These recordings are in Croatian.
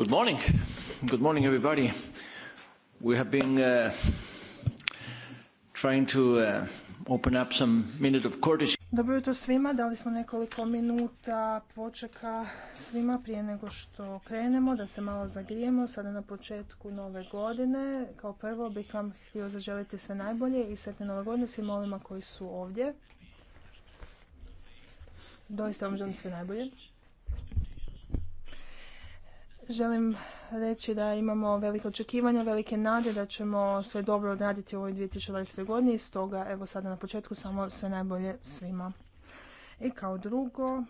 Good morning. Good morning, everybody. We have been uh, trying to uh, open up some minute of courtesy. Dobro jutro svima, dali smo nekoliko minuta počeka svima prije nego što krenemo, da se malo zagrijemo. Sada na početku nove godine, kao prvo bih vam htio zaželiti sve najbolje i sretne nove godine svima ovima koji su ovdje. Doista vam želim sve najbolje želim reći da imamo velike očekivanja, velike nade da ćemo sve dobro odraditi u ovoj 2020. godini stoga evo sada na početku samo sve najbolje svima. I kao drugo,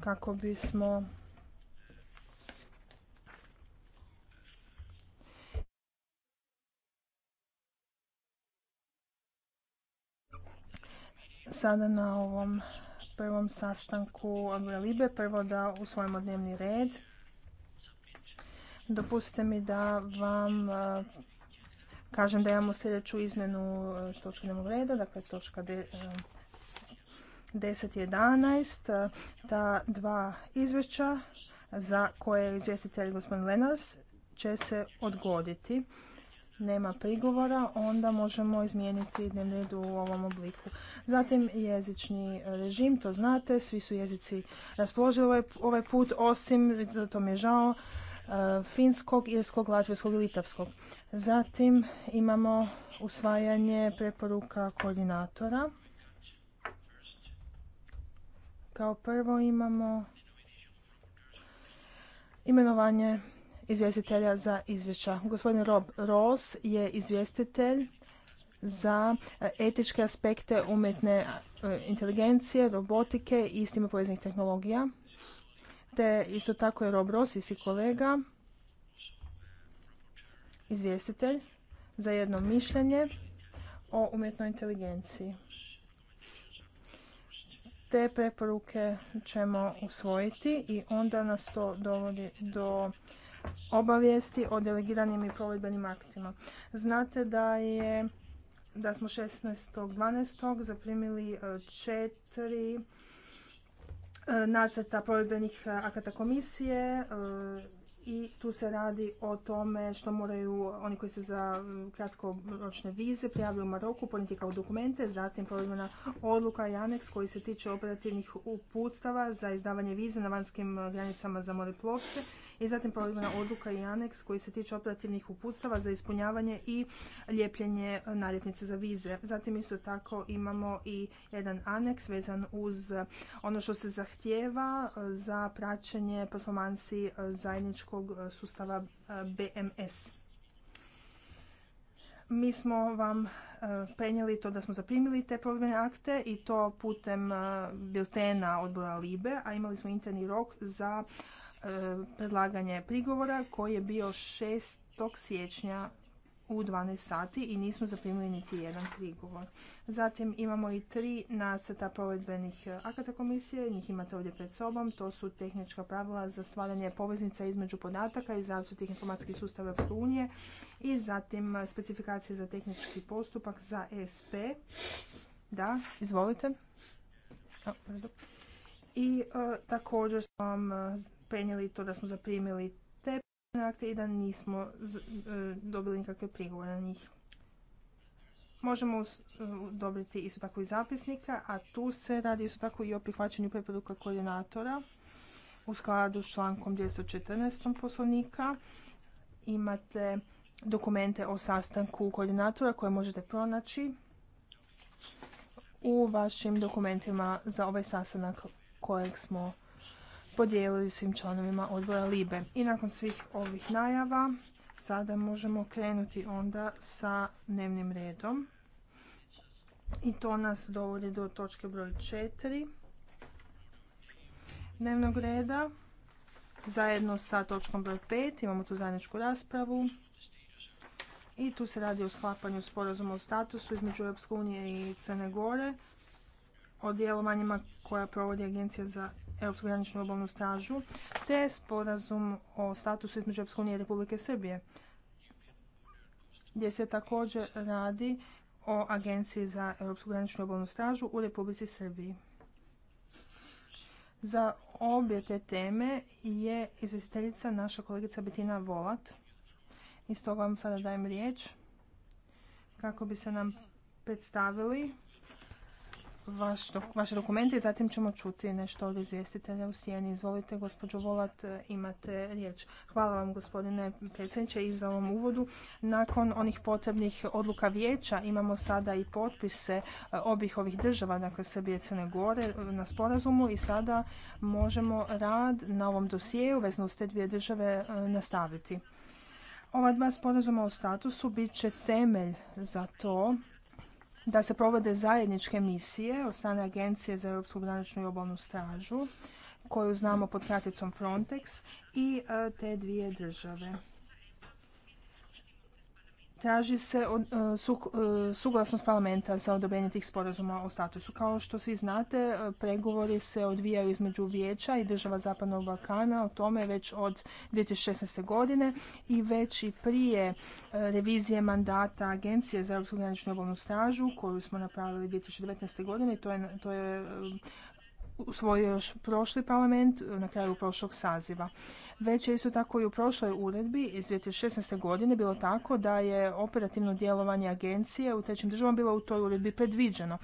kako bismo sada na ovom prvom sastanku Odbora Libe. Prvo da usvojimo dnevni red. Dopustite mi da vam e, kažem da imamo sljedeću izmjenu e, točke dnevnog reda, dakle točka e, deset 11, ta dva izvješća za koje je izvjestitelj gospodin Lenars će se odgoditi nema prigovora, onda možemo izmijeniti dnevni red u ovom obliku. Zatim jezični režim, to znate, svi su jezici raspoložili ovaj, ovaj, put, osim, to mi je žao, e, finskog, irskog, latvijskog i litavskog. Zatim imamo usvajanje preporuka koordinatora. Kao prvo imamo imenovanje izvjestitelja za izvješća. Gospodin Rob Ross je izvjestitelj za e, etičke aspekte umjetne e, inteligencije, robotike i s time poveznih tehnologija. Te isto tako je Rob Ross i kolega izvjestitelj za jedno mišljenje o umjetnoj inteligenciji. Te preporuke ćemo usvojiti i onda nas to dovodi do obavijesti o delegiranim i provedbenim aktima. Znate da je da smo 16.12. zaprimili e, četiri e, nacrta provedbenih e, akata komisije i tu se radi o tome što moraju oni koji se za kratkoročne vize prijavljuju u Maroku poniti kao dokumente, zatim provedbena odluka i aneks koji se tiče operativnih uputstava za izdavanje vize na vanjskim granicama za moreplovce i zatim provedbena odluka i aneks koji se tiče operativnih uputstava za ispunjavanje i lijepljenje e, naljepnice za vize. Zatim isto tako imamo i jedan aneks vezan uz e, ono što se zahtjeva e, za praćenje performansi zajedničkog sustava BMS. Mi smo vam prenijeli to da smo zaprimili te provedbene akte i to putem biltena odbora LIBE, a imali smo interni rok za E, predlaganje prigovora koji je bio 6. siječnja u 12 sati i nismo zaprimili niti jedan prigovor. Zatim imamo i tri nacrta provedbenih e, akata komisije, njih imate ovdje pred sobom. To su tehnička pravila za stvaranje poveznica između podataka i različitih informatskih sustava Europske unije i zatim e, specifikacije za tehnički postupak za SP. Da, izvolite. I također sam vam prenijeli to da smo zaprimili te akte i da nismo e, dobili nikakve prigovore na njih. Možemo e, dobiti isto tako i zapisnika, a tu se radi isto tako i o prihvaćanju preporuka koordinatora u skladu s člankom 214. poslovnika. Imate dokumente o sastanku koordinatora koje možete pronaći u vašim dokumentima za ovaj sastanak kojeg smo podijelili svim članovima odbora LIBE. I nakon svih ovih najava sada možemo krenuti onda sa dnevnim redom. I to nas dovodi do točke broj 4 dnevnog reda. Zajedno sa točkom broj 5 imamo tu zajedničku raspravu. I tu se radi o sklapanju sporazuma o statusu između Europske unije i Crne Gore o djelovanjima koja provodi Agencija za Europsku graničnu obalnu stražu te sporazum o statusu između Europske unije i Republike Srbije gdje se također radi o Agenciji za Europsku graničnu obalnu stražu u Republici Srbiji. Za obje te teme je izvjestiteljica naša kolegica Betina Volat. I stoga vam sada dajem riječ kako bi se nam predstavili vaš, vaše dokumente i zatim ćemo čuti nešto od izvjestitelja u Sijeni. Izvolite, gospođo Volat, e, imate riječ. Hvala vam, gospodine predsjedniče, i za ovom uvodu. Nakon onih potrebnih odluka vijeća imamo sada i potpise e, obih ovih država, dakle Srbije i Crne Gore, e, na sporazumu i sada možemo rad na ovom dosijeu vezno uz te dvije države nastaviti. Ova dva sporazuma o statusu bit će temelj za to da se provode zajedničke misije od strane Agencije za Europsku graničnu i obalnu stražu koju znamo pod kraticom Frontex i e, te dvije države traži se e, e, suglasnost parlamenta za odobrenje tih sporazuma o statusu. Kao što svi znate, e, pregovori se odvijaju između Vijeća i država Zapadnog Balkana o tome već od 2016. godine i već i prije revizije mandata Agencije za europsku graničnu obalnu stražu koju smo napravili 2019. godine. To je, to je usvojio još prošli parlament na kraju prošlog saziva. Već je isto tako i u prošloj uredbi iz 2016. godine bilo tako da je operativno djelovanje agencije u trećim državama bilo u toj uredbi predviđeno.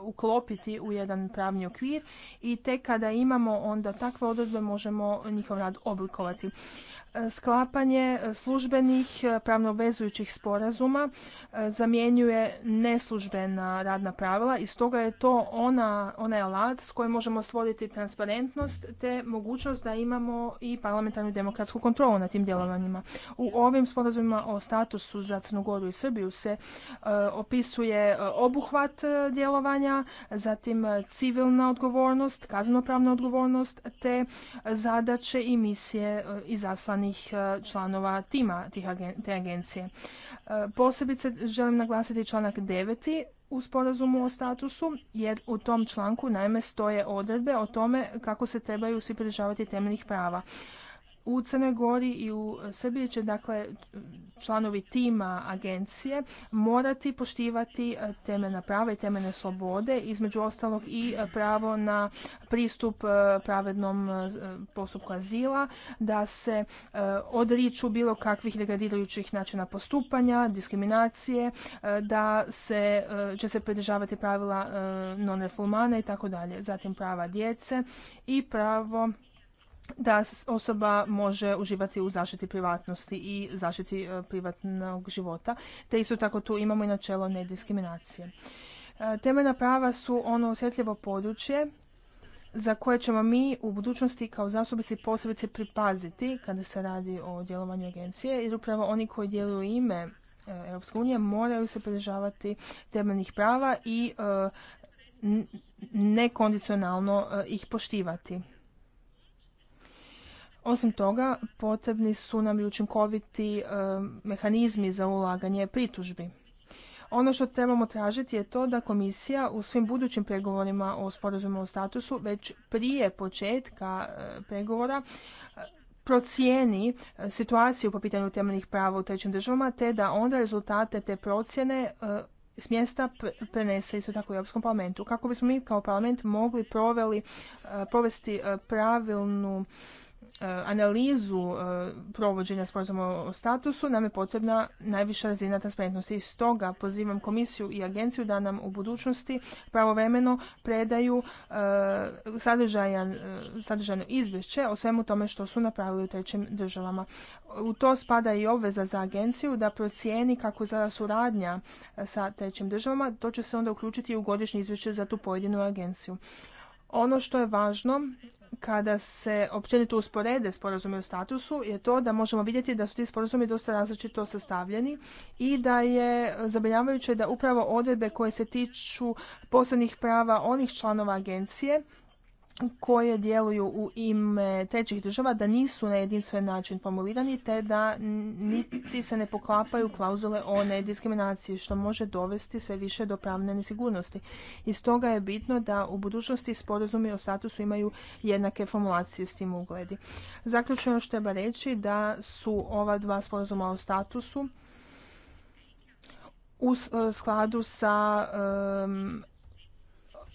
uklopiti u jedan pravni okvir i tek kada imamo onda takve odredbe možemo njihov rad oblikovati sklapanje službenih e, pravno obvezujućih sporazuma e, zamjenjuje neslužbena radna pravila i stoga je to ona, onaj alat s kojim možemo stvoriti transparentnost te mogućnost da imamo i parlamentarnu demokratsku kontrolu na tim djelovanjima. U ovim sporazumima o statusu za Crnogoru i Srbiju se e, opisuje obuhvat djelovanja, zatim civilna odgovornost, kaznenopravna odgovornost te zadaće i misije i zaslani E, članova tima te agencije. E, posebice želim naglasiti članak 9 u sporazumu o statusu, jer u tom članku naime stoje odredbe o tome kako se trebaju svi pridržavati temeljnih prava. U Crnoj Gori i u Srbiji će dakle članovi tima agencije morati poštivati e, temeljna prava i temeljne slobode, između ostalog i e, pravo na pristup e, pravednom postupku azila, da se odriču bilo kakvih degradirajućih načina postupanja, diskriminacije, da se, će se pridržavati pravila non-refulmana i tako dalje. Zatim prava djece i pravo da osoba može uživati u zaštiti privatnosti i zaštiti e, privatnog života. Te isto tako tu imamo i načelo nediskriminacije. E, temeljna prava su ono osjetljivo područje za koje ćemo mi u budućnosti kao zastupnici posebice pripaziti kada se radi o djelovanju agencije jer upravo oni koji djeluju ime e, Europske unije moraju se pridržavati temeljnih prava i nekondicionalno ih poštivati. Osim toga, potrebni su nam i učinkoviti e, mehanizmi za ulaganje pritužbi. Ono što trebamo tražiti je to da komisija u svim budućim pregovorima o sporazumu o statusu već prije početka e, pregovora e, procijeni situaciju po pitanju temeljnih prava u trećim državama te da onda rezultate te procjene s mjesta prenese isto tako u Europskom parlamentu. Kako bismo mi kao parlament mogli proveli, provesti pravilnu E, analizu e, provođenja sporazuma o statusu nam je potrebna najviša razina transparentnosti. I stoga pozivam komisiju i agenciju da nam u budućnosti pravovremeno predaju e, sadržajno izvješće o svemu tome što su napravili u trećim državama. U to spada i obveza za agenciju da procijeni kako zada suradnja sa trećim državama. To će se onda uključiti u godišnje izvješće za tu pojedinu agenciju. Ono što je važno kada se općenito usporede sporazumi o statusu je to da možemo vidjeti da su ti sporazumi dosta različito sastavljeni i da je zabrinjavajuće da upravo odredbe koje se tiču posebnih prava onih članova agencije koje djeluju u ime trećih država da nisu na jedinstven način formulirani te da niti se ne poklapaju klauzule o nediskriminaciji što može dovesti sve više do pravne nesigurnosti. I stoga je bitno da u budućnosti sporazumi o statusu imaju jednake formulacije s tim ugledi. Zaključno što treba reći da su ova dva sporazuma o statusu u e, skladu sa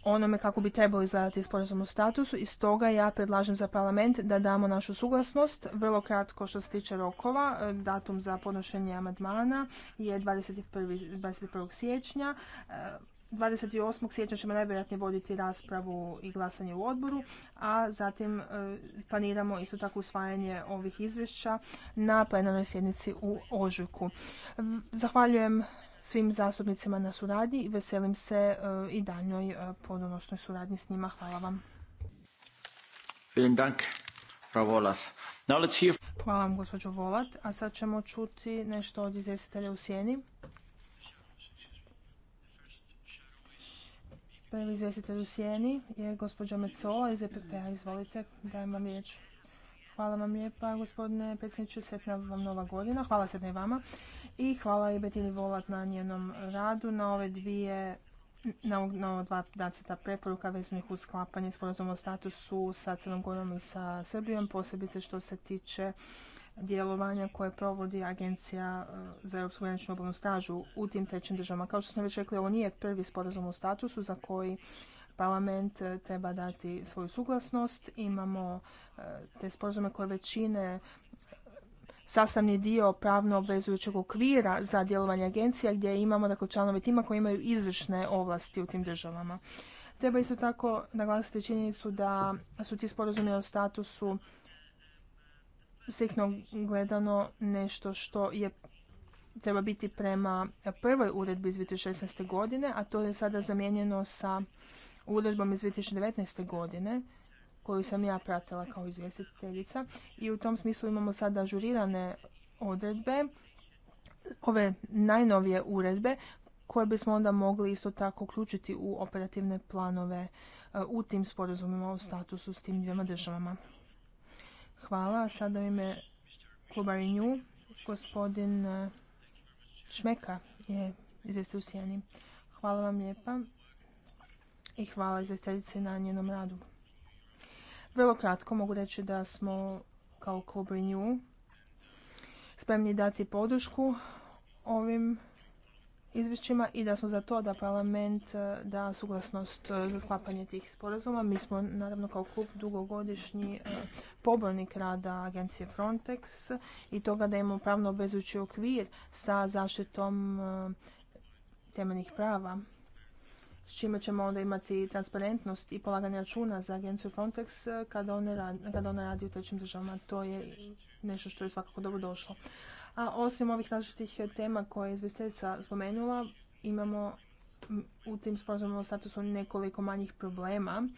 onome kako bi trebalo izgledati sporazum u statusu i stoga ja predlažem za parlament da damo našu suglasnost. Vrlo kratko što se tiče rokova, e, datum za podnošenje amandmana je 21. 21. siječnja. 28. E, siječnja ćemo najvjerojatnije voditi raspravu i glasanje u odboru, a zatim e, planiramo isto tako usvajanje ovih izvješća na plenarnoj sjednici u Ožujku. Zahvaljujem svim zastupnicima na suradnji i veselim se e, i daljnjoj e, podonosnoj suradnji s njima. Hvala vam. Hvala vam, gospođo Volat. A sad ćemo čuti nešto od izvjestitelja u sjeni. Prvi izvjestitelj u sjeni je gospođa Mecola iz EPP-a. Izvolite, dajem vam riječ. Hvala vam lijepa, gospodine predsjedniče, sretna vam nova godina. Hvala sretna i vama. I hvala i Betini Volat na njenom radu, na ove dvije na, na ova dva nacrta preporuka vezanih uz sklapanje sporazuma o statusu sa Crnom Gorom i sa Srbijom, posebice što se tiče djelovanja koje provodi Agencija e, za Europsku graničnu obalnu stažu u tim trećim državama. Kao što smo već rekli, ovo nije prvi sporazum o statusu za koji parlament e, treba dati svoju suglasnost. Imamo e, te sporazume koje većine e, sastavni dio pravno obvezujućeg okvira za djelovanje agencija gdje imamo dakle, članove tima koji imaju izvršne ovlasti u tim državama. Treba isto tako naglasiti činjenicu da su ti sporazumi o statusu striktno gledano nešto što je treba biti prema prvoj uredbi iz 2016. godine, a to je sada zamijenjeno sa uredbom iz 2019. godine koju sam ja pratila kao izvjestiteljica i u tom smislu imamo sada ažurirane odredbe, ove najnovije uredbe koje bismo onda mogli isto tako uključiti u operativne planove e, u tim sporazumima o statusu s tim dvijema državama. Hvala. Sada u ime kluba Renew gospodin e, Šmeka je izvjestio u sjeni. Hvala vam lijepa i hvala izvjestiteljici na njenom radu. Vrlo kratko mogu reći da smo kao klub Renew spremni dati podršku ovim izvješćima i da smo za to da parlament e, da suglasnost e, za sklapanje tih sporazuma. Mi smo naravno kao klub dugogodišnji e, pobornik rada agencije Frontex i toga da imamo pravno obvezujući okvir sa zaštitom temeljnih prava s čime ćemo onda imati transparentnost i polaganje računa za agenciju Frontex eh, kada ona radi, kada ona radi u trećim državama. To je nešto što je svakako dobro došlo. A osim ovih različitih eh, tema koje je izvjestiteljica spomenula, imamo u tim sporazumima statusu nekoliko manjih problema,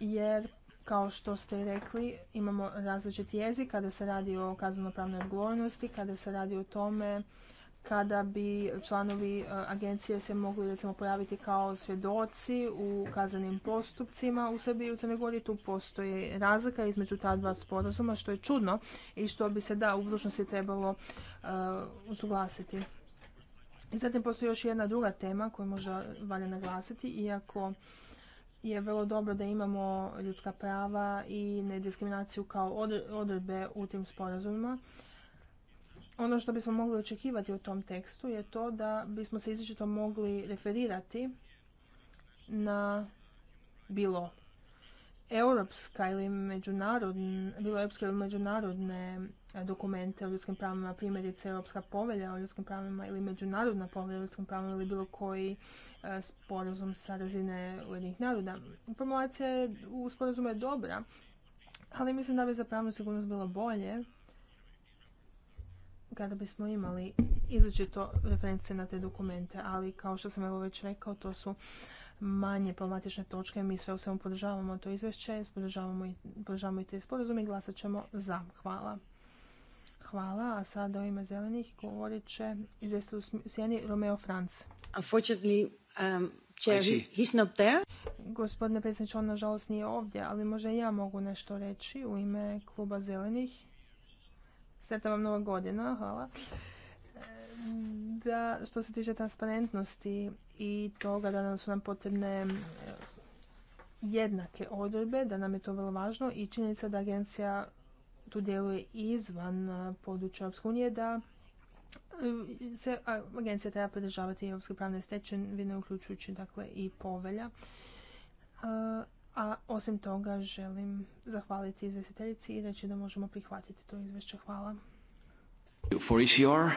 jer kao što ste rekli, imamo različit jezik kada se radi o kazneno-pravnoj odgovornosti, kada se radi o tome kada bi članovi e, agencije se mogli recimo pojaviti kao svjedoci u kazanim postupcima u Srbiji i u Crnoj Gori. Tu postoji razlika između ta dva sporazuma što je čudno i što bi se da u budućnosti trebalo e, usuglasiti. I zatim postoji još jedna druga tema koju možda valja naglasiti, iako je vrlo dobro da imamo ljudska prava i nediskriminaciju kao odredbe u tim sporazumima ono što bismo mogli očekivati u tom tekstu je to da bismo se izričito mogli referirati na bilo europska ili međunarodne, bilo europske ili međunarodne e, dokumente o ljudskim pravima, primjerice Europska povelja o ljudskim pravima ili Međunarodna povelja o ljudskim pravima ili bilo koji e, sporazum sa razine Ujedinih naroda. Formulacija u sporazumu je dobra, ali mislim da bi za pravnu sigurnost bilo bolje kada bismo imali izričito reference na te dokumente, ali kao što sam evo već rekao, to su manje problematične točke. Mi sve u svemu podržavamo to izvješće, podržavamo i, te sporazume i glasat ćemo za. Hvala. Hvala, a sada u ime zelenih govorit će izvjestitelj u sjeni Romeo Franc. Unfortunately, um, chair, he's not there. Gospodine predsjedniče, on nažalost nije ovdje, ali možda ja mogu nešto reći u ime kluba zelenih. Sretna vam nova godina, hvala. Da, što se tiče transparentnosti i toga da nam su nam potrebne e, jednake odredbe, da nam je to vrlo važno i činjenica da agencija tu djeluje izvan e, područja Europske unije, da e, se agencija treba pridržavati europske pravne stečevine uključujući dakle, i povelja. A osim toga želim zahvaliti izvjestiteljici i reći da možemo prihvatiti to izvješće. Hvala. For ECR,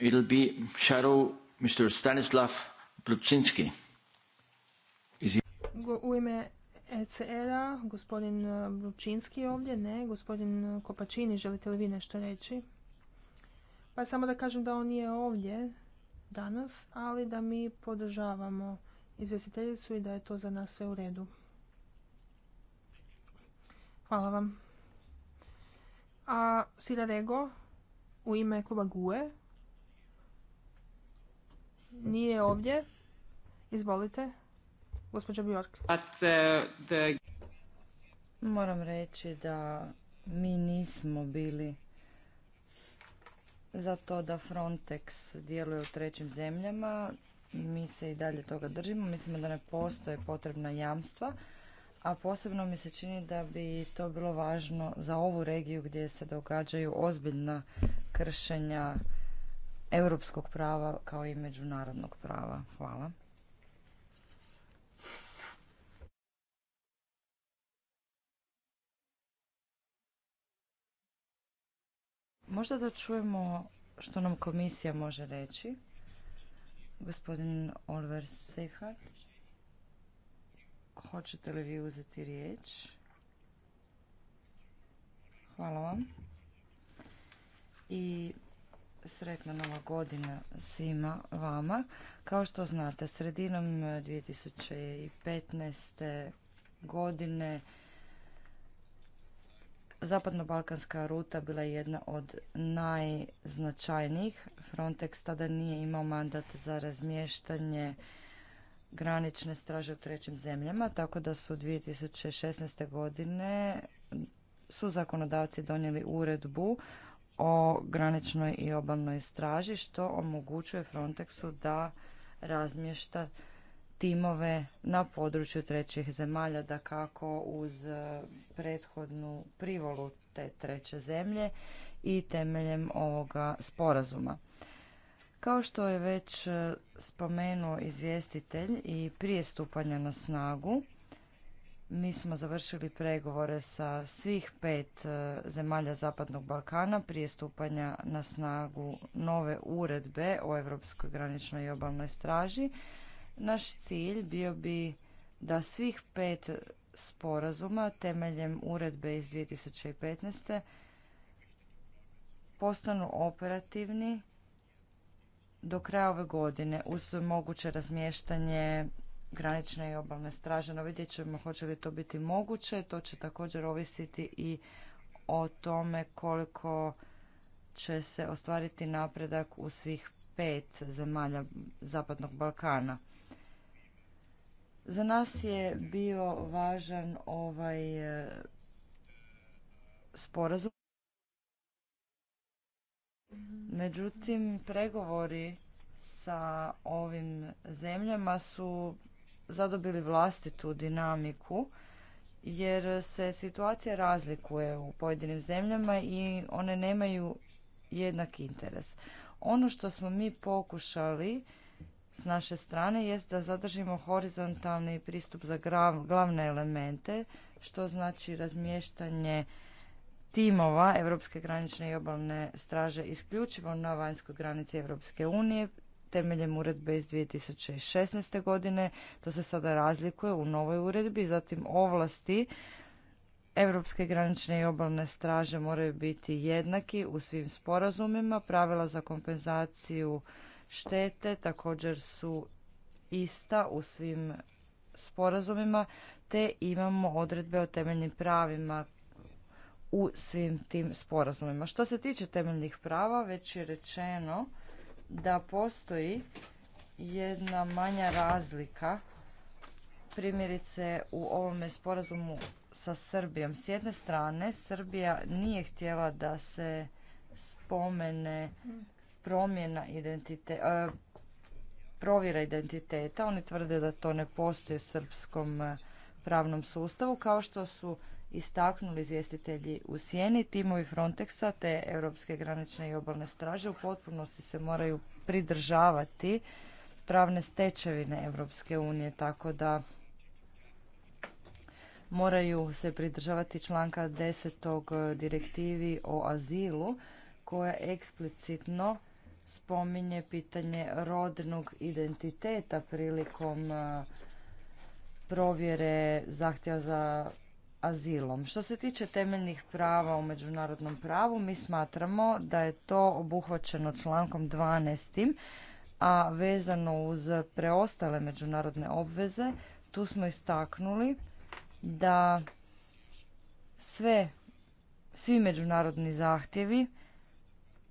it'll be shadow Mr. Stanislav U ime ECR-a, gospodin Bručinski uh, ovdje, ne, gospodin uh, Kopačini, želite li vi nešto reći? Pa samo da kažem da on je ovdje danas, ali da mi podržavamo izvjestiteljicu i da je to za nas sve u redu. Hvala vam. A Sira Rego u ime kluba GUE nije ovdje. Izvolite, gospođa Bjork. Moram reći da mi nismo bili za to da Frontex djeluje u trećim zemljama. Mi se i dalje toga držimo. Mislimo da ne postoje potrebna jamstva a posebno mi se čini da bi to bilo važno za ovu regiju gdje se događaju ozbiljna kršenja europskog prava kao i međunarodnog prava. Hvala. Možda da čujemo što nam komisija može reći. Gospodin Oliver Seifert. Hoćete li vi uzeti riječ? Hvala vam. I sretna nova godina svima vama. Kao što znate, sredinom 2015. godine Zapadno-Balkanska ruta bila je jedna od najznačajnijih. Frontex tada nije imao mandat za razmještanje granične straže u trećim zemljama, tako da su 2016. godine su zakonodavci donijeli uredbu o graničnoj i obalnoj straži što omogućuje Frontexu da razmješta timove na području trećih zemalja da kako uz e, prethodnu privolu te treće zemlje i temeljem ovoga sporazuma. Kao što je već e, spomenuo izvjestitelj i prije stupanja na snagu, mi smo završili pregovore sa svih pet e, zemalja Zapadnog Balkana prije stupanja na snagu nove uredbe o Europskoj graničnoj i obalnoj straži. Naš cilj bio bi da svih pet sporazuma temeljem uredbe iz 2015. postanu operativni do kraja ove godine uz moguće razmještanje granične i obalne straže. No vidjet ćemo hoće li to biti moguće. To će također ovisiti i o tome koliko će se ostvariti napredak u svih pet zemalja Zapadnog Balkana. Za nas je bio važan ovaj eh, sporazum Međutim, pregovori sa ovim zemljama su zadobili vlastitu dinamiku jer se situacija razlikuje u pojedinim zemljama i one nemaju jednak interes. Ono što smo mi pokušali s naše strane jest da zadržimo horizontalni pristup za glavne elemente, što znači razmještanje timova Europske granične i obalne straže isključivo na vanjskoj granici Europske unije temeljem uredbe iz 2016. godine. To se sada razlikuje u novoj uredbi. Zatim ovlasti Europske granične i obalne straže moraju biti jednaki u svim sporazumima. Pravila za kompenzaciju štete također su ista u svim sporazumima te imamo odredbe o temeljnim pravima u svim tim sporazumima. Što se tiče temeljnih prava, već je rečeno da postoji jedna manja razlika primjerice u ovome sporazumu sa Srbijom. S jedne strane, Srbija nije htjela da se spomene promjena identiteta, e, provjera identiteta. Oni tvrde da to ne postoji u srpskom e, pravnom sustavu, kao što su istaknuli izvjestitelji u sjeni, timovi Frontexa te Europske granične i obalne straže u potpunosti se moraju pridržavati pravne stečevine Europske unije, tako da moraju se pridržavati članka 10. direktivi o azilu koja eksplicitno spominje pitanje rodnog identiteta prilikom provjere zahtjeva za azilom. Što se tiče temeljnih prava u međunarodnom pravu, mi smatramo da je to obuhvaćeno člankom 12. a vezano uz preostale međunarodne obveze, tu smo istaknuli da sve, svi međunarodni zahtjevi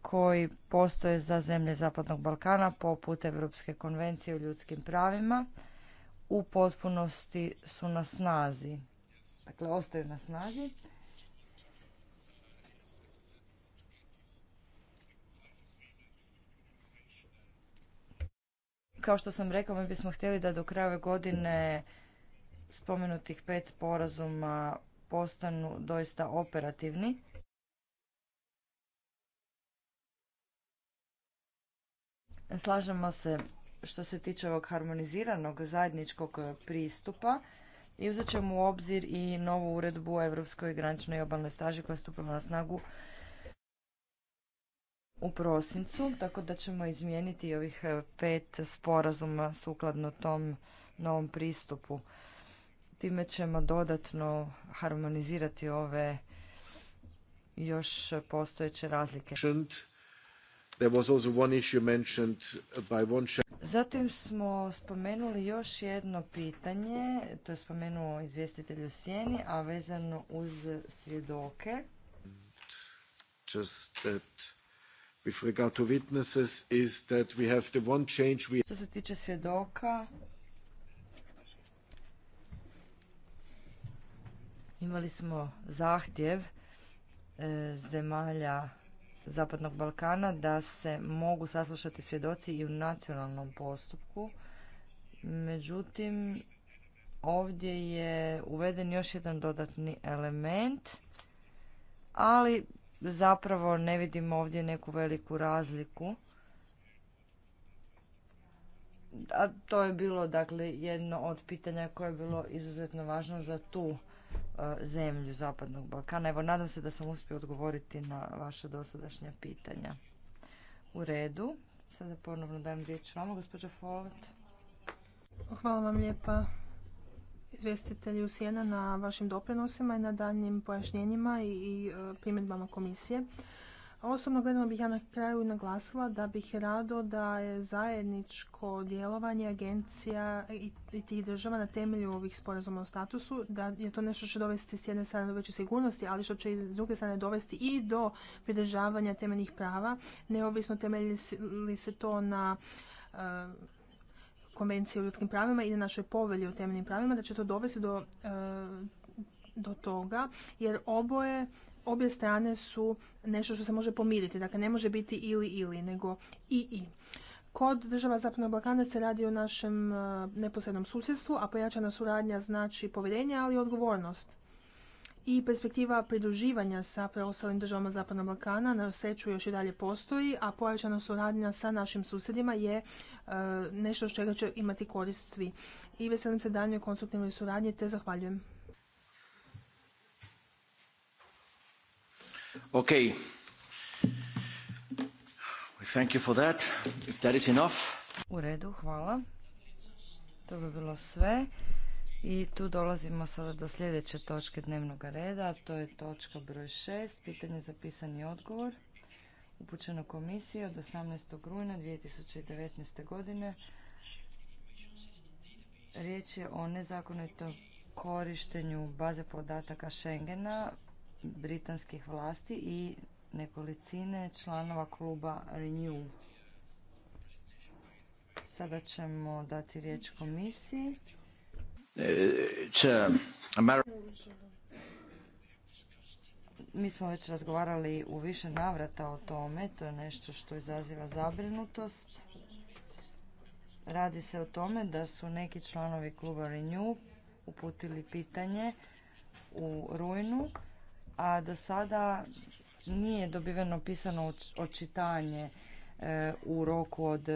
koji postoje za zemlje Zapadnog Balkana poput Europske konvencije o ljudskim pravima u potpunosti su na snazi Dakle, ostaju na snazi. Kao što sam rekla, mi bismo htjeli da do kraja godine spomenutih pet sporazuma postanu doista operativni. Slažemo se što se tiče ovog harmoniziranog zajedničkog pristupa i uzet ćemo u obzir i novu uredbu o Europskoj graničnoj obalnoj straži koja je stupila na snagu u prosincu, tako da ćemo izmijeniti ovih e, pet sporazuma sukladno tom novom pristupu. Time ćemo dodatno harmonizirati ove još postojeće razlike. Zatim smo spomenuli još jedno pitanje, to je spomenuo izvjestitelj u Sjeni, a vezano uz svjedoke. Što se tiče svjedoka, imali smo zahtjev e, zemalja Zapadnog Balkana da se mogu saslušati svjedoci i u nacionalnom postupku. Međutim, ovdje je uveden još jedan dodatni element, ali zapravo ne vidimo ovdje neku veliku razliku. A to je bilo dakle jedno od pitanja koje je bilo izuzetno važno za tu E, zemlju Zapadnog Balkana. Evo, nadam se da sam uspio odgovoriti na vaše dosadašnja pitanja. U redu. Sada ponovno dajem riječ vama, gospođa Follet. Hvala vam lijepa izvjestitelju Sjena na vašim doprinosima i na daljnjim pojašnjenjima i e, primjedbama komisije osobno gledano bih ja na kraju naglasila da bih rado da je zajedničko djelovanje agencija i tih država na temelju ovih sporazuma o statusu, da je to nešto što će dovesti s jedne strane do veće sigurnosti, ali što će s druge strane dovesti i do pridržavanja temeljnih prava, neovisno temelji li se to na eh, konvenciji o ljudskim pravima i na našoj povelji o temeljnim pravima, da će to dovesti do eh, toga, jer oboje obje strane su nešto što se može pomiriti. Dakle, ne može biti ili ili, nego i i. Kod država Zapadnog Balkana se radi o našem e, neposrednom susjedstvu, a pojačana suradnja znači povjerenje, ali i odgovornost. I perspektiva pridruživanja sa preostalim državama Zapadnog Balkana na sreću još i dalje postoji, a pojačana suradnja sa našim susjedima je nešto nešto što će imati korist svi. I veselim se daljnjoj konstruktivnoj suradnji te zahvaljujem. Okay. Thank you for that. If that is enough. U redu, hvala. To bi bilo sve. I tu dolazimo sada do sljedeće točke dnevnog reda, to je točka broj 6, pitanje za pisani odgovor, upućeno komisiji od 18. rujna 2019. godine. Riječ je o nezakonitom korištenju baze podataka Schengena britanskih vlasti i nekolicine članova kluba Renew. Sada ćemo dati riječ komisiji. Eh, Mi smo već razgovarali u više navrata o tome, to je nešto što izaziva zabrinutost. Radi se o tome da su neki članovi kluba Renew uputili pitanje u rujnu a do sada nije dobiveno pisano očitanje e, u roku od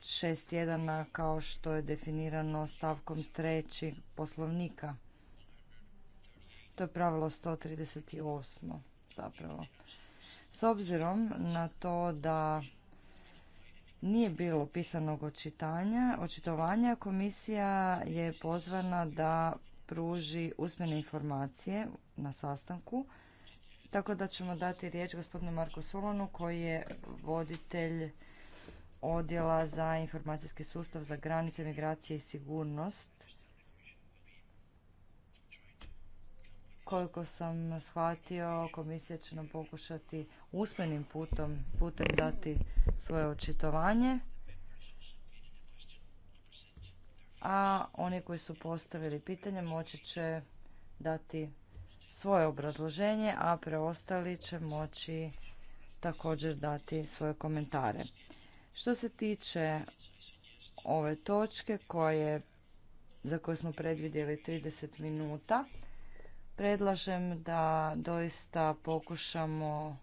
šest tjedana kao što je definirano stavkom 3. poslovnika. To je pravilo 138. zapravo. S obzirom na to da nije bilo pisanog očitanja, očitovanja, komisija je pozvana da pruži usmene informacije na sastanku. Tako da ćemo dati riječ gospodinu Marku Solonu koji je voditelj odjela za informacijski sustav za granice, migracije i sigurnost. Koliko sam shvatio, komisija će nam pokušati usmenim putom, putem dati svoje očitovanje. A oni koji su postavili pitanje moći će dati svoje obrazloženje, a preostali će moći također dati svoje komentare. Što se tiče ove točke koje, za koje smo predvidjeli 30 minuta, predlažem da doista pokušamo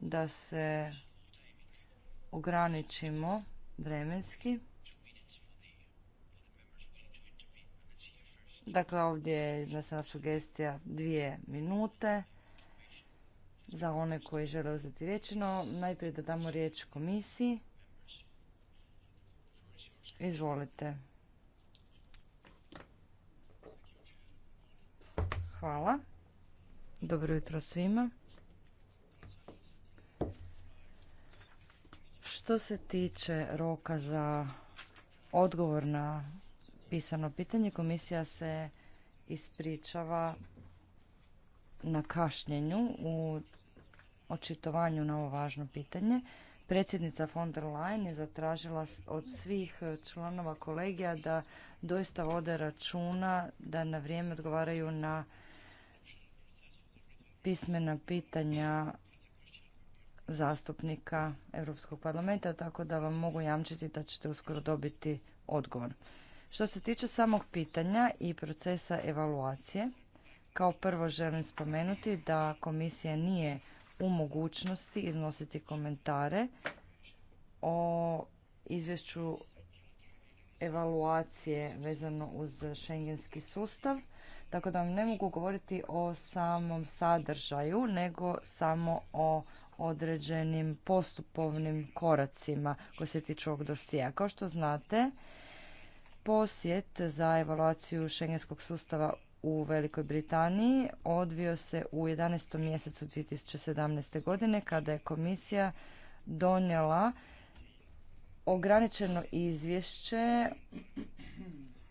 da se ograničimo vremenski. Dakle, ovdje je iznesena sugestija dvije minute za one koji žele uzeti riječ, no najprije da damo riječ komisiji. Izvolite. Hvala. Dobro jutro svima. Što se tiče roka za odgovor na pisano pitanje. Komisija se ispričava na kašnjenju u očitovanju na ovo važno pitanje. Predsjednica von der Leyen je zatražila od svih članova kolegija da doista vode računa da na vrijeme odgovaraju na pismena pitanja zastupnika Europskog parlamenta, tako da vam mogu jamčiti da ćete uskoro dobiti odgovor. Što se tiče samog pitanja i procesa evaluacije, kao prvo želim spomenuti da komisija nije u mogućnosti iznositi komentare o izvješću evaluacije vezano uz šengenski sustav, tako da vam ne mogu govoriti o samom sadržaju, nego samo o određenim postupovnim koracima koji se tiču ovog dosija. Kao što znate, posjet za evaluaciju šengenskog sustava u Velikoj Britaniji odvio se u 11. mjesecu 2017. godine kada je komisija donijela ograničeno izvješće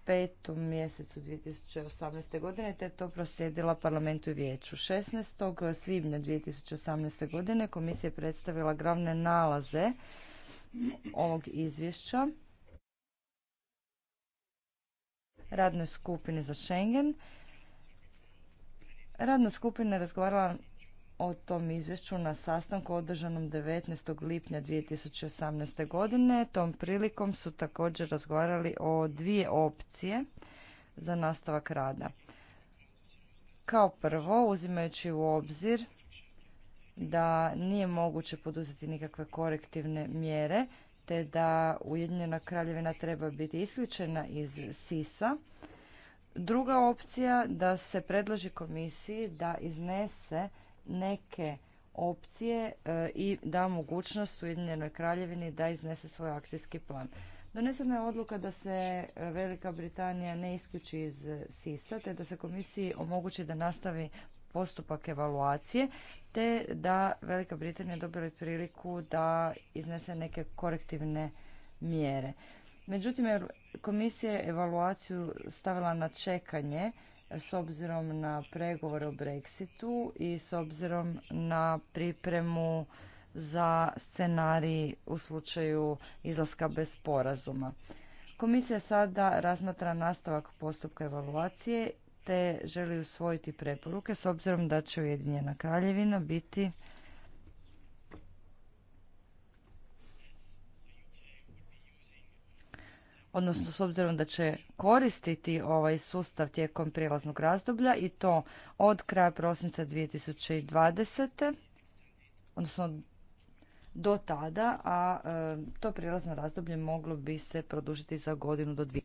5. mjesecu 2018. godine te to proslijedila parlamentu i vijeću. 16. svibnja 2018. godine komisija je predstavila glavne nalaze ovog izvješća radnoj skupini za Schengen. Radna skupina je razgovarala o tom izvješću na sastanku održanom 19. lipnja 2018. godine. Tom prilikom su također razgovarali o dvije opcije za nastavak rada. Kao prvo, uzimajući u obzir da nije moguće poduzeti nikakve korektivne mjere, te da Ujedinjena kraljevina treba biti isključena iz SISA. Druga opcija da se predloži komisiji da iznese neke opcije e, i da mogućnost Ujedinjenoj kraljevini da iznese svoj akcijski plan. Donesena je odluka da se e, Velika Britanija ne isključi iz sis te da se komisiji omogući da nastavi postupak evaluacije, te da Velika Britanija dobila priliku da iznese neke korektivne mjere. Međutim, komisija je evaluaciju stavila na čekanje s obzirom na pregovore o Brexitu i s obzirom na pripremu za scenarij u slučaju izlaska bez sporazuma. Komisija sada razmatra nastavak postupka evaluacije te želi usvojiti preporuke s obzirom da će Ujedinjena kraljevina biti odnosno s obzirom da će koristiti ovaj sustav tijekom prijelaznog razdoblja i to od kraja prosinca 2020. odnosno do tada, a e, to prijelazno razdoblje moglo bi se produžiti za godinu do dvije.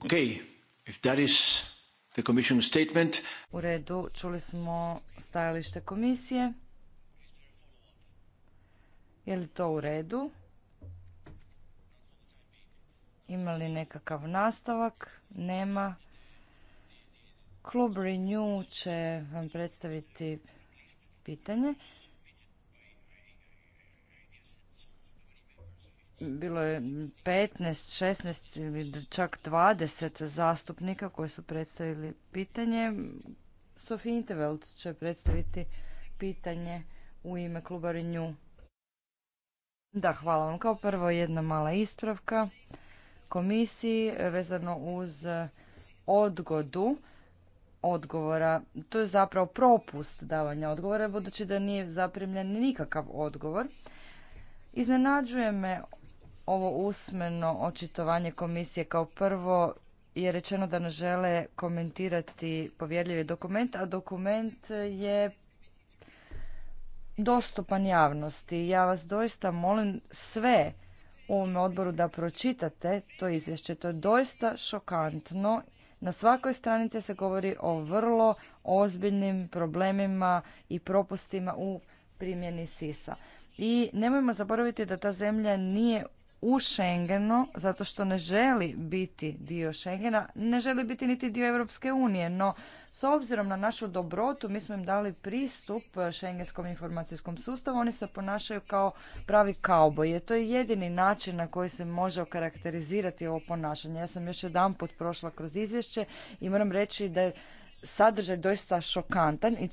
Okay. U redu, čuli smo stajalište komisije. Je li to u redu? Ima li nekakav nastavak? Nema. Klub Renew će vam predstaviti pitanje. bilo je 15, 16 ili čak 20 zastupnika koji su predstavili pitanje. Sofie Inteveld će predstaviti pitanje u ime kluba Renew. Da, hvala vam. Kao prvo jedna mala ispravka komisiji vezano uz odgodu odgovora. To je zapravo propust davanja odgovora, budući da nije zaprimljen nikakav odgovor. Iznenađuje me ovo usmeno očitovanje komisije kao prvo je rečeno da ne žele komentirati povjerljivi dokument, a dokument je dostupan javnosti. Ja vas doista molim sve u ovom odboru da pročitate to izvješće. To je doista šokantno. Na svakoj stranici se govori o vrlo ozbiljnim problemima i propustima u primjeni SISA. I nemojmo zaboraviti da ta zemlja nije u Schengenu zato što ne želi biti dio Schengena, ne želi biti niti dio Europske unije, no s obzirom na našu dobrotu mi smo im dali pristup Schengenskom informacijskom sustavu, oni se ponašaju kao pravi kauboje. To je jedini način na koji se može okarakterizirati ovo ponašanje. Ja sam još jedan put prošla kroz izvješće i moram reći da je sadržaj doista šokantan i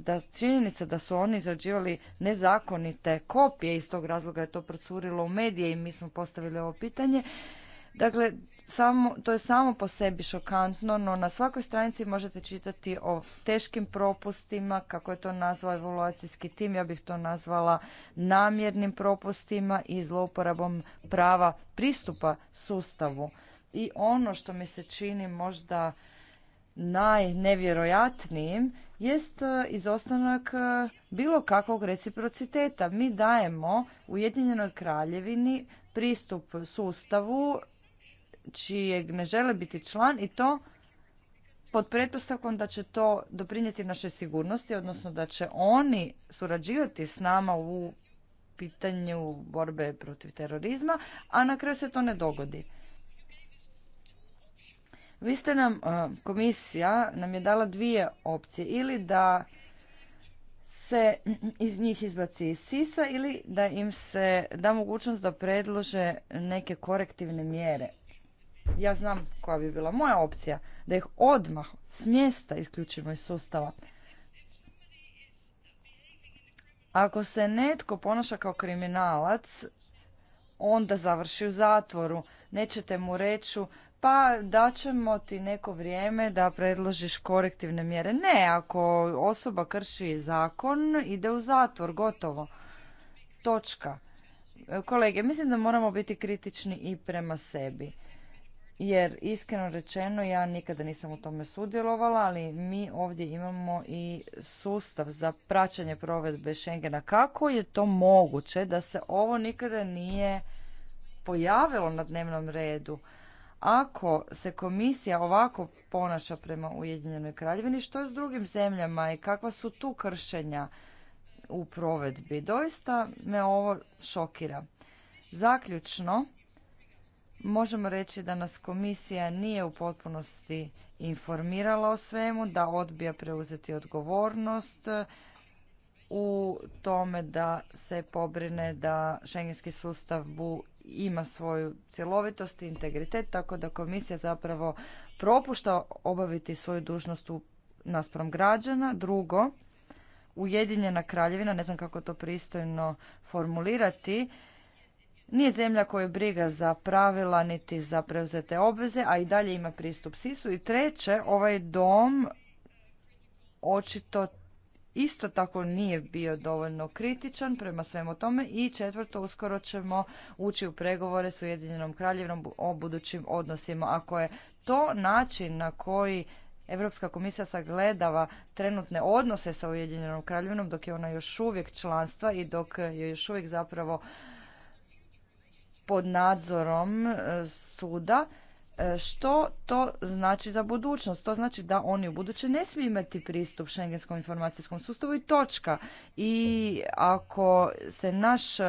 da, činjenica da su oni izrađivali nezakonite kopije, iz tog razloga je to procurilo u medije i mi smo postavili ovo pitanje. Dakle, samo, to je samo po sebi šokantno, no na svakoj stranici možete čitati o teškim propustima, kako je to nazvao evoluacijski tim, ja bih to nazvala namjernim propustima i zlouporabom prava pristupa sustavu. I ono što mi se čini možda najnevjerojatnijim jest e, izostanak e, bilo kakvog reciprociteta. Mi dajemo Ujedinjenoj kraljevini pristup sustavu čijeg ne žele biti član i to pod pretpostavkom da će to doprinijeti našoj sigurnosti, odnosno da će oni surađivati s nama u pitanju borbe protiv terorizma, a na kraju se to ne dogodi. Vi ste nam, e, komisija nam je dala dvije opcije. Ili da se iz njih izbaci iz sisa ili da im se da mogućnost da predlože neke korektivne mjere. Ja znam koja bi bila moja opcija, da ih odmah s mjesta isključimo iz sustava. Ako se netko ponaša kao kriminalac, onda završi u zatvoru. Nećete mu reći pa daćemo ti neko vrijeme da predložiš korektivne mjere. Ne, ako osoba krši zakon, ide u zatvor, gotovo. Točka. E, kolege, mislim da moramo biti kritični i prema sebi. Jer iskreno rečeno ja nikada nisam u tome sudjelovala, ali mi ovdje imamo i sustav za praćenje provedbe Schengena. Kako je to moguće da se ovo nikada nije pojavilo na dnevnom redu? Ako se komisija ovako ponaša prema Ujedinjenoj kraljevini, što je s drugim zemljama i kakva su tu kršenja u provedbi? Doista me ovo šokira. Zaključno, možemo reći da nas komisija nije u potpunosti informirala o svemu, da odbija preuzeti odgovornost u tome da se pobrine da šengenski sustav bu ima svoju cjelovitost i integritet, tako da komisija zapravo propušta obaviti svoju dužnost u naspram građana. Drugo, Ujedinjena kraljevina, ne znam kako to pristojno formulirati, nije zemlja koja briga za pravila niti za preuzete obveze, a i dalje ima pristup Sisu. I treće, ovaj dom očito isto tako nije bio dovoljno kritičan prema svemu tome i četvrto uskoro ćemo ući u pregovore s Ujedinjenom kraljevnom o budućim odnosima. Ako je to način na koji Europska komisija sagledava trenutne odnose sa Ujedinjenom kraljevnom dok je ona još uvijek članstva i dok je još uvijek zapravo pod nadzorom e, suda, što to znači za budućnost? To znači da oni u buduće ne smiju imati pristup šengenskom informacijskom sustavu i točka. I ako se naš e,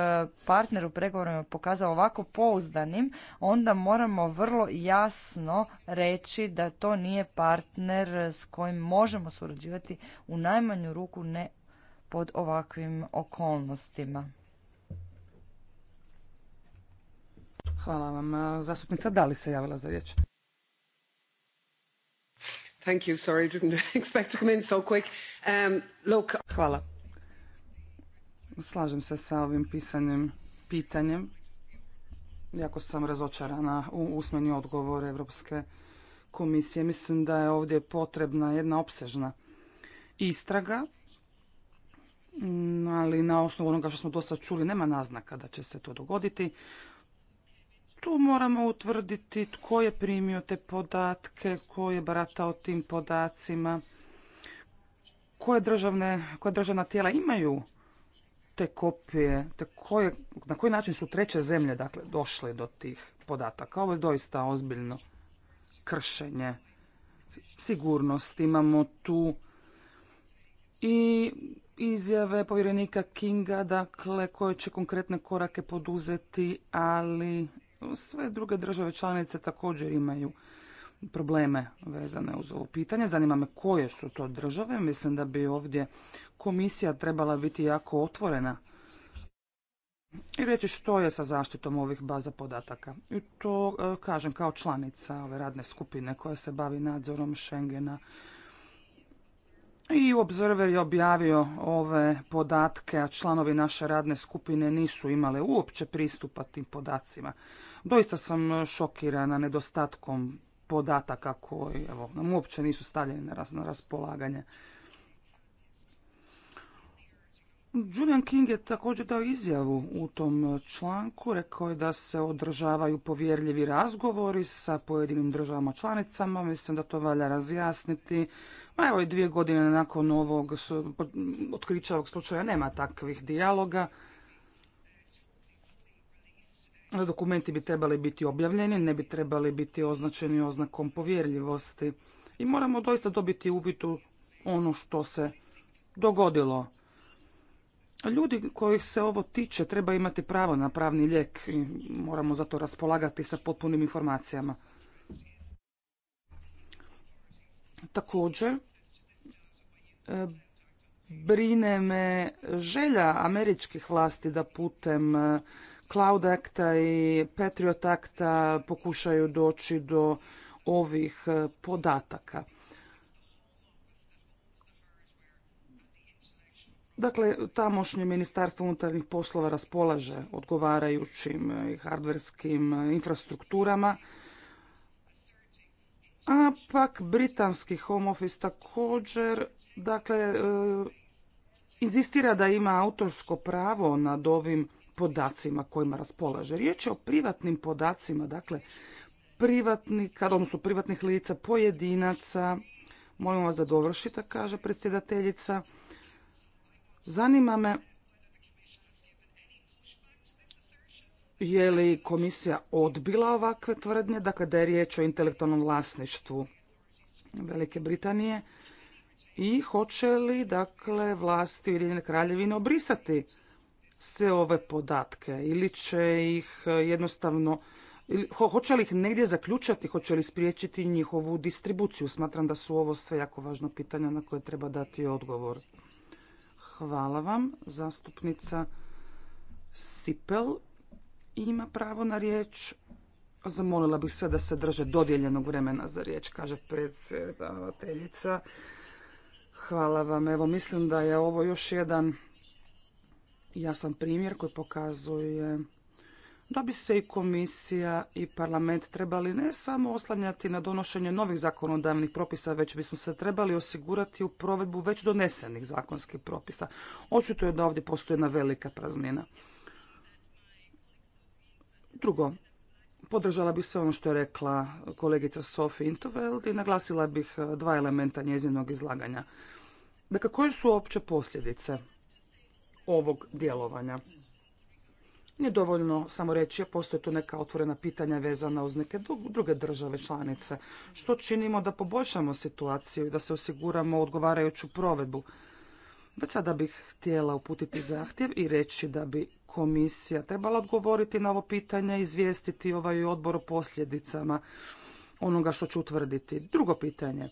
partner u pregovorima pokazao ovako pouzdanim, onda moramo vrlo jasno reći da to nije partner s kojim možemo surađivati u najmanju ruku ne pod ovakvim okolnostima. Hvala vam. Zastupnica Dali se javila za riječ. Hvala. Slažem se sa ovim pisanim pitanjem. Jako sam razočarana u usmeni odgovor Europske komisije. Mislim da je ovdje potrebna jedna opsežna istraga, ali na osnovu onoga što smo do čuli nema naznaka da će se to dogoditi. Tu moramo utvrditi tko je primio te podatke, tko je baratao tim podacima, koje, državne, koje državna tijela imaju te kopije, te na koji način su treće zemlje dakle, došle do tih podataka. Ovo je doista ozbiljno kršenje sigurnosti. Imamo tu i izjave povjerenika Kinga, dakle, koje će konkretne korake poduzeti, ali sve druge države članice također imaju probleme vezane uz ovo pitanje. Zanima me koje su to države. Mislim da bi ovdje komisija trebala biti jako otvorena i reći što je sa zaštitom ovih baza podataka. I to e, kažem kao članica ove radne skupine koja se bavi nadzorom Schengena i Observer je objavio ove podatke, a članovi naše radne skupine nisu imale uopće pristupa tim podacima. Doista sam šokirana nedostatkom podataka koji nam uopće nisu stavljeni na raspolaganje. Julian King je također dao izjavu u tom članku, rekao je da se održavaju povjerljivi razgovori sa pojedinim državama članicama, mislim da to valja razjasniti. Ma evo i dvije godine nakon ovog otkrića ovog slučaja nema takvih dijaloga. Dokumenti bi trebali biti objavljeni, ne bi trebali biti označeni oznakom povjerljivosti. I moramo doista dobiti uvid u ono što se dogodilo. Ljudi kojih se ovo tiče treba imati pravo na pravni lijek i moramo zato raspolagati sa potpunim informacijama. Također, e, brine me želja američkih vlasti da putem e, Cloud Acta i Patriot Acta pokušaju doći do ovih e, podataka. Dakle, tamošnje ministarstvo unutarnjih poslova raspolaže odgovarajućim e, hardverskim e, infrastrukturama, a pak britanski home office također, dakle, e, inzistira da ima autorsko pravo nad ovim podacima kojima raspolaže. Riječ je o privatnim podacima, dakle, privatnika, odnosno privatnih lica, pojedinaca. Molim vas da dovršite, kaže predsjedateljica. Zanima me je li komisija odbila ovakve tvrdnje, dakle da je riječ o intelektualnom vlasništvu Velike Britanije i hoće li dakle vlasti Ujedinjene kraljevine obrisati sve ove podatke ili će ih e, jednostavno hoće li ih negdje zaključati, hoće li spriječiti njihovu distribuciju? Smatram da su ovo sve jako važno pitanja na koje treba dati odgovor. Hvala vam. Zastupnica Sipel ima pravo na riječ. Zamolila bih sve da se drže dodijeljenog vremena za riječ, kaže predsjedavateljica. Hvala vam. Evo, mislim da je ovo još jedan jasan primjer koji pokazuje da bi se i komisija i parlament trebali ne samo oslanjati na donošenje novih zakonodavnih propisa, već bismo se trebali osigurati u provedbu već donesenih zakonskih propisa. Očito je da ovdje postoji jedna velika praznina. Drugo, podržala bih sve ono što je rekla kolegica Sophie Intoveld i naglasila bih e, dva elementa njezinog izlaganja. Dakle, koje su opće posljedice ovog djelovanja? Nije dovoljno samo reći, postoje tu neka otvorena pitanja vezana uz neke druge države članice. Što činimo da poboljšamo situaciju i da se osiguramo odgovarajuću provedbu? Već sada bih htjela uputiti zahtjev i reći da bi komisija trebala odgovoriti na ovo pitanje i izvijestiti ovaj odbor o posljedicama onoga što ću utvrditi. Drugo pitanje.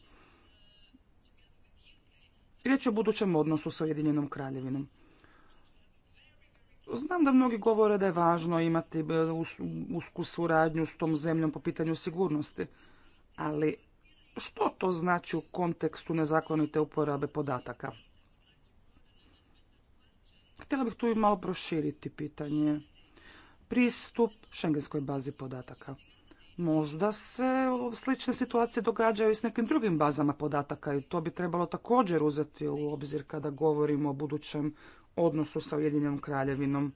Riječ je o budućem odnosu sa Ujedinjenom kraljevinom. Znam da mnogi govore da je važno imati e, usku suradnju s tom zemljom po pitanju sigurnosti, ali što to znači u kontekstu nezakonite uporabe podataka? Htjela bih tu i malo proširiti pitanje. Pristup šengenskoj bazi podataka. Možda se slične situacije događaju i s nekim drugim bazama podataka i to bi trebalo također uzeti u obzir kada govorimo o budućem odnosu sa Ujedinjenom kraljevinom.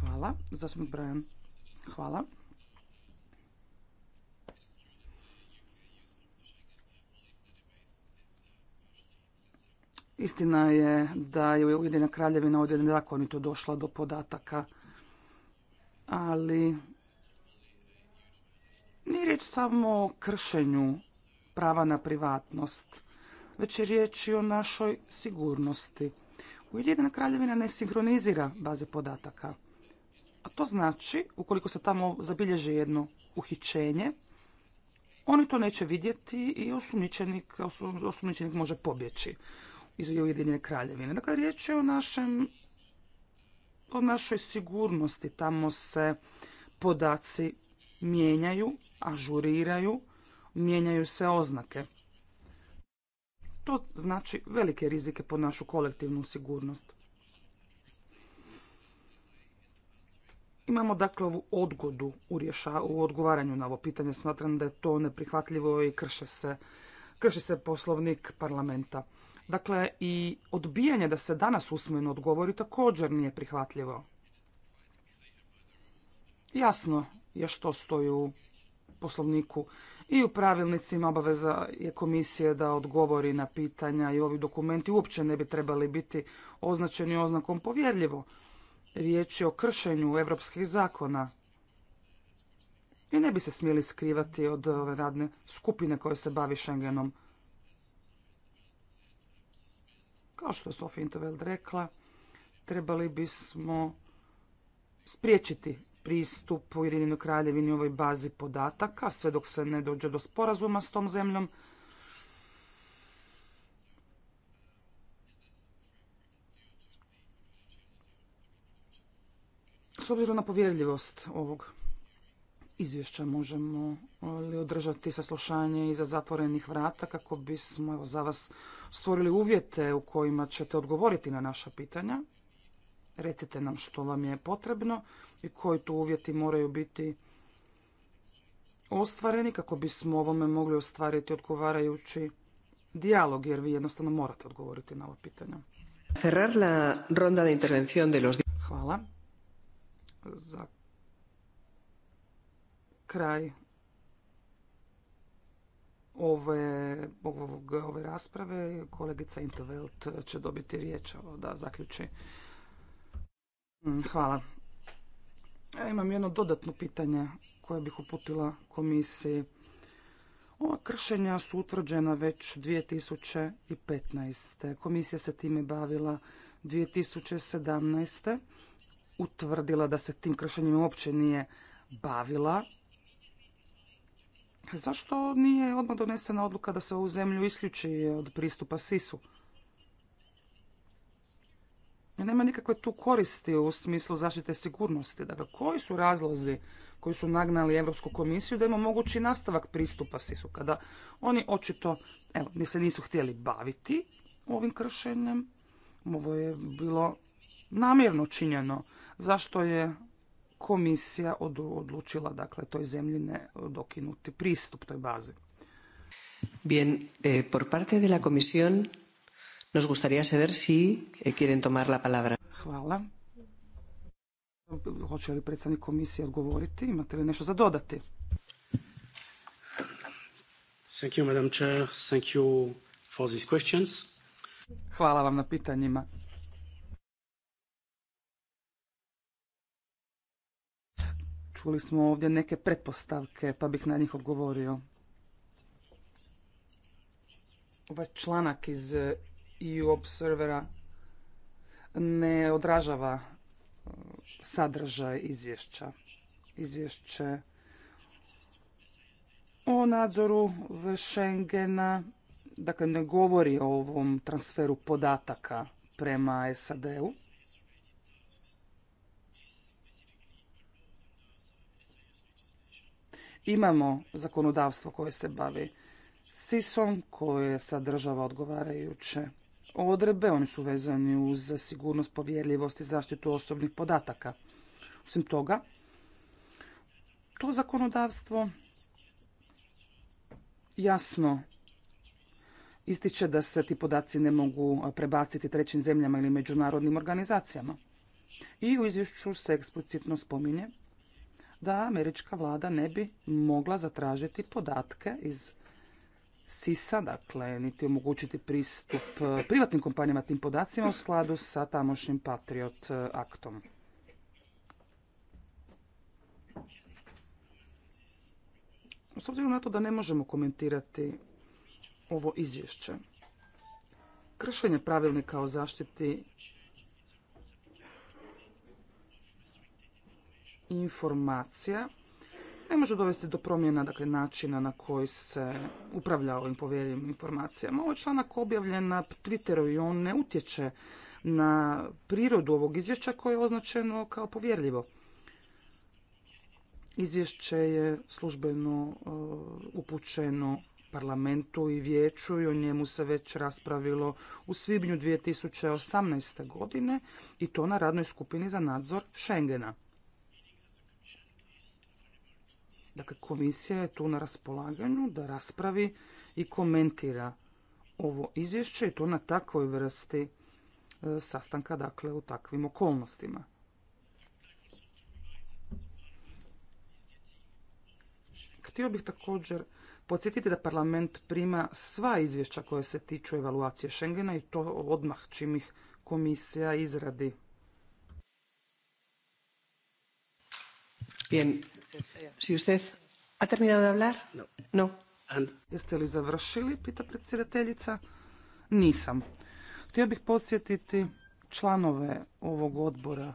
Hvala. Zastupnik Hvala. Istina je da je Ujedina kraljevina ovdje nezakonito došla do podataka, ali nije riječ samo o kršenju prava na privatnost već je riječ i o našoj sigurnosti. Ujedinjena kraljevina ne sinhronizira baze podataka. A to znači, ukoliko se tamo zabilježi jedno uhićenje, oni to neće vidjeti i osumnjičenik, osumnjičenik može pobjeći iz Ujedinjene kraljevine. Dakle, riječ je o, našem, o našoj sigurnosti. Tamo se podaci mijenjaju, ažuriraju, mijenjaju se oznake. To znači velike rizike po našu kolektivnu sigurnost. Imamo dakle ovu odgodu u, u odgovaranju na ovo pitanje. Smatram da je to neprihvatljivo i se, krši se poslovnik parlamenta. Dakle, i odbijanje da se danas usmeno odgovori također nije prihvatljivo. Jasno je što stoji u poslovniku i u pravilnicima obaveza je komisije da odgovori na pitanja i ovi dokumenti uopće ne bi trebali biti označeni oznakom povjerljivo. Riječ je o kršenju evropskih zakona. I ne bi se smjeli skrivati od ove radne skupine koje se bavi Schengenom. Kao što je Sofie Interveld rekla, trebali bismo spriječiti pristup Ujedinjenoj kraljevini ovoj bazi podataka, sve dok se ne dođe do sporazuma s tom zemljom. S obzirom na povjerljivost ovog izvješća možemo li održati saslušanje iza zatvorenih vrata kako bismo za vas stvorili uvjete u kojima ćete odgovoriti na naša pitanja recite nam što vam je potrebno i koji tu uvjeti moraju biti ostvareni kako bismo ovome mogli ostvariti odgovarajući dijalog jer vi jednostavno morate odgovoriti na ova pitanja. Hvala. Za kraj ove, ove rasprave kolegica Intervelt će dobiti riječ da zaključi Mm, hvala. Ja imam jedno dodatno pitanje koje bih uputila komisiji. Ova kršenja su utvrđena već 2015. Komisija se time bavila 2017. Utvrdila da se tim kršenjima uopće nije bavila. Zašto nije odmah donesena odluka da se ovu zemlju isključi od pristupa SIS-u? nema nikakve tu koristi u smislu zaštite sigurnosti. Dakle, koji su razlozi koji su nagnali Europsku komisiju da ima mogući nastavak pristupa SIS-u, kada oni očito evo, se nisu htjeli baviti ovim kršenjem. Ovo je bilo namjerno činjeno. Zašto je komisija odlučila dakle, toj zemlji ne dokinuti pristup toj bazi? Bien, eh, por parte de la comisión Nos gustaría saber si eh, quieren tomar la palabra. Hvala. Hoće li predstavnik komisije odgovoriti? Imate li nešto za dodati? Thank you, Madam Chair. Thank you for these questions. Hvala vam na pitanjima. Čuli smo ovdje neke pretpostavke, pa bih na njih odgovorio. Ovaj članak iz i Observera ne odražava e, sadržaj izvješća. Izvješće o nadzoru Schengena, dakle ne govori o ovom transferu podataka prema SAD-u. Imamo zakonodavstvo koje se bavi SIS-om, koje sadržava odgovarajuće odredbe, oni su vezani uz sigurnost, povjerljivost i zaštitu osobnih podataka. Osim toga, to zakonodavstvo jasno ističe da se ti podaci ne mogu prebaciti trećim zemljama ili međunarodnim organizacijama. I u izvješću se eksplicitno spominje da američka vlada ne bi mogla zatražiti podatke iz SISA, dakle, niti omogućiti pristup e, privatnim kompanijama tim podacima u skladu sa tamošnjim Patriot e, aktom. S obzirom na to da ne možemo komentirati ovo izvješće, kršenje pravilnika o zaštiti informacija ne može dovesti do promjena dakle, načina na koji se upravlja ovim povjerljivim informacijama. Ovaj članak objavljen na Twitteru i on ne utječe na prirodu ovog izvješća koje je označeno kao povjerljivo. Izvješće je službeno eh, upućeno parlamentu i vijeću i o njemu se već raspravilo u svibnju 2018. godine i to na radnoj skupini za nadzor Schengena. Dakle, komisija je tu na raspolaganju da raspravi i komentira ovo izvješće i to na takvoj vrsti e, sastanka, dakle, u takvim okolnostima. Htio bih također podsjetiti da parlament prima sva izvješća koje se tiču evaluacije Schengena i to odmah čim ih komisija izradi. Eh, si terminado No. Jeste li završili, pita predsjedateljica? Nisam. Htio bih podsjetiti članove ovog odbora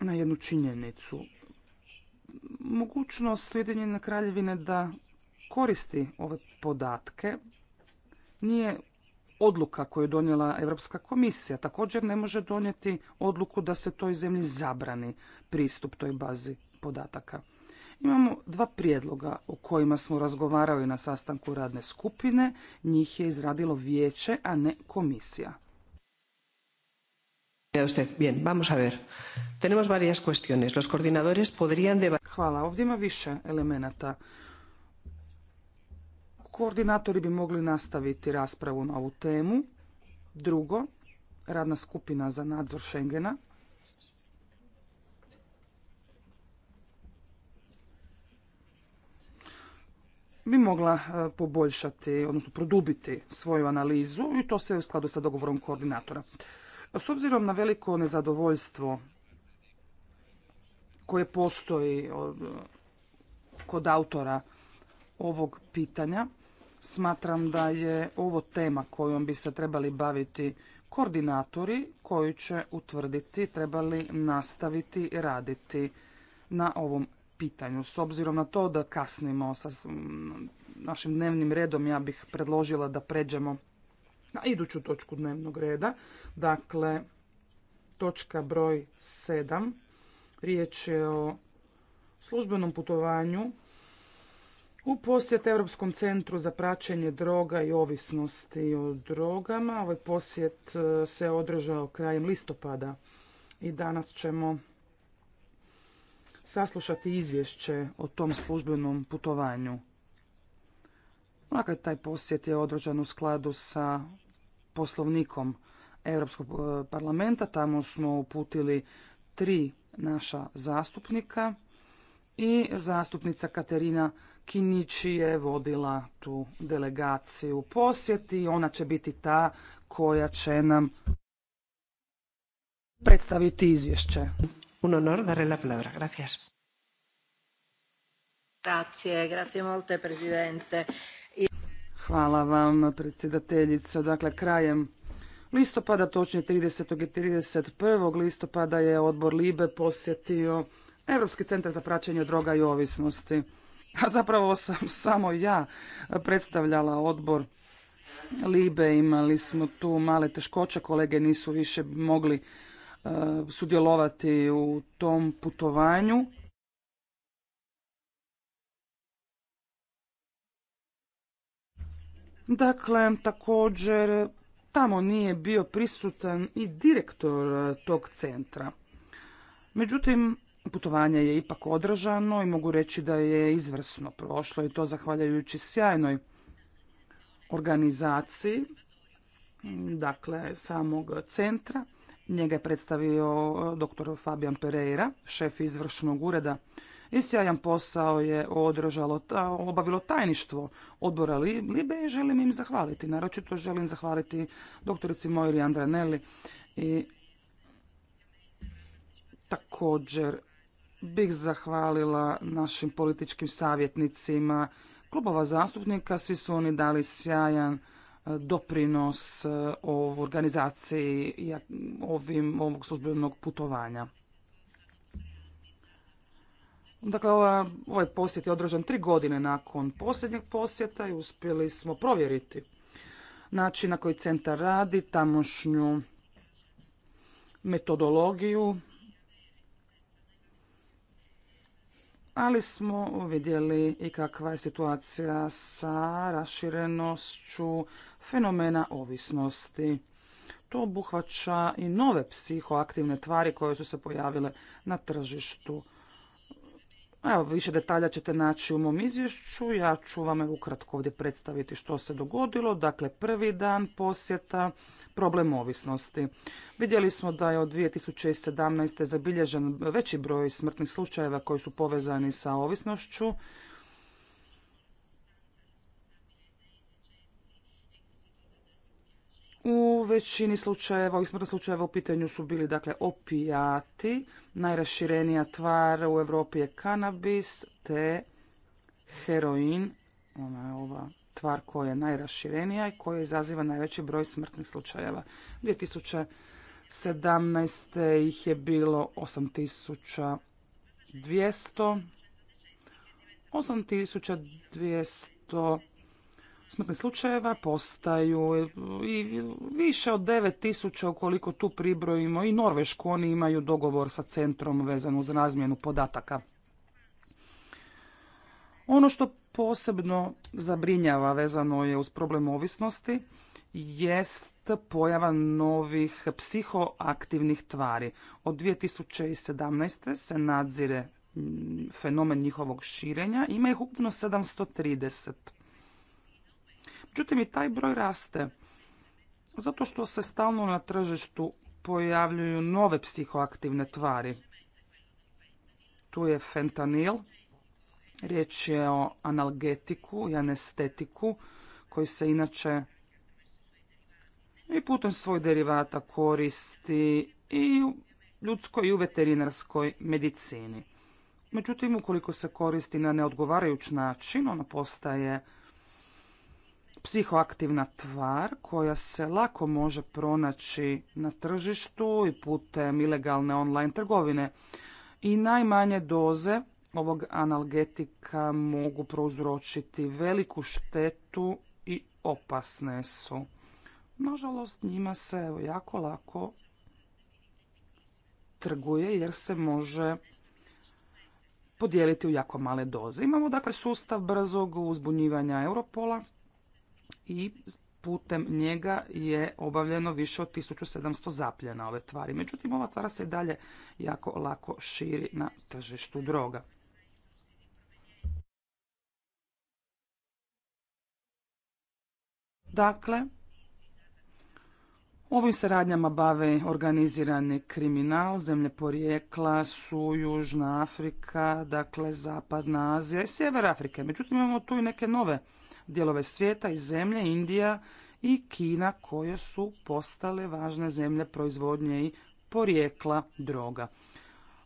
na jednu činjenicu. Mogućnost Ujedinjene kraljevine da koristi ove podatke nije odluka koju je donijela Europska komisija. Također ne može donijeti odluku da se toj zemlji zabrani pristup toj bazi podataka. Imamo dva prijedloga o kojima smo razgovarali na sastanku radne skupine. Njih je izradilo vijeće, a ne komisija. Hvala, ovdje ima više elemenata Koordinatori bi mogli nastaviti raspravu na ovu temu. Drugo, radna skupina za nadzor Schengena. bi mogla e, poboljšati, odnosno produbiti svoju analizu i to sve u skladu sa dogovorom koordinatora. S obzirom na veliko nezadovoljstvo koje postoji kod autora ovog pitanja, Smatram da je ovo tema kojom bi se trebali baviti koordinatori koji će utvrditi trebali nastaviti raditi na ovom pitanju. S obzirom na to da kasnimo sa našim dnevnim redom, ja bih predložila da pređemo na iduću točku dnevnog reda. Dakle, točka broj 7. Riječ je o službenom putovanju u posjet Europskom centru za praćenje droga i ovisnosti o drogama, ovaj posjet e, se održao krajem listopada i danas ćemo saslušati izvješće o tom službenom putovanju. makar taj posjet je održan u skladu sa poslovnikom Europskog e, parlamenta. Tamo smo uputili tri naša zastupnika – i zastupnica Katerina Kinići je vodila tu delegaciju posjeti. Ona će biti ta koja će nam predstaviti izvješće. Un honor dare la palabra. Gracias. Grazie, grazie molte, presidente. Hvala vam, predsjedateljica. Dakle, krajem listopada, točnije 30. i 31. listopada je odbor Libe posjetio Europski centar za praćenje droga i ovisnosti. A zapravo sam samo ja predstavljala odbor Libe, imali smo tu male teškoće, kolege nisu više mogli e, sudjelovati u tom putovanju. Dakle, također tamo nije bio prisutan i direktor e, tog centra. Međutim, Putovanje je ipak održano i mogu reći da je izvrsno prošlo i to zahvaljujući sjajnoj organizaciji, dakle samog centra. Njega je predstavio e, dr. Fabian Pereira, šef izvršnog ureda i sjajan posao je održalo, obavilo tajništvo odbora Libe i želim im zahvaliti. Naročito želim zahvaliti doktorici Mojri Andranelli i također bih zahvalila našim političkim savjetnicima klubova zastupnika. Svi su oni dali sjajan e, doprinos u e, organizaciji ovim, ovog službenog putovanja. Dakle, ovaj posjet je održan tri godine nakon posljednjeg posjeta i uspjeli smo provjeriti način na koji centar radi, tamošnju metodologiju, ali smo vidjeli i kakva je situacija sa raširenošću fenomena ovisnosti. To obuhvaća i nove psihoaktivne tvari koje su se pojavile na tržištu Evo, više detalja ćete naći u mom izvješću. Ja ću vam ukratko ovdje predstaviti što se dogodilo. Dakle, prvi dan posjeta, problem ovisnosti. Vidjeli smo da je od 2017. zabilježen veći broj smrtnih slučajeva koji su povezani sa ovisnošću. U većini slučajeva, u smrtnih slučajeva u pitanju su bili dakle opijati, najraširenija tvar u Europi je kanabis te heroin, ona je ova tvar koja je najraširenija i koja izaziva najveći broj smrtnih slučajeva. 2017. ih je bilo 8200, 8200 smrtnih slučajeva postaju i više od 9000 ukoliko tu pribrojimo i Norvešku. Oni imaju dogovor sa centrom vezan uz razmjenu podataka. Ono što posebno zabrinjava vezano je uz problem ovisnosti jest pojava novih psihoaktivnih tvari. Od 2017. se nadzire mm, fenomen njihovog širenja. Ima ih ukupno 730. Međutim, i taj broj raste zato što se stalno na tržištu pojavljuju nove psihoaktivne tvari. Tu je fentanil, riječ je o analgetiku i anestetiku koji se inače i putem svojih derivata koristi i u ljudskoj i u veterinarskoj medicini. Međutim, ukoliko se koristi na neodgovarajuć način, ona postaje psihoaktivna tvar koja se lako može pronaći na tržištu i putem ilegalne online trgovine. I najmanje doze ovog analgetika mogu prouzročiti veliku štetu i opasne su. Nažalost, njima se jako lako trguje jer se može podijeliti u jako male doze. Imamo dakle sustav brzog uzbunjivanja Europola i putem njega je obavljeno više od 1700 zapljena ove tvari. Međutim, ova tvara se dalje jako lako širi na tržištu droga. Dakle, ovim se radnjama bave organizirani kriminal, zemlje porijekla su Južna Afrika, dakle Zapadna Azija i Sjever Afrike. Međutim, imamo tu i neke nove dijelove svijeta i zemlje Indija i Kina koje su postale važne zemlje proizvodnje i porijekla droga.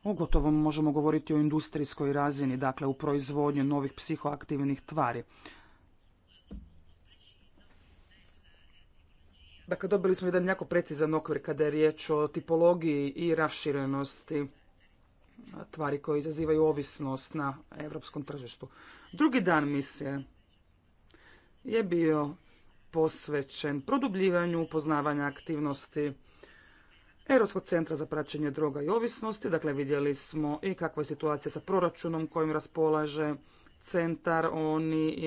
Ugotovo možemo govoriti o industrijskoj razini, dakle u proizvodnju novih psihoaktivnih tvari. Dakle, dobili smo jedan jako precizan okvir kada je riječ o tipologiji i raširenosti tvari koje izazivaju ovisnost na europskom tržištu. Drugi dan misije je bio posvećen produbljivanju upoznavanja aktivnosti Europskog centra za praćenje droga i ovisnosti. Dakle, vidjeli smo i kakva je situacija sa proračunom kojim raspolaže centar. Oni e,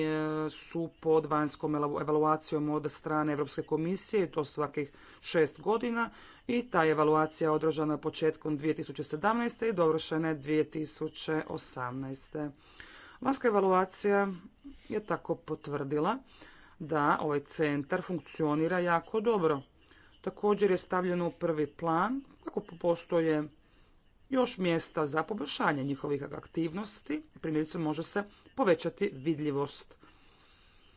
su pod vanjskom evaluacijom od strane Europske komisije i to svakih šest godina. I ta evaluacija je održana početkom 2017. i dovršena je 2018. Vanjska evaluacija je tako potvrdila da ovaj centar funkcionira jako dobro. Također je stavljeno u prvi plan kako postoje još mjesta za poboljšanje njihovih aktivnosti. Primjerice može se povećati vidljivost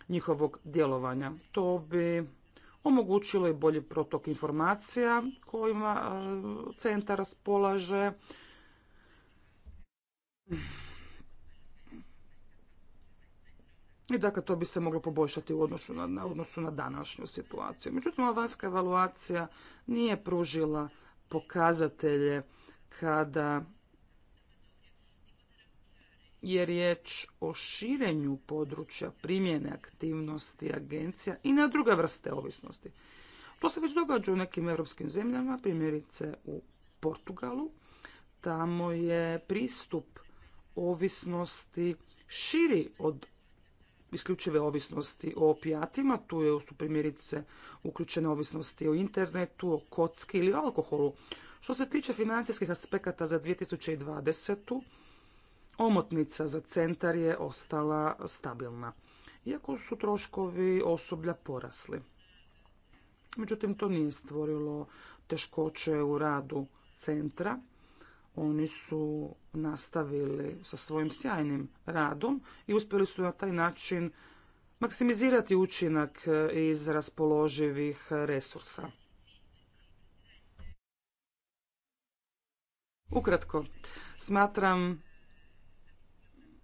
njihovog djelovanja. To bi omogućilo i bolji protok informacija kojima centar raspolaže. I dakle, to bi se moglo poboljšati u odnosu na, odnosu na današnju situaciju. Međutim, ova vanjska evaluacija nije pružila pokazatelje kada je riječ o širenju područja primjene aktivnosti agencija i na druge vrste ovisnosti. To se već događa u nekim europskim zemljama, primjerice u Portugalu. Tamo je pristup ovisnosti širi od isključive ovisnosti o opijatima. Tu su primjerice uključene ovisnosti o internetu, o kocki ili alkoholu. Što se tiče financijskih aspekata za 2020. omotnica za centar je ostala stabilna, iako su troškovi osoblja porasli. Međutim, to nije stvorilo teškoće u radu centra. Oni su nastavili sa svojim sjajnim radom i uspjeli su na taj način maksimizirati učinak e, iz raspoloživih resursa. Ukratko, smatram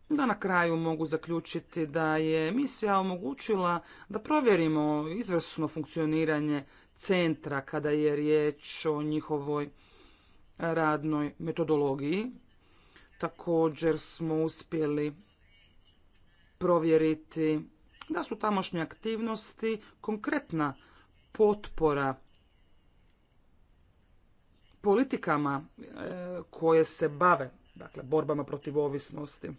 da na kraju mogu zaključiti da je misija omogućila da provjerimo izvrsno funkcioniranje centra kada je riječ o njihovoj radnoj metodologiji. Također smo uspjeli provjeriti da su tamošnje aktivnosti konkretna potpora politikama e, koje se bave dakle, borbama protiv ovisnosti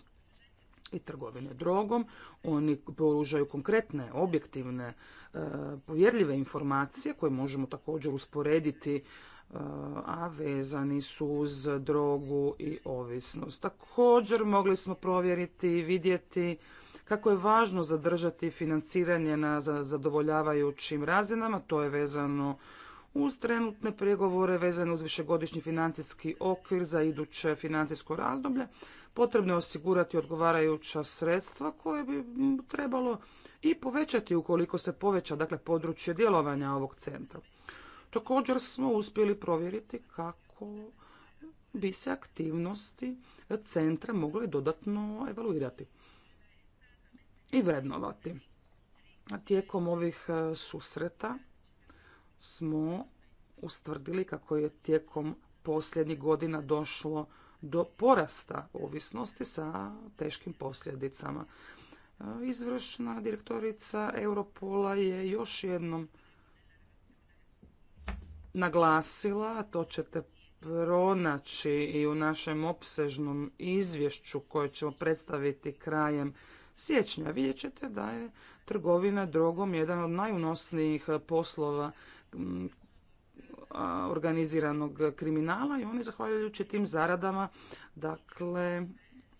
i trgovine drogom. Oni poružaju konkretne, objektivne, e, povjerljive informacije koje možemo također usporediti a vezani su uz drogu i ovisnost. Također mogli smo provjeriti i vidjeti kako je važno zadržati financiranje na zadovoljavajućim razinama, to je vezano uz trenutne pregovore vezano uz višegodišnji financijski okvir za iduće financijsko razdoblje. Potrebno je osigurati odgovarajuća sredstva koje bi trebalo i povećati ukoliko se poveća dakle, područje djelovanja ovog centra. Također smo uspjeli provjeriti kako bi se aktivnosti centra mogle dodatno evaluirati i vrednovati. Tijekom ovih e, susreta smo ustvrdili kako je tijekom posljednjih godina došlo do porasta ovisnosti sa teškim posljedicama. E, izvršna direktorica Europola je još jednom naglasila, to ćete pronaći i u našem opsežnom izvješću koje ćemo predstaviti krajem siječnja. Vidjet ćete da je trgovina drogom jedan od najunosnijih poslova mm, organiziranog kriminala i oni zahvaljujući tim zaradama dakle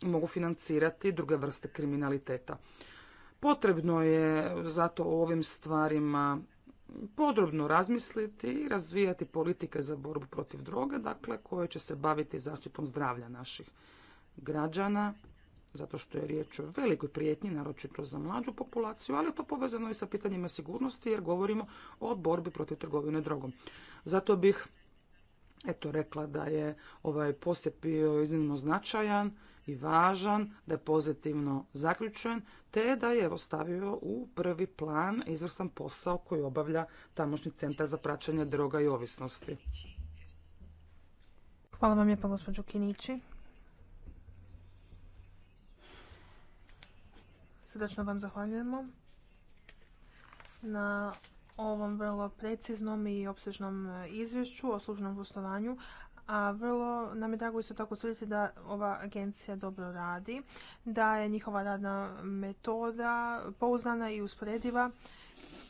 mogu financirati druge vrste kriminaliteta. Potrebno je zato o ovim stvarima podrobno razmisliti i razvijati politike za borbu protiv droge, dakle koje će se baviti zaštitom zdravlja naših građana, zato što je riječ o velikoj prijetnji, naročito za mlađu populaciju, ali je to povezano i sa pitanjima sigurnosti jer govorimo o borbi protiv trgovine drogom. Zato bih eto rekla da je ovaj posjet bio iznimno značajan i važan, da je pozitivno zaključen, te da je ostavio u prvi plan izvrstan posao koji obavlja tamošnji centar za praćenje droga i ovisnosti. Hvala vam lijepa gospođo Kinići. Srdačno vam zahvaljujemo na ovom vrlo preciznom i opsežnom e, izvješću o službenom poslovanju, a vrlo nam je drago isto tako sviđati da ova agencija dobro radi, da je njihova radna metoda pouzdana i usporediva,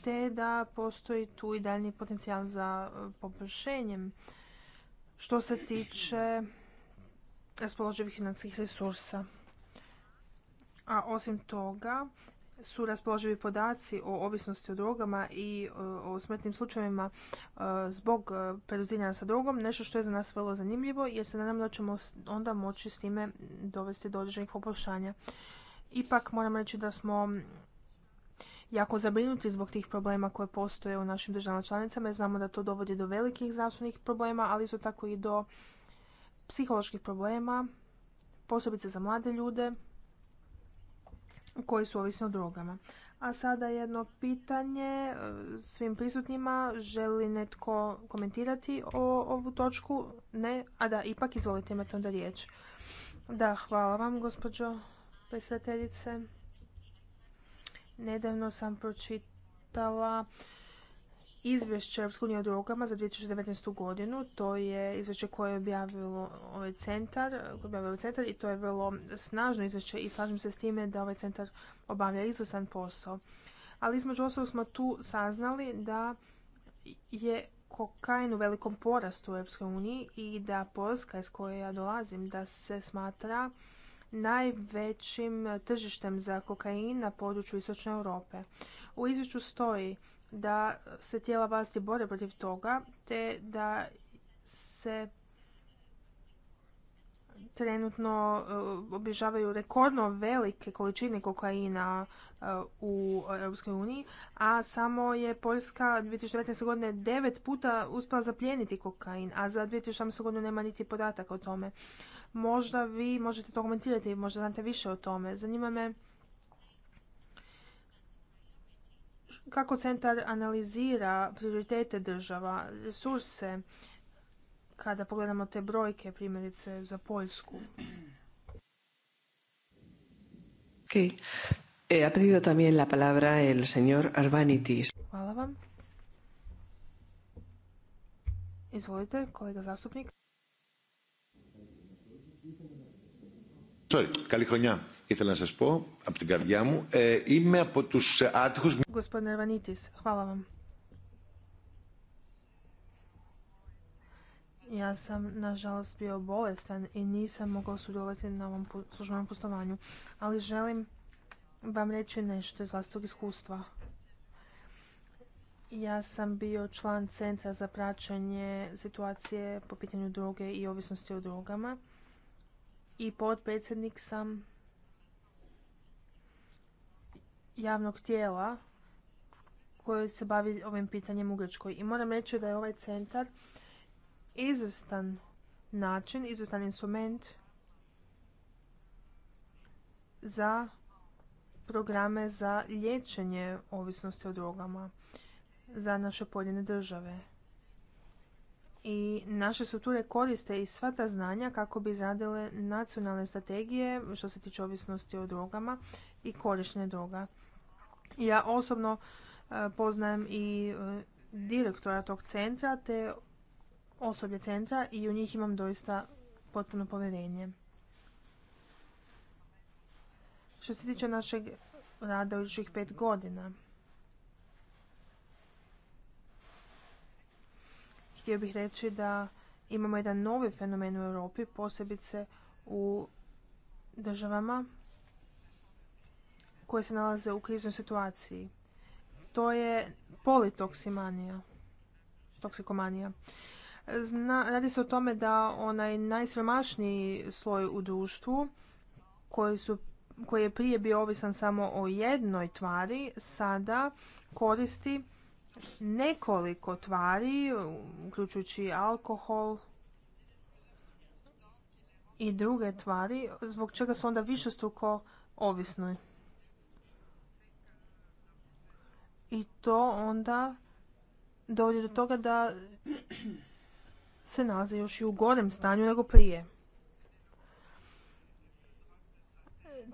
te da postoji tu i daljnji potencijal za e, poboljšenjem što se tiče raspoloživih financijskih resursa. A osim toga, su raspoloživi podaci o ovisnosti o drogama i e, o smrtnim slučajevima e, zbog e, preduzimanja sa drogom, nešto što je za nas vrlo zanimljivo jer se nadam da ćemo onda moći s time dovesti do određenih poboljšanja. Ipak moram reći da smo jako zabrinuti zbog tih problema koje postoje u našim državama članicama znamo da to dovodi do velikih zdravstvenih problema, ali isto tako i do psiholoških problema, posebice za mlade ljude koji su ovisni o drogama. A sada jedno pitanje e, svim prisutnima. Želi netko komentirati o ovu točku? Ne? A da, ipak izvolite imate onda riječ. Da, hvala vam gospođo predsjedateljice. Nedavno sam pročitala izvješće Europske unije o drogama za 2019. godinu. To je izvješće koje je objavilo ovaj centar, objavio ovaj centar i to je vrlo snažno izvješće i slažem se s time da ovaj centar obavlja izvrstan posao. Ali između ostalog smo tu saznali da je kokain u velikom porastu u Europskoj uniji i da Poljska iz koje ja dolazim da se smatra najvećim tržištem za kokain na području Istočne Europe. U izvješću stoji da se tijela vlasti bore protiv toga te da se trenutno e, obježavaju rekordno velike količine kokaina e, u Europskoj uniji, a samo je Poljska 2019. godine devet puta uspjela zaplijeniti kokain, a za 2018. godinu nema niti podataka o tome. Možda vi možete to komentirati, možda znate više o tome. Zanima me kako centar analizira prioritete država, resurse, kada pogledamo te brojke, primjerice za Poljsku. Ok. Eh, ha pedido también la palabra el señor Arbanitis. Hvala vam. Izvolite, kolega zastupnik. Sorry, Gospodine Vanitis, hvala vam. Ja sam, nažalost, bio bolestan i nisam mogao sudjelovati na ovom službenom postovanju. ali želim vam reći nešto iz vlastitog iskustva. Ja sam bio član Centra za praćenje situacije po pitanju droge i ovisnosti o drogama i potpredsjednik sam javnog tijela koje se bavi ovim pitanjem u Grčkoj. I moram reći da je ovaj centar izvrstan način, izvrstan instrument za programe za liječenje ovisnosti o drogama za naše pojedine države. I naše strukture koriste i sva ta znanja kako bi izradile nacionalne strategije što se tiče ovisnosti o drogama i korištenja droga. Ja osobno e, poznajem i e, direktora tog centra te osoblje centra i u njih imam doista potpuno povjerenje. Što se tiče našeg rada u pet godina, htio bih reći da imamo jedan novi fenomen u Europi, posebice u državama koje se nalaze u kriznoj situaciji. To je politoksimanija, toksikomanija. radi se o tome da onaj najsromašniji sloj u društvu koji, su, koji je prije bio ovisan samo o jednoj tvari, sada koristi nekoliko tvari, uključujući alkohol i druge tvari, zbog čega su onda višestruko ovisni. i to onda dovodi do toga da se nalaze još i u gorem stanju nego prije.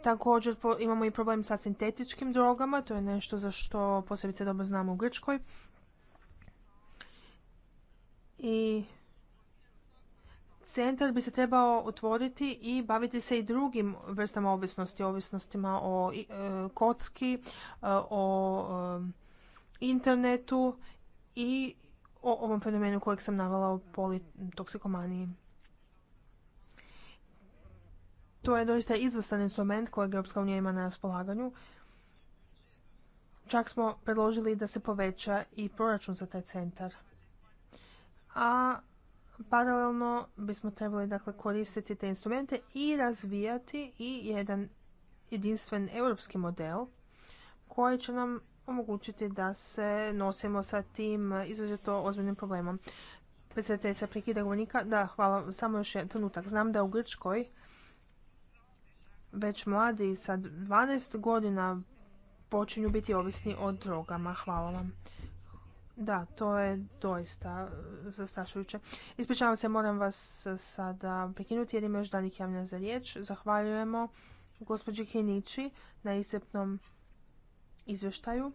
Također imamo i problem sa sintetičkim drogama, to je nešto za što posebice dobro znamo u Grčkoj. I centar bi se trebao otvoriti i baviti se i drugim vrstama ovisnosti, ovisnostima o e, kocki, e, o e, internetu i o ovom fenomenu kojeg sam navala u politoksikomaniji. To je doista izvrstan instrument kojeg Europska unija ima na raspolaganju. Čak smo predložili da se poveća i proračun za taj centar. A paralelno bismo trebali dakle, koristiti te instrumente i razvijati i jedan jedinstven europski model koji će nam omogućiti da se nosimo sa tim izuzetno ozbiljnim problemom. Predsjedateljica prekida govornika. Da, hvala. Samo još jedan trenutak. Znam da u Grčkoj već mladi sa 12 godina počinju biti ovisni o drogama. Hvala vam. Da, to je doista e, zastrašujuće. Ispričavam se, moram vas sada prekinuti jer ima još danih javlja za riječ. Zahvaljujemo gospođi Hinići na isepnom izvještaju.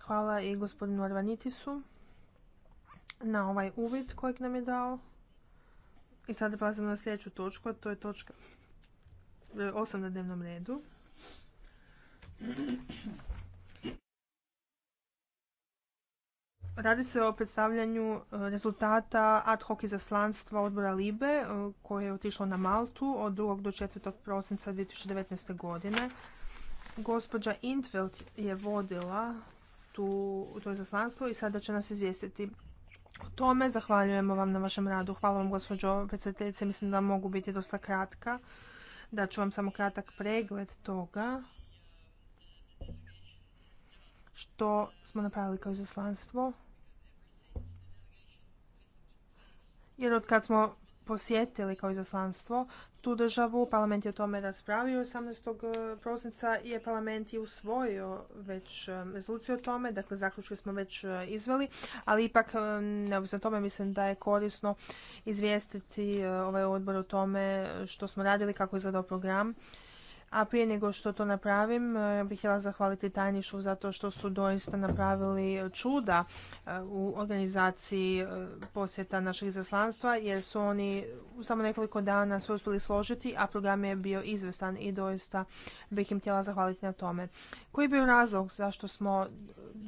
Hvala i gospodinu Arvanitisu na ovaj uvid kojeg nam je dao. I sad prelazimo na sljedeću točku, a to je točka 8 e, na dnevnom redu. Radi se o predstavljanju e, rezultata ad hoc izaslanstva odbora Libe e, koje je otišlo na Maltu od 2. do 4. prosinca 2019. godine. Gospođa Intveld je vodila tu, to izaslanstvo i sada će nas izvijestiti o tome. Zahvaljujemo vam na vašem radu. Hvala vam gospođo predsjedateljice. Mislim da mogu biti dosta kratka. Da ću vam samo kratak pregled toga što smo napravili kao izaslanstvo. jer od kad smo posjetili kao izaslanstvo tu državu, parlament je o tome raspravio 18. E, prosinca je parlament i usvojio već e, rezoluciju o tome, dakle zaključke smo već e, izveli, ali ipak neovisno tome mislim da je korisno izvijestiti ovaj odbor o tome što smo radili, kako je zadao program a prije nego što to napravim, e, bih htjela zahvaliti tajnišu zato što su doista napravili čuda e, u organizaciji e, posjeta naših zaslanstva, jer su oni u samo nekoliko dana sve uspjeli složiti, a program je bio izvestan i doista bih im htjela zahvaliti na tome. Koji je bio razlog zašto smo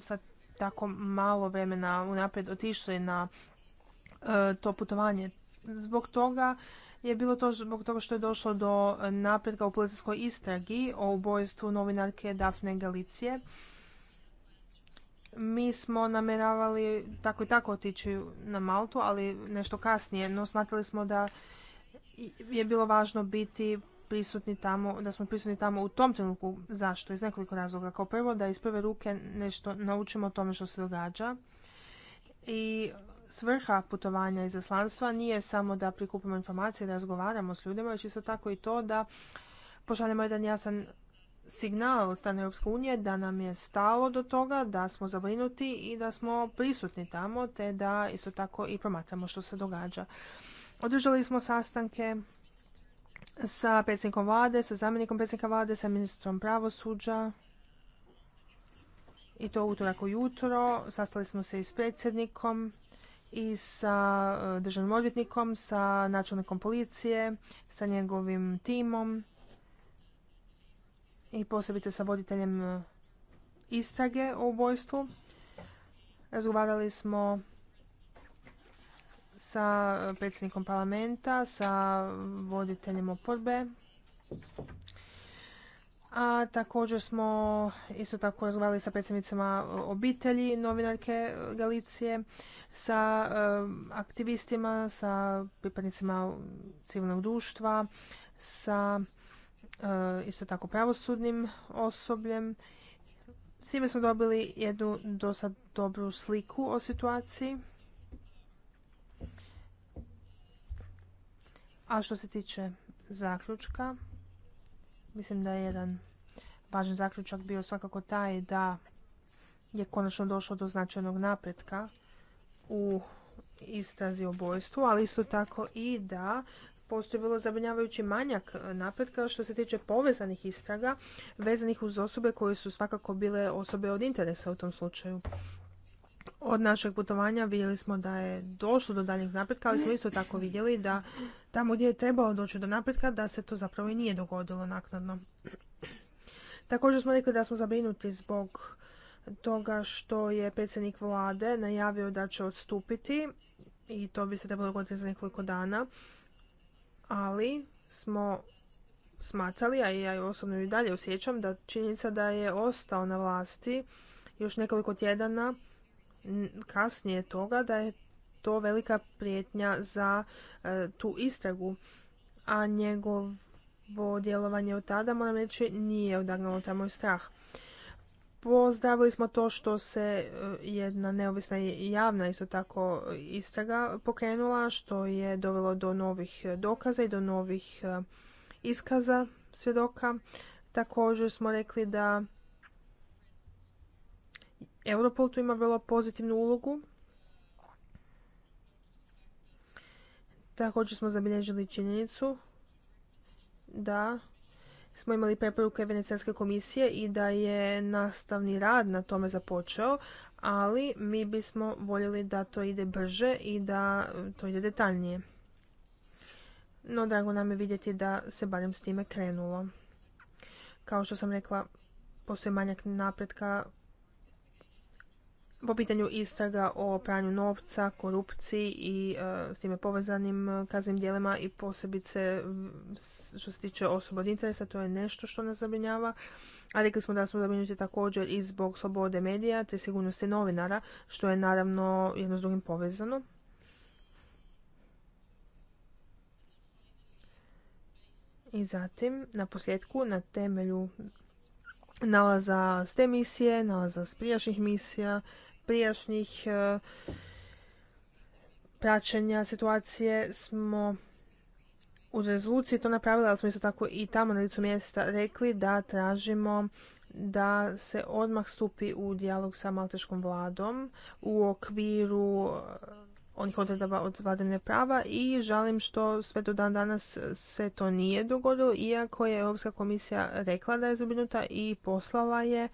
sa tako malo vremena unaprijed otišli na to putovanje? Zbog toga je bilo to zbog toga što je došlo do napretka u policijskoj istragi o ubojstvu novinarke Dafne Galicije. Mi smo namjeravali tako i tako otići na Maltu, ali nešto kasnije, no smatrali smo da je bilo važno biti prisutni tamo, da smo prisutni tamo u tom trenutku. Zašto? Iz nekoliko razloga. Kao prvo da iz prve ruke nešto naučimo o tome što se događa i svrha putovanja izaslanstva nije samo da prikupimo informacije, da razgovaramo s ljudima, već isto tako i to da pošaljemo jedan jasan signal od strane Europske unije da nam je stalo do toga, da smo zabrinuti i da smo prisutni tamo, te da isto tako i promatramo što se događa. Održali smo sastanke sa predsjednikom vlade, sa zamjenikom predsjednika vlade, sa ministrom pravosuđa i to utorak ujutro. Sastali smo se i s predsjednikom i sa e, državnim odvjetnikom, sa načelnikom policije, sa njegovim timom i posebice sa voditeljem e, istrage o ubojstvu. Razgovarali smo sa e, predsjednikom parlamenta, sa voditeljem oporbe a također smo isto tako razgovarali sa predsjednicama obitelji novinarke Galicije, sa eh, aktivistima, sa pripadnicima civilnog društva, sa eh, isto tako pravosudnim osobljem. S smo dobili jednu dosta dobru sliku o situaciji. A što se tiče zaključka, Mislim da je jedan važan zaključak bio svakako taj da je konačno došlo do značajnog napretka u istrazi o bojstvu, ali isto tako i da postoji vrlo zabrinjavajući manjak napretka što se tiče povezanih istraga vezanih uz osobe koje su svakako bile osobe od interesa u tom slučaju. Od našeg putovanja vidjeli smo da je došlo do daljnjeg napretka, ali smo isto tako vidjeli da tamo gdje je trebalo doći do napretka, da se to zapravo i nije dogodilo naknadno. Također smo rekli da smo zabrinuti zbog toga što je predsjednik vlade najavio da će odstupiti i to bi se trebalo dogoditi za nekoliko dana, ali smo smatrali, a ja osobno i dalje osjećam, da činjenica da je ostao na vlasti još nekoliko tjedana kasnije toga da je to velika prijetnja za e, tu istragu, a njegovo djelovanje od tada, moram reći, nije odagnalo taj moj strah. Pozdravili smo to što se e, jedna neovisna i javna isto tako istraga pokrenula, što je dovelo do novih dokaza i do novih e, iskaza svjedoka. Također smo rekli da Europol tu ima vrlo pozitivnu ulogu. Također smo zabilježili činjenicu da smo imali preporuke Venecijanske komisije i da je nastavni rad na tome započeo, ali mi bismo voljeli da to ide brže i da to ide detaljnije. No, drago nam je vidjeti da se barem s time krenulo. Kao što sam rekla, postoji manjak napretka po pitanju istraga o pranju novca, korupciji i e, s time povezanim e, kaznim dijelima i posebice što se tiče osoba od interesa, to je nešto što nas zabrinjava. A rekli smo da smo zabrinuti također i zbog slobode medija te sigurnosti novinara, što je naravno jedno s drugim povezano. I zatim, na posljedku, na temelju nalaza s te misije, nalaza s prijašnjih misija prijašnjih e, praćenja situacije smo u rezoluciji to napravili, ali smo isto tako i tamo na licu mjesta rekli da tražimo da se odmah stupi u dijalog sa malteškom vladom u okviru e, onih odredaba od vladene prava i žalim što sve do dan danas se to nije dogodilo, iako je Europska komisija rekla da je zabrinuta i poslala je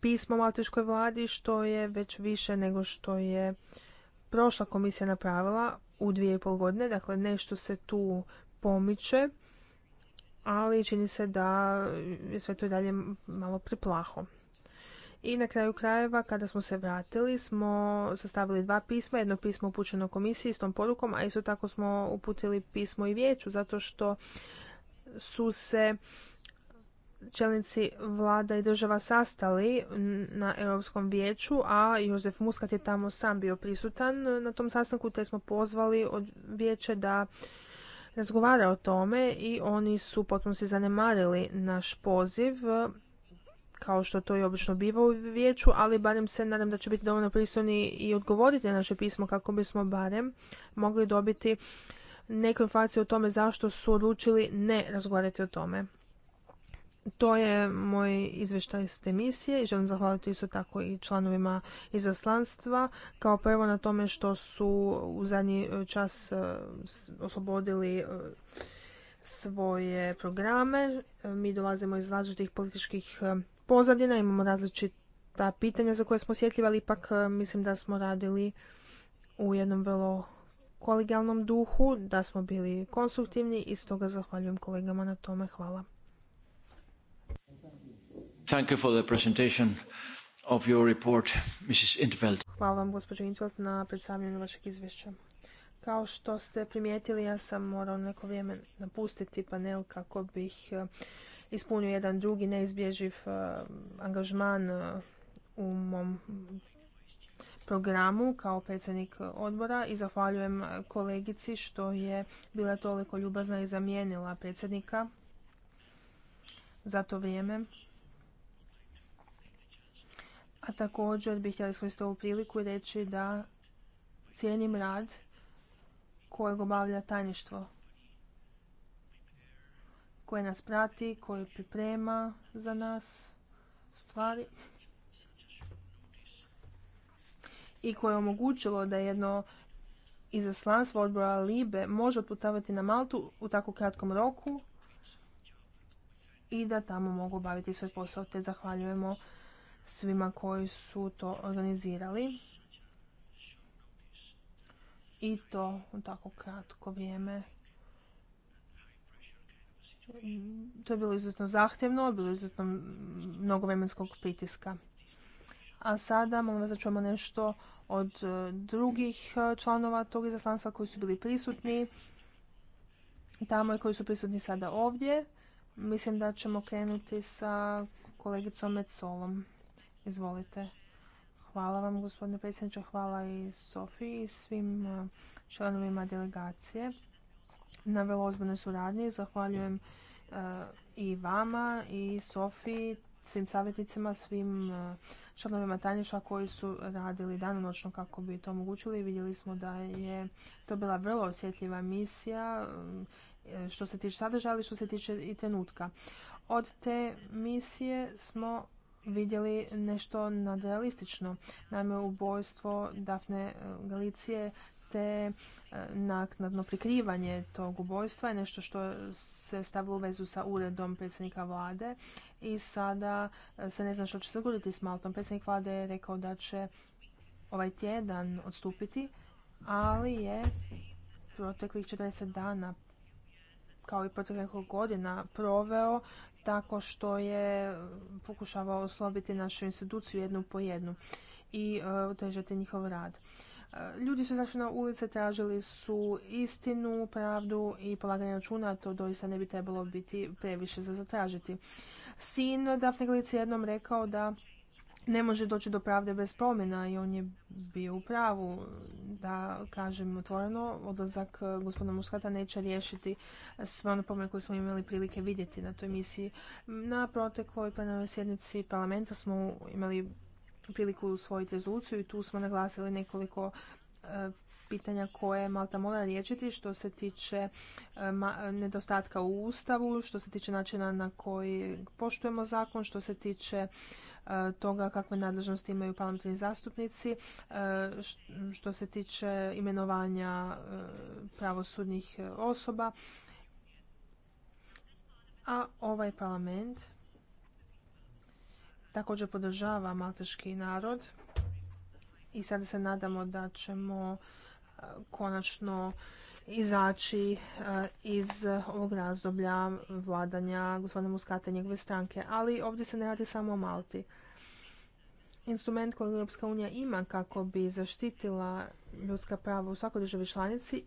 pismo malteškoj vladi što je već više nego što je prošla komisija napravila u dvije i pol godine. Dakle, nešto se tu pomiče, ali čini se da je sve to i dalje malo priplaho. I na kraju krajeva, kada smo se vratili, smo sastavili dva pisma. Jedno pismo upućeno komisiji s tom porukom, a isto tako smo uputili pismo i vijeću, zato što su se čelnici vlada i država sastali na Europskom vijeću, a Jozef Muskat je tamo sam bio prisutan na tom sastanku, te smo pozvali od vijeće da razgovara o tome i oni su potpuno se zanemarili naš poziv kao što to i obično biva u vijeću, ali barem se nadam da će biti dovoljno pristojni i odgovoriti na naše pismo kako bismo barem mogli dobiti neku informaciju o tome zašto su odlučili ne razgovarati o tome. To je moj izvještaj s te misije i želim zahvaliti isto tako i članovima izaslanstva kao prvo na tome što su u zadnji e, čas e, oslobodili e, svoje programe. Mi dolazimo iz različitih političkih pozadina, imamo različita pitanja za koje smo osjetljivali, ipak mislim da smo radili u jednom vrlo kolegijalnom duhu, da smo bili konstruktivni i stoga zahvaljujem kolegama na tome. Hvala. Thank you for the presentation of your report, Mrs. Hvala vam, gospođo Intveld, na predstavljanju vašeg izvješća. Kao što ste primijetili, ja sam morao neko vrijeme napustiti panel kako bih e, ispunio jedan drugi neizbježiv e, angažman e, u mom programu kao predsjednik odbora i zahvaljujem kolegici što je bila toliko ljubazna i zamijenila predsjednika za to vrijeme a također bih htjela iskoristiti ovu priliku i reći da cijenim rad kojeg obavlja tajništvo koje nas prati, koje priprema za nas stvari i koje je omogućilo da jedno izaslanstvo odbora Libe može otputavati na Maltu u tako kratkom roku i da tamo mogu obaviti svoj posao, te zahvaljujemo svima koji su to organizirali i to u tako kratko vrijeme. To je bilo izuzetno zahtjevno, bilo je izuzetno mnogo vremenskog pritiska. A sada molim vas da čujemo nešto od e, drugih e, članova tog izaslanstva koji su bili prisutni tamo i koji su prisutni sada ovdje. Mislim da ćemo krenuti sa kolegicom solom. Izvolite. Hvala vam, gospodine predsjedniče. Hvala i Sofiji i svim e, članovima delegacije na vrlo ozbiljnoj suradnji. Zahvaljujem e, i vama i Sofiji, svim savjetnicima, svim e, članovima tajništva koji su radili danonoćno kako bi to omogućili. Vidjeli smo da je to bila vrlo osjetljiva misija što se tiče sadržaja, ali što se tiče i trenutka. Od te misije smo vidjeli nešto nadrealistično. Naime, ubojstvo Dafne e, Galicije te e, naknadno prikrivanje tog ubojstva je nešto što se stavilo u vezu sa uredom predsjednika vlade i sada e, se ne zna što će se dogoditi s Maltom. Predsjednik vlade je rekao da će ovaj tjedan odstupiti, ali je proteklih 40 dana kao i proteklih godina proveo tako što je pokušavao oslobiti našu instituciju jednu po jednu i e, otežati njihov rad. E, ljudi su izašli na ulice, tražili su istinu, pravdu i polaganje računa, to doista ne bi trebalo biti previše za zatražiti. Sin Daphne Glic jednom rekao da ne može doći do pravde bez promjena i on je bio u pravu da kažem otvoreno odlazak e, gospodina Muskata neće riješiti sve one pomene koje smo imali prilike vidjeti na toj misiji. Na protekloj plenarnoj sjednici parlamenta smo imali priliku usvojiti rezoluciju i tu smo naglasili nekoliko e, pitanja koje Malta mora riješiti što se tiče e, nedostatka u Ustavu, što se tiče načina na koji poštujemo zakon, što se tiče E, toga kakve nadležnosti imaju parlamentarni zastupnici e, što se tiče imenovanja e, pravosudnih osoba. A ovaj parlament također podržava malteški narod i sada se nadamo da ćemo konačno izaći iz ovog razdoblja vladanja gospodina Muskata i njegove stranke. Ali ovdje se ne radi samo o Malti instrument koji Europska unija ima kako bi zaštitila ljudska prava u svakoj državi članici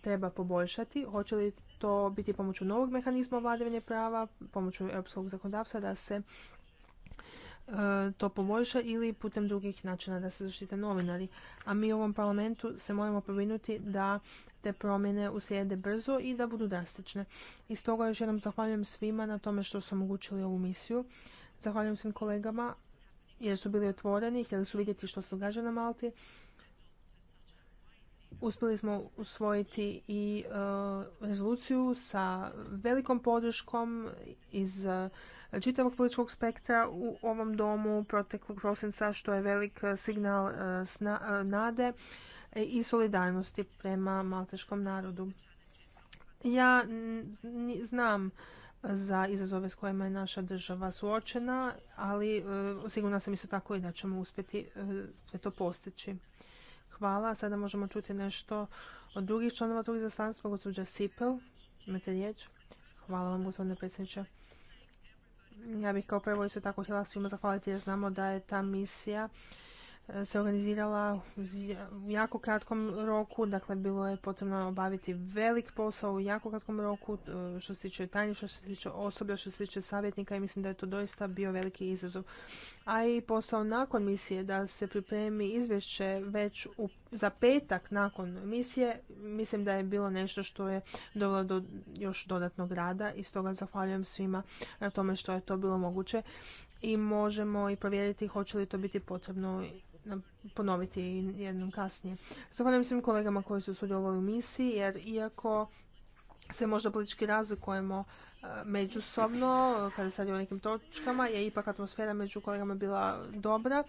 treba poboljšati. Hoće li to biti pomoću novog mehanizma vladavine prava, pomoću europskog zakonodavstva da se e, to poboljša ili putem drugih načina da se zaštite novinari. A mi u ovom parlamentu se moramo povinuti da te promjene uslijede brzo i da budu drastične. I stoga još jednom zahvaljujem svima na tome što su omogućili ovu misiju. Zahvaljujem svim kolegama jer su bili otvoreni, htjeli su vidjeti što se događa na Malti. Uspjeli smo usvojiti i e, rezoluciju sa velikom podrškom iz e, čitavog političkog spektra u ovom domu proteklog prosinca, što je velik signal e, nade i solidarnosti prema malteškom narodu. Ja znam za izazove s kojima je naša država suočena, ali e, sigurna sam isto tako i da ćemo uspjeti e, sve to postići. Hvala. Sada možemo čuti nešto od drugih članova tog izaslanstva. Gospođa Sipel, imate riječ? Hvala vam, gospodine predsjedniče. Ja bih kao prvo isto tako htjela svima zahvaliti jer znamo da je ta misija se organizirala u jako kratkom roku, dakle bilo je potrebno obaviti velik posao u jako kratkom roku e, što se tiče tajnje, što se tiče osoblja, što se tiče savjetnika i mislim da je to doista bio veliki izazov. A i posao nakon misije da se pripremi izvješće već u, za petak nakon misije, mislim da je bilo nešto što je dovelo do još dodatnog rada i stoga zahvaljujem svima na tome što je to bilo moguće i možemo i provjeriti hoće li to biti potrebno ponoviti jednom kasnije. Zahvaljujem svim kolegama koji su sudjelovali u misiji, jer iako se možda politički razlikujemo e, međusobno, kada sad radi o nekim točkama, je ipak atmosfera među kolegama bila dobra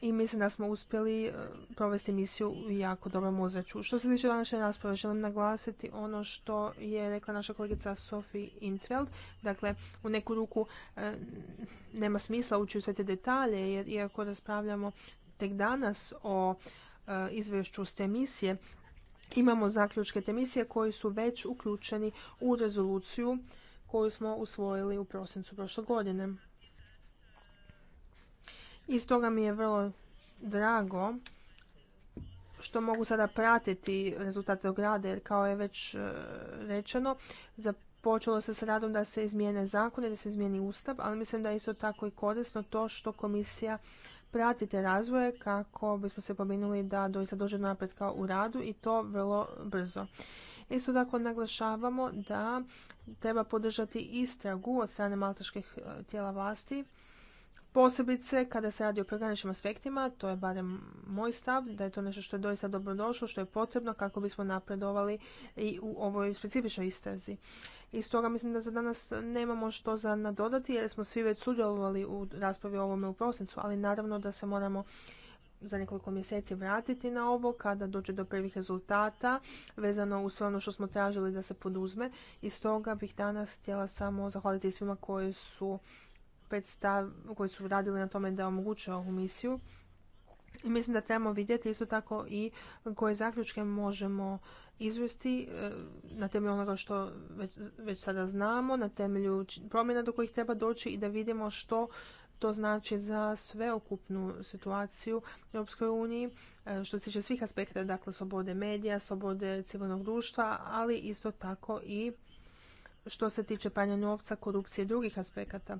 i mislim da smo uspjeli e, provesti misiju u jako dobrom ozračju. Što se tiče današnje rasprave, želim naglasiti ono što je rekla naša kolegica Sophie Intveld. Dakle, u neku ruku e, nema smisla ući u sve te detalje, jer iako raspravljamo tek danas o e, izvješću s temisije. imamo zaključke temisije koji su već uključeni u rezoluciju koju smo usvojili u prosincu prošle godine. I stoga mi je vrlo drago što mogu sada pratiti rezultate ograde, jer kao je već e, rečeno, započelo se s radom da se izmijene zakone, da se izmijeni ustav, ali mislim da je isto tako i korisno to što komisija pratite razvoje kako bismo se pominuli da doista dođe napretka u radu i to vrlo brzo. Isto tako naglašavamo da treba podržati istragu od strane maltaških e, tijela vlasti Posebice kada se radi o prekograničnim aspektima, to je barem moj stav, da je to nešto što je doista dobrodošlo, što je potrebno kako bismo napredovali i u ovoj specifičnoj istrazi. I stoga mislim da za danas nemamo što za nadodati jer smo svi već sudjelovali u raspravi o ovome u prosincu, ali naravno da se moramo za nekoliko mjeseci vratiti na ovo kada dođe do prvih rezultata vezano u sve ono što smo tražili da se poduzme i stoga bih danas htjela samo zahvaliti svima koji su stav koji su radili na tome da omoguće ovu misiju. I mislim da trebamo vidjeti isto tako i koje zaključke možemo izvesti e, na temelju onoga što već, već sada znamo, na temelju promjena do kojih treba doći i da vidimo što to znači za sveokupnu situaciju u Europskoj uniji e, što se tiče svih aspekta, dakle slobode medija, slobode civilnog društva, ali isto tako i što se tiče pranja novca, korupcije i drugih aspekata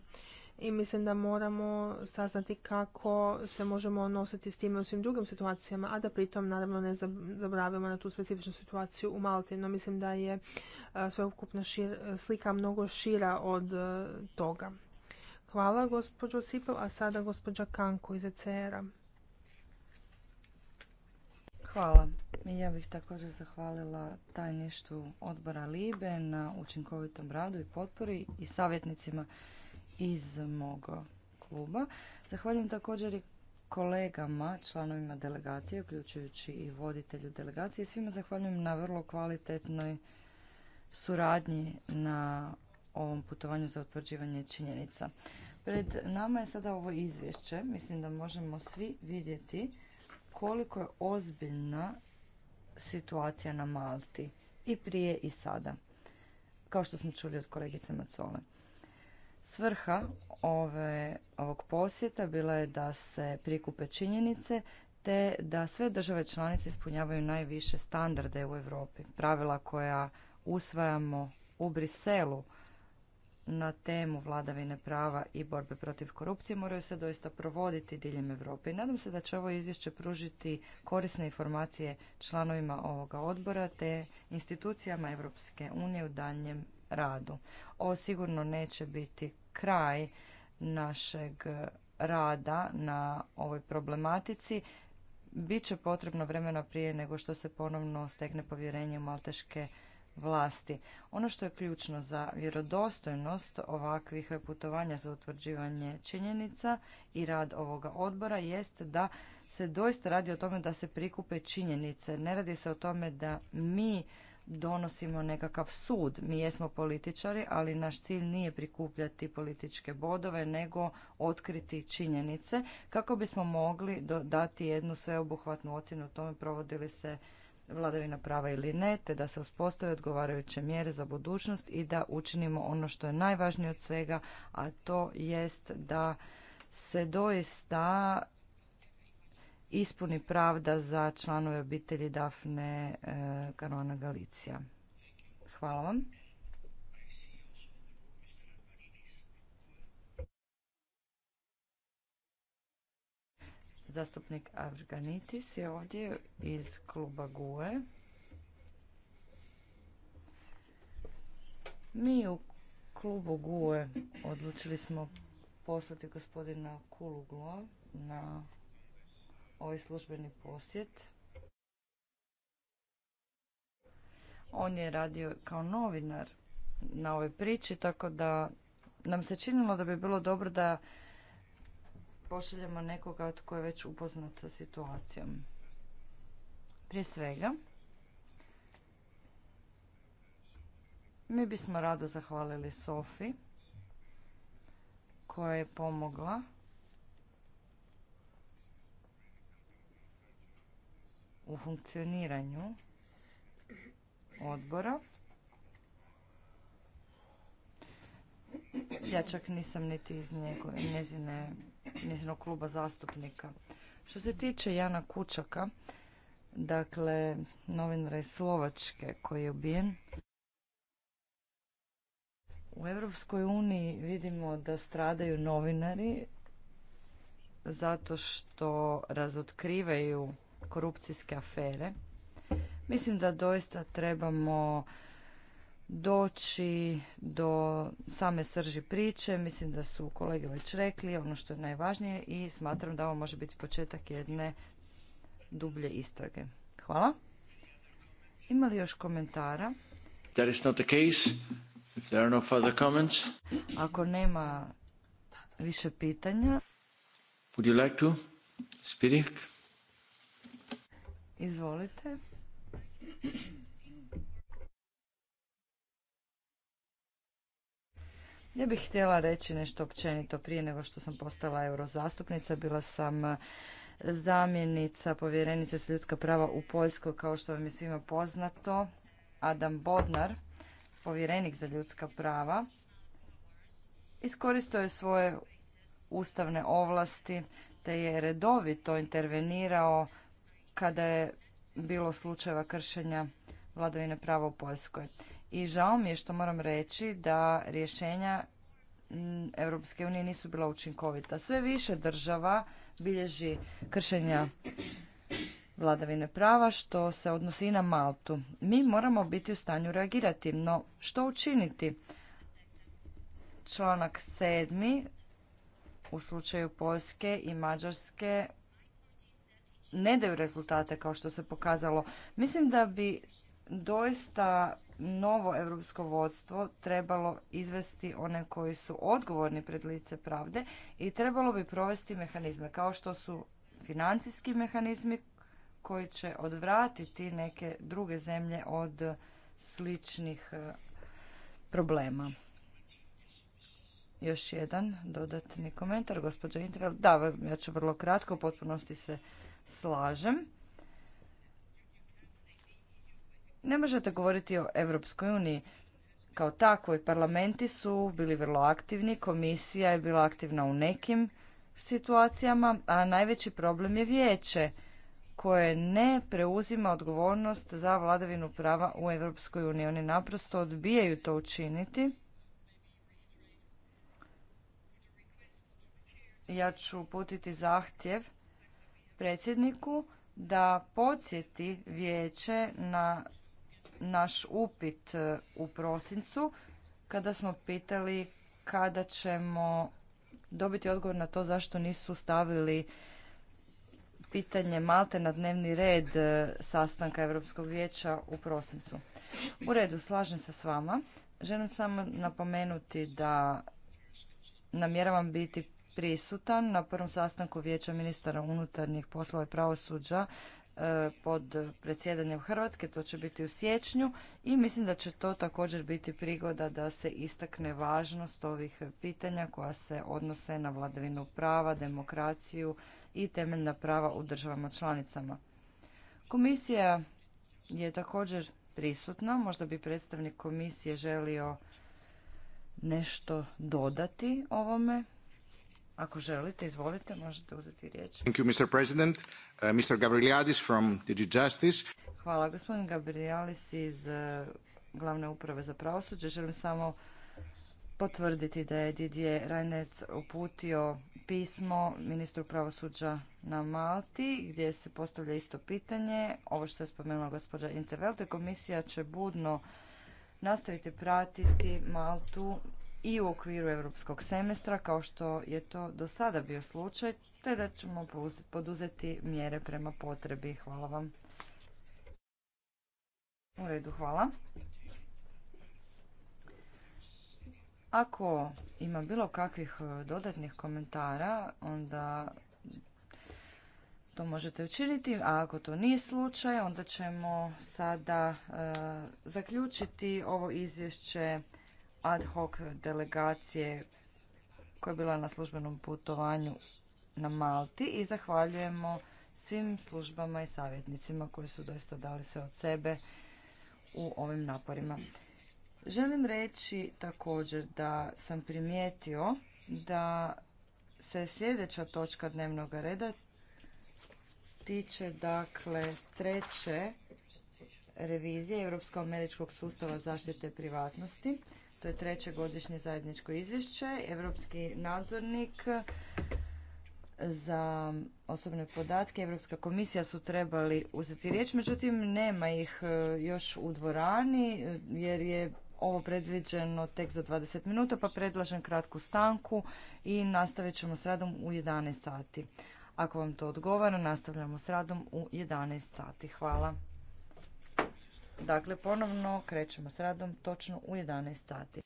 i mislim da moramo saznati kako se možemo nositi s time u svim drugim situacijama, a da pritom naravno ne zaboravimo na tu specifičnu situaciju u Malti. No mislim da je sveukupna slika mnogo šira od e, toga. Hvala gospođo Sipel, a sada gospođa Kanko iz ECR-a. Hvala. Ja bih također zahvalila tajništvu odbora Libe na učinkovitom radu i potpori i savjetnicima iz mog kluba. Zahvaljujem također i kolegama, članovima delegacije, uključujući i voditelju delegacije. Svima zahvaljujem na vrlo kvalitetnoj suradnji na ovom putovanju za utvrđivanje činjenica. Pred nama je sada ovo izvješće. Mislim da možemo svi vidjeti koliko je ozbiljna situacija na Malti i prije i sada. Kao što smo čuli od kolegice Macole. Svrha ove, ovog posjeta bila je da se prikupe činjenice te da sve države članice ispunjavaju najviše standarde u Europi, pravila koja usvajamo u Briselu na temu vladavine prava i borbe protiv korupcije moraju se doista provoditi diljem Europe. I nadam se da će ovo izvješće pružiti korisne informacije članovima ovoga odbora te institucijama Europske unije u daljnjem radu. Ovo sigurno neće biti kraj našeg rada na ovoj problematici. Biće potrebno vremena prije nego što se ponovno stekne povjerenje malteške vlasti. Ono što je ključno za vjerodostojnost ovakvih putovanja za utvrđivanje činjenica i rad ovoga odbora jest da se doista radi o tome da se prikupe činjenice. Ne radi se o tome da mi donosimo nekakav sud. Mi jesmo političari, ali naš cilj nije prikupljati političke bodove, nego otkriti činjenice kako bismo mogli dati jednu sveobuhvatnu ocjenu o tome provodili se vladavina prava ili ne, te da se uspostave odgovarajuće mjere za budućnost i da učinimo ono što je najvažnije od svega, a to jest da se doista ispuni pravda za članove obitelji Dafne e, Karona Galicija. Hvala vam. Zastupnik Avrganitis je ovdje iz kluba GUE. Mi u klubu GUE odlučili smo poslati gospodina Kuluglo na ovaj službeni posjet. On je radio kao novinar na ovoj priči, tako da nam se činilo da bi bilo dobro da pošaljemo nekoga tko je već upoznat sa situacijom. Prije svega, mi bismo rado zahvalili Sofi koja je pomogla u funkcioniranju odbora. Ja čak nisam niti iz njezine, njezinog kluba zastupnika. Što se tiče Jana Kučaka, dakle novinara iz Slovačke koji je ubijen, u Europskoj uniji vidimo da stradaju novinari zato što razotkrivaju korupcijske afere. Mislim da doista trebamo doći do same srži priče. Mislim da su kolege već rekli ono što je najvažnije i smatram da ovo može biti početak jedne dublje istrage. Hvala. Ima li još komentara? That is not the case. If there are no further comments. Ako nema više pitanja. Would you like to? speak? Izvolite. Ja bih htjela reći nešto općenito prije nego što sam postala eurozastupnica. Bila sam zamjenica povjerenice za ljudska prava u Poljskoj, kao što vam je svima poznato. Adam Bodnar, povjerenik za ljudska prava, iskoristio je svoje ustavne ovlasti te je redovito intervenirao kada je bilo slučajeva kršenja vladavine prava u Poljskoj. I žao mi je što moram reći da rješenja mm, Europske unije nisu bila učinkovita. Sve više država bilježi kršenja vladavine prava što se odnosi i na Maltu. Mi moramo biti u stanju reagirati, no što učiniti? Članak sedmi u slučaju Poljske i Mađarske ne daju rezultate kao što se pokazalo. Mislim da bi doista novo europsko vodstvo trebalo izvesti one koji su odgovorni pred lice pravde i trebalo bi provesti mehanizme kao što su financijski mehanizmi koji će odvratiti neke druge zemlje od sličnih e, problema. Još jedan dodatni komentar, gospođa Intervel. Da, ja ću vrlo kratko, u potpunosti se slažem. Ne možete govoriti o Europskoj uniji kao takvoj. Parlamenti su bili vrlo aktivni, komisija je bila aktivna u nekim situacijama, a najveći problem je vijeće koje ne preuzima odgovornost za vladavinu prava u Europskoj uniji. Oni naprosto odbijaju to učiniti. Ja ću uputiti zahtjev predsjedniku da podsjeti vijeće na naš upit e, u prosincu kada smo pitali kada ćemo dobiti odgovor na to zašto nisu stavili pitanje Malte na dnevni red e, sastanka Europskog vijeća u prosincu. U redu, slažem se s vama. Želim samo napomenuti da namjeravam biti prisutan na prvom sastanku Vijeća ministara unutarnjih poslova i pravosuđa e, pod predsjedanjem Hrvatske, to će biti u siječnju i mislim da će to također biti prigoda da se istakne važnost ovih pitanja koja se odnose na vladavinu prava, demokraciju i temeljna prava u državama članicama. Komisija je također prisutna, možda bi predstavnik komisije želio nešto dodati ovome. Ako želite, izvolite, možete uzeti riječ. Uh, Hvala, gospodin Gabrielis iz uh, glavne uprave za pravosuđe. Želim samo potvrditi da je Didier Reiner uputio pismo ministru pravosuđa na Malti gdje se postavlja isto pitanje. Ovo što je spomenula gospođa Intervelte, komisija će budno nastaviti pratiti Maltu i u okviru europskog semestra kao što je to do sada bio slučaj, te da ćemo poduzeti mjere prema potrebi. Hvala vam. U redu, hvala. Ako ima bilo kakvih e, dodatnih komentara, onda to možete učiniti, a ako to nije slučaj, onda ćemo sada e, zaključiti ovo izvješće ad hoc delegacije koja je bila na službenom putovanju na Malti i zahvaljujemo svim službama i savjetnicima koji su doista dali sve od sebe u ovim naporima. Želim reći također da sam primijetio da se sljedeća točka dnevnog reda tiče dakle treće revizije Europsko-američkog sustava zaštite privatnosti to je treće godišnje zajedničko izvješće. Europski nadzornik za osobne podatke, Europska komisija su trebali uzeti riječ, međutim nema ih e, još u dvorani e, jer je ovo predviđeno tek za 20 minuta, pa predlažem kratku stanku i nastavit ćemo s radom u 11 sati. Ako vam to odgovara, nastavljamo s radom u 11 sati. Hvala. Dakle, ponovno krećemo s radom točno u 11 sati.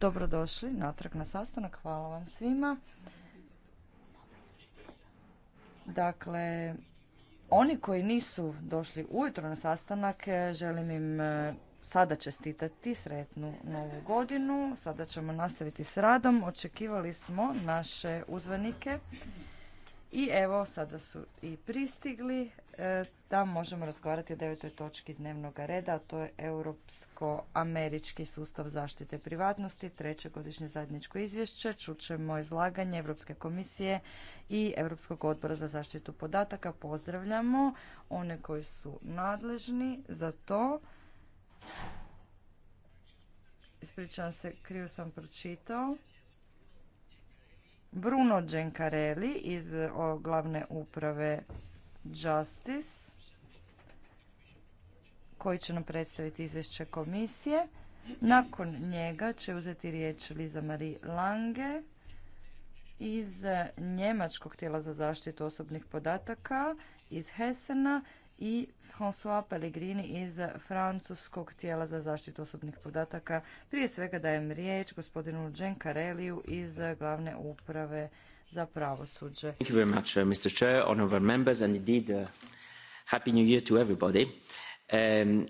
Dobrodošli natrag na sastanak. Hvala vam svima. Dakle, oni koji nisu došli ujutro na sastanak, eh, želim im eh, sada čestitati sretnu novu godinu. Sada ćemo nastaviti s radom. Očekivali smo naše uzvanike i evo sada su i pristigli. Eh, da možemo razgovarati o devetoj točki dnevnog reda, a to je Europsko-američki sustav zaštite privatnosti, treće godišnje zajedničko izvješće. Čućemo izlaganje Europske komisije i Europskog odbora za zaštitu podataka. Pozdravljamo one koji su nadležni za to. Ispričavam se, krivo sam pročitao. Bruno Giancarelli iz glavne uprave Justice koji će nam predstaviti izvješće komisije. Nakon njega će uzeti riječ Liza Marie Lange iz Njemačkog tijela za zaštitu osobnih podataka iz Hesena i François Pellegrini iz Francuskog tijela za zaštitu osobnih podataka. Prije svega dajem riječ gospodinu kareliju iz glavne uprave za pravosuđe. Mr. Uh, members, and uh, happy new year to everybody. Um,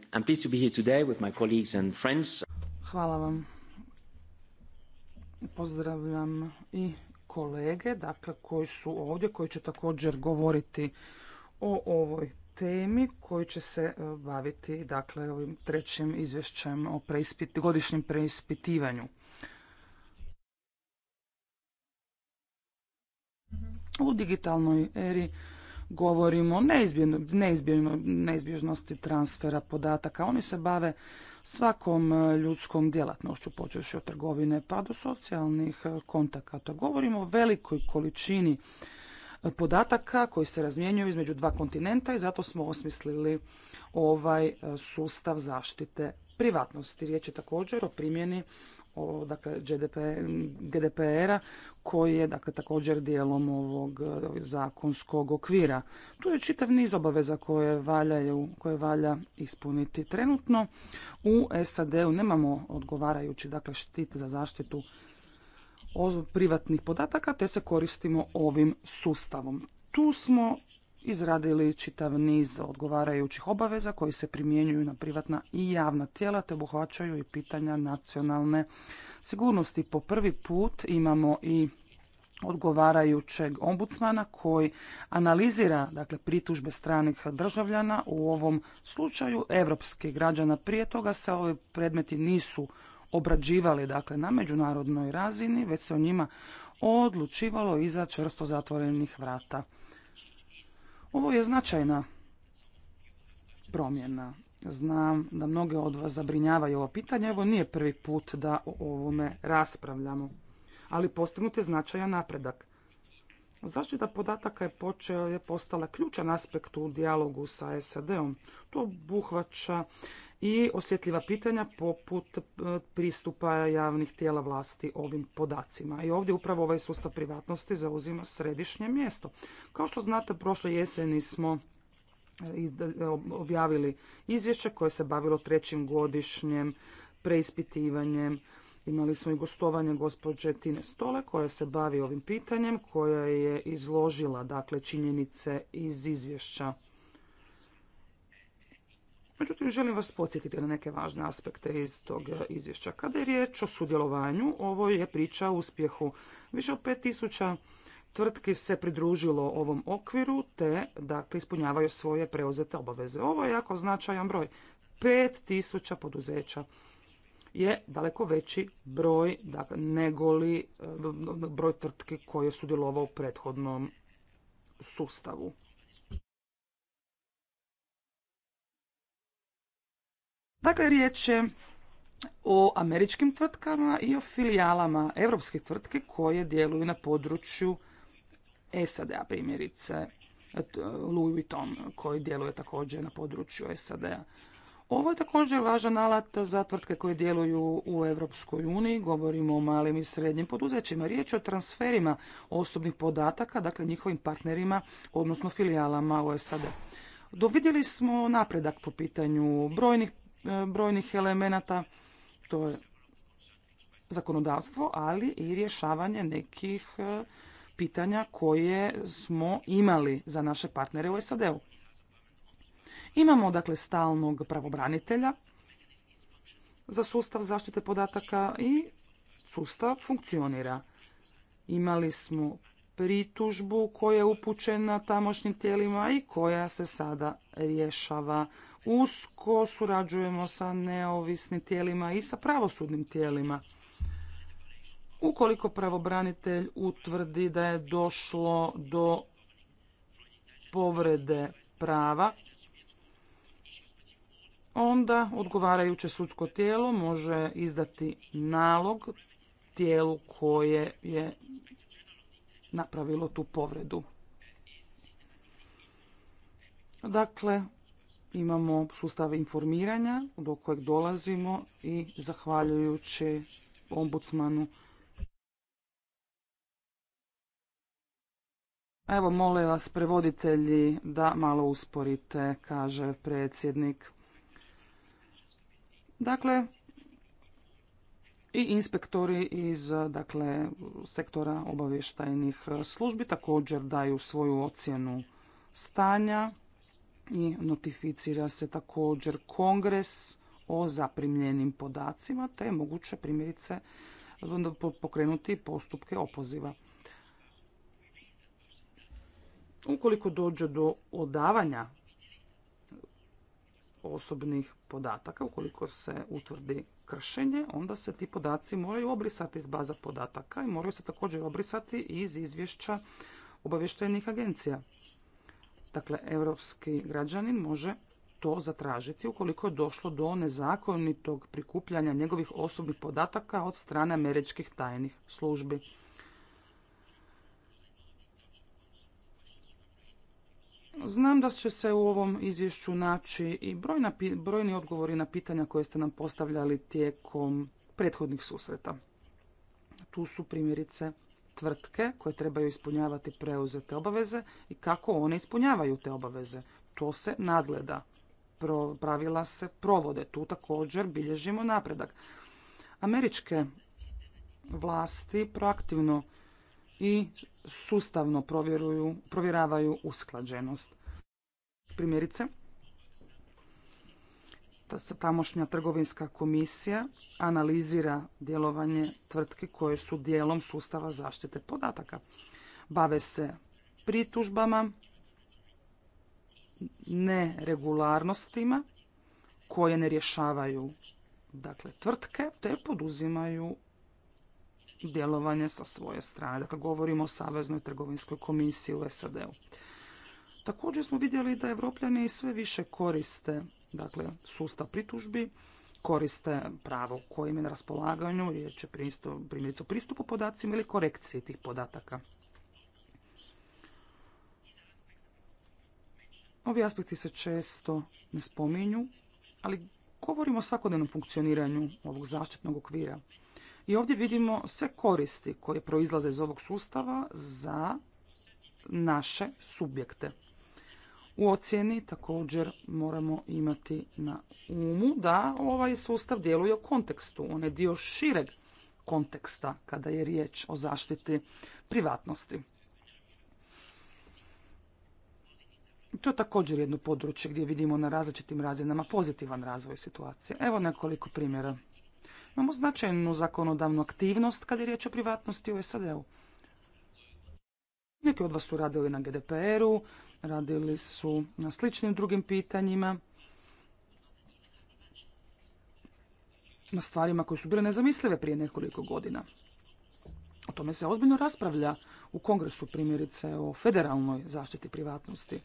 Hvala vam. Pozdravljam i kolege, dakle, koji su ovdje, koji će također govoriti o ovoj temi, koji će se e, baviti, dakle, ovim trećim izvješćem o preispit, godišnjem preispitivanju. U digitalnoj eri govorimo o neizbježnosti transfera podataka. Oni se bave svakom e, ljudskom djelatnošću, počeš od trgovine pa do socijalnih e, kontakata. Govorimo o velikoj količini e, podataka koji se razmjenjuju između dva kontinenta i zato smo osmislili ovaj sustav zaštite privatnosti. Riječ je također o primjeni dakle, GDP, GDPR-a koji je dakle, također dijelom ovog e, zakonskog okvira. Tu je čitav niz obaveza koje valja, koje valja ispuniti. Trenutno u SAD-u nemamo odgovarajući dakle, štit za zaštitu privatnih podataka te se koristimo ovim sustavom. Tu smo izradili čitav niz odgovarajućih obaveza koji se primjenjuju na privatna i javna tijela te obuhvaćaju i pitanja nacionalne sigurnosti. Po prvi put imamo i odgovarajućeg ombudsmana koji analizira dakle pritužbe stranih državljana u ovom slučaju europskih građana. Prije toga se ovi predmeti nisu obrađivali dakle na međunarodnoj razini, već se o njima odlučivalo iza čvrsto zatvorenih vrata. Ovo je značajna promjena. Znam da mnoge od vas zabrinjavaju ovo pitanje. Evo nije prvi put da o ovome raspravljamo. Ali postignut je značajan napredak. Zaštita podataka je, počeo, je postala ključan aspekt u dijalogu sa SAD-om. To obuhvaća i osjetljiva pitanja poput e, pristupa javnih tijela vlasti ovim podacima. I ovdje upravo ovaj sustav privatnosti zauzima središnje mjesto. Kao što znate, prošle jeseni smo e, e, objavili izvješće koje se bavilo trećim godišnjem preispitivanjem Imali smo i gostovanje gospođe Tine Stole koja se bavi ovim pitanjem, koja je izložila dakle činjenice iz izvješća. Međutim, želim vas podsjetiti na neke važne aspekte iz tog e, izvješća. Kada je riječ o sudjelovanju, ovo je priča o uspjehu. Više od 5000 tvrtki se pridružilo ovom okviru te dakle, ispunjavaju svoje preuzete obaveze. Ovo je jako značajan broj. 5000 poduzeća je daleko veći broj dakle, negoli e, broj tvrtki koje je sudjelovao u prethodnom sustavu. Dakle, riječ je o američkim tvrtkama i o filijalama europskih tvrtke koje djeluju na području SAD-a, primjerice Louis Vuitton koji djeluje također na području SAD-a. Ovo je također važan alat za tvrtke koje djeluju u Europskoj uniji. Govorimo o malim i srednjim poduzećima. Riječ je o transferima osobnih podataka, dakle njihovim partnerima, odnosno filijalama u SAD. Dovidjeli smo napredak po pitanju brojnih E, brojnih elemenata, to je zakonodavstvo, ali i rješavanje nekih e, pitanja koje smo imali za naše partnere u SAD-u. Imamo dakle stalnog pravobranitelja za sustav zaštite podataka i sustav funkcionira. Imali smo pritužbu koja je upućena tamošnjim tijelima i koja se sada rješava. Usko surađujemo sa neovisnim tijelima i sa pravosudnim tijelima. Ukoliko pravobranitelj utvrdi da je došlo do povrede prava, onda odgovarajuće sudsko tijelo može izdati nalog tijelu koje je napravilo tu povredu. Dakle, imamo sustav informiranja do kojeg dolazimo i zahvaljujući ombudsmanu. Evo, mole vas, prevoditelji, da malo usporite, kaže predsjednik. Dakle, i inspektori iz dakle, sektora obavještajnih službi također daju svoju ocjenu stanja i notificira se također kongres o zaprimljenim podacima te je moguće primjerice pokrenuti postupke opoziva. Ukoliko dođe do odavanja osobnih podataka. Ukoliko se utvrdi kršenje, onda se ti podaci moraju obrisati iz baza podataka i moraju se također obrisati iz izvješća obavještajnih agencija. Dakle, europski građanin može to zatražiti ukoliko je došlo do nezakonitog prikupljanja njegovih osobnih podataka od strane američkih tajnih službi. Znam da će se u ovom izvješću naći i brojni odgovori na pitanja koje ste nam postavljali tijekom prethodnih susreta. Tu su primjerice tvrtke koje trebaju ispunjavati preuzete obaveze i kako one ispunjavaju te obaveze. To se nadgleda. Pravila se provode. Tu također bilježimo napredak. Američke vlasti proaktivno i sustavno provjeravaju usklađenost. Primjerice, se tamošnja trgovinska komisija analizira djelovanje tvrtke koje su dijelom sustava zaštite podataka. Bave se pritužbama, neregularnostima koje ne rješavaju dakle, tvrtke te poduzimaju djelovanje sa svoje strane. Dakle, govorimo o Saveznoj trgovinskoj komisiji u SAD-u. Također smo vidjeli da evropljani sve više koriste dakle, sustav pritužbi, koriste pravo koje im je na raspolaganju, jer će primjerice pristupu podacima ili korekciji tih podataka. Ovi aspekti se često ne spominju, ali govorimo o svakodnevnom funkcioniranju ovog zaštitnog okvira. I ovdje vidimo sve koristi koje proizlaze iz ovog sustava za naše subjekte. U ocjeni također moramo imati na umu da ovaj sustav djeluje u kontekstu. On je dio šireg konteksta kada je riječ o zaštiti privatnosti. To je također jedno područje gdje vidimo na različitim razinama pozitivan razvoj situacije. Evo nekoliko primjera. Imamo značajnu zakonodavnu aktivnost kad je riječ o privatnosti u SAD-u. Neki od vas su radili na GDPR-u, radili su na sličnim drugim pitanjima, na stvarima koje su bile nezamislive prije nekoliko godina. O tome se ozbiljno raspravlja u kongresu, primjerice o federalnoj zaštiti privatnosti.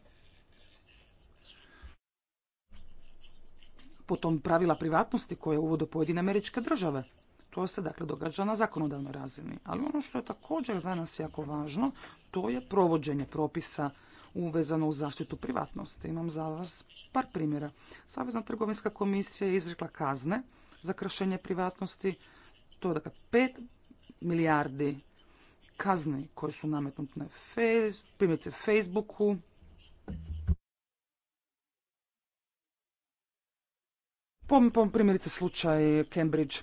potom pravila privatnosti koje uvode pojedine američke države. To se dakle događa na zakonodavnoj razini. Ali ono što je također za nas jako važno, to je provođenje propisa uvezano u zaštitu privatnosti. Imam za vas par primjera. Savezna trgovinska komisija je izrekla kazne za kršenje privatnosti. To je dakle 5 milijardi kazni koje su nametnute primjerice Facebooku, primjerice slučaj Cambridge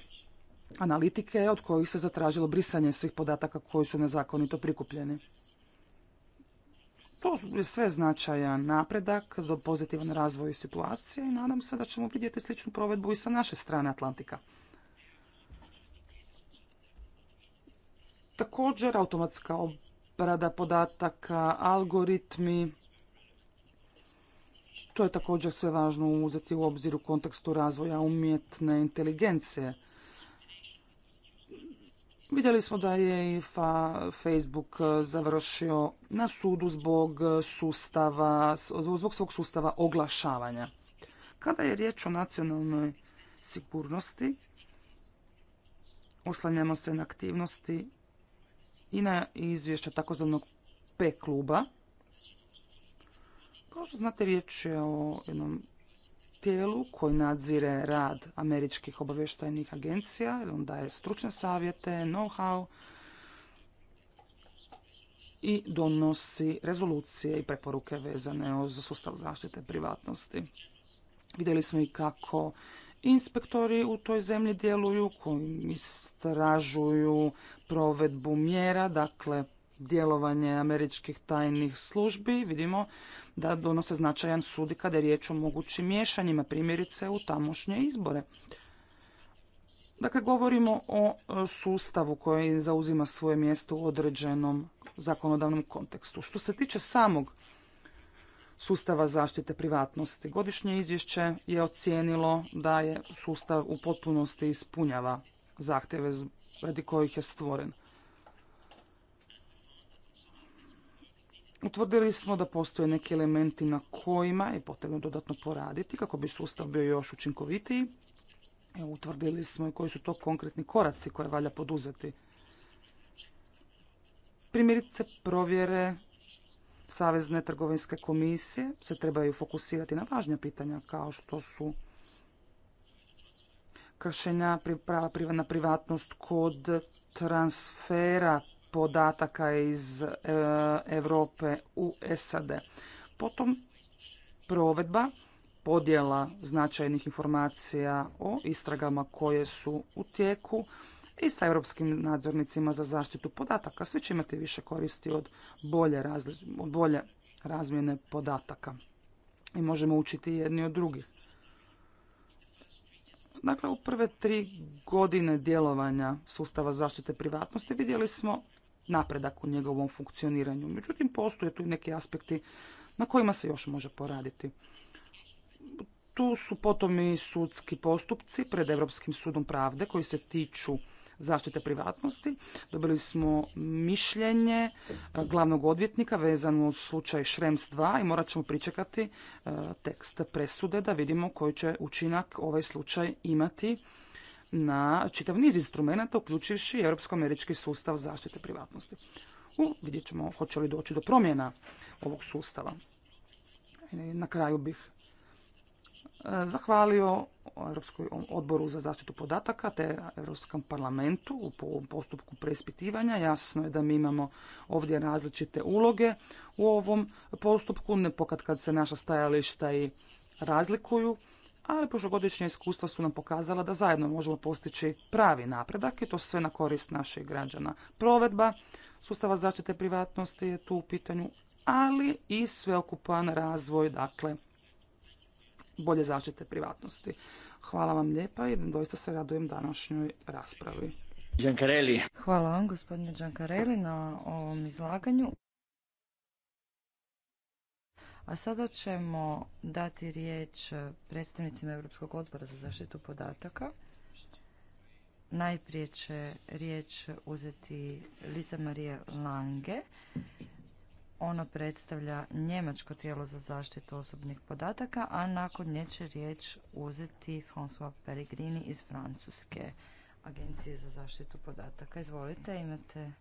analitike od kojih se zatražilo brisanje svih podataka koji su nezakonito prikupljeni. To je sve značajan napredak do pozitivan razvoj situacije i nadam se da ćemo vidjeti sličnu provedbu i sa naše strane Atlantika. Također automatska obrada podataka, algoritmi, to je također sve važno uzeti u obzir u kontekstu razvoja umjetne inteligencije. Vidjeli smo da je i Facebook eh, završio na sudu zbog sustava, zbog svog sustava oglašavanja. Kada je riječ o nacionalnoj sigurnosti, oslanjamo se na aktivnosti i na izvješća takozvanog P kluba, kao što znate, riječ je o jednom tijelu koji nadzire rad američkih obavještajnih agencija, jer on daje stručne savjete, know-how i donosi rezolucije i preporuke vezane za sustav zaštite privatnosti. Vidjeli smo i kako inspektori u toj zemlji djeluju, koji istražuju provedbu mjera, dakle djelovanje američkih tajnih službi, vidimo da donose značajan sud i kada je riječ o mogućim miješanjima, primjerice u tamošnje izbore. Dakle, govorimo o e, sustavu koji zauzima svoje mjesto u određenom zakonodavnom kontekstu. Što se tiče samog sustava zaštite privatnosti, godišnje izvješće je ocijenilo da je sustav u potpunosti ispunjava zahtjeve radi kojih je stvoren. Utvrdili smo da postoje neki elementi na kojima je potrebno dodatno poraditi kako bi sustav bio još učinkovitiji. Utvrdili smo i koji su to konkretni koraci koje valja poduzeti. Primjerice provjere Savezne trgovinske komisije se trebaju fokusirati na važnja pitanja kao što su kršenja prava na privatnost kod transfera podataka iz e, Europe u SAD. Potom provedba podjela značajnih informacija o istragama koje su u tijeku i sa europskim nadzornicima za zaštitu podataka. Svi će imati više koristi od bolje, od bolje razmjene podataka i možemo učiti jedni od drugih. Dakle, u prve tri godine djelovanja sustava zaštite privatnosti vidjeli smo napredak u njegovom funkcioniranju. Međutim, postoje tu neki aspekti na kojima se još može poraditi. Tu su potom i sudski postupci pred Europskim sudom pravde koji se tiču zaštite privatnosti. Dobili smo mišljenje e, glavnog odvjetnika vezano u slučaj Šrems 2 i morat ćemo pričekati e, tekst presude da vidimo koji će učinak ovaj slučaj imati na čitav niz instrumenta, uključivši Europsko-američki sustav zaštite privatnosti. U, vidjet ćemo hoće li doći do promjena ovog sustava. Na kraju bih e, zahvalio Europskoj odboru za zaštitu podataka te Europskom parlamentu u ovom postupku preispitivanja. Jasno je da mi imamo ovdje različite uloge u ovom postupku, ne kad se naša stajališta i razlikuju ali prošlogodišnja iskustva su nam pokazala da zajedno možemo postići pravi napredak i to sve na korist naših građana. Provedba sustava zaštite privatnosti je tu u pitanju, ali i sveokupan razvoj, dakle, bolje zaštite privatnosti. Hvala vam lijepa i doista se radujem današnjoj raspravi. Hvala vam, gospodine Đankareli, na ovom izlaganju. A sada ćemo dati riječ predstavnicima Europskog odbora za zaštitu podataka. Najprije će riječ uzeti Lisa Marije Lange. Ona predstavlja njemačko tijelo za zaštitu osobnih podataka, a nakon nje će riječ uzeti François Pellegrini iz Francuske agencije za zaštitu podataka. Izvolite, imate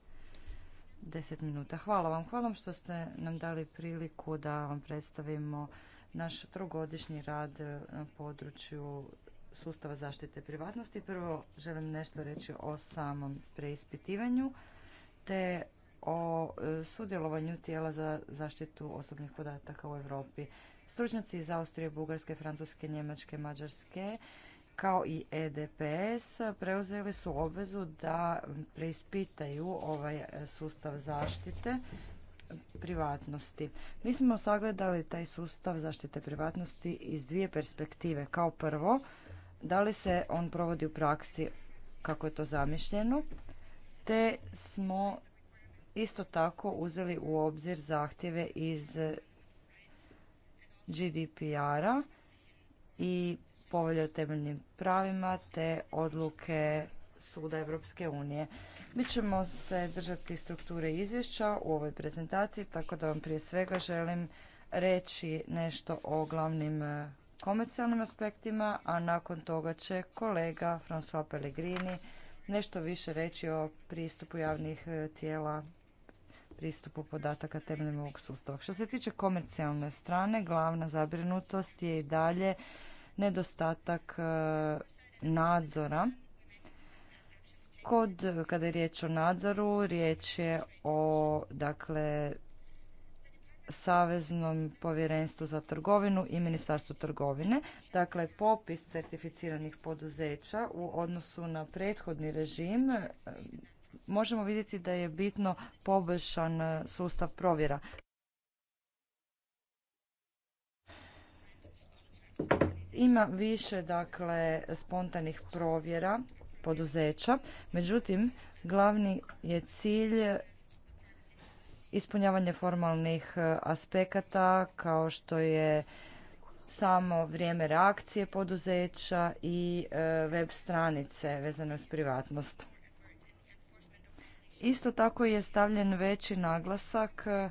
deset minuta. Hvala vam. Hvala vam što ste nam dali priliku da vam predstavimo naš trogodišnji rad na području sustava zaštite privatnosti. Prvo želim nešto reći o samom preispitivanju te o e, sudjelovanju tijela za zaštitu osobnih podataka u Europi. Stručnjaci iz Austrije, Bugarske, Francuske, Njemačke, Mađarske kao i EDPS preuzeli su obvezu da preispitaju ovaj sustav zaštite privatnosti. Mi smo sagledali taj sustav zaštite privatnosti iz dvije perspektive. Kao prvo, da li se on provodi u praksi kako je to zamišljeno, te smo isto tako uzeli u obzir zahtjeve iz GDPR-a i povelje o temeljnim pravima te odluke Suda Europske unije. Mi ćemo se držati strukture izvješća u ovoj prezentaciji, tako da vam prije svega želim reći nešto o glavnim e, komercijalnim aspektima, a nakon toga će kolega François Pellegrini nešto više reći o pristupu javnih e, tijela pristupu podataka temeljem ovog sustava. Što se tiče komercijalne strane, glavna zabrinutost je i dalje nedostatak e, nadzora. Kod, kada je riječ o nadzoru, riječ je o, dakle, Saveznom povjerenstvu za trgovinu i Ministarstvu trgovine. Dakle, popis certificiranih poduzeća u odnosu na prethodni režim e, možemo vidjeti da je bitno poboljšan e, sustav provjera. Ima više dakle spontanih provjera poduzeća, međutim glavni je cilj ispunjavanje formalnih e, aspekata kao što je samo vrijeme reakcije poduzeća i e, web stranice vezane uz privatnost. Isto tako je stavljen veći naglasak e,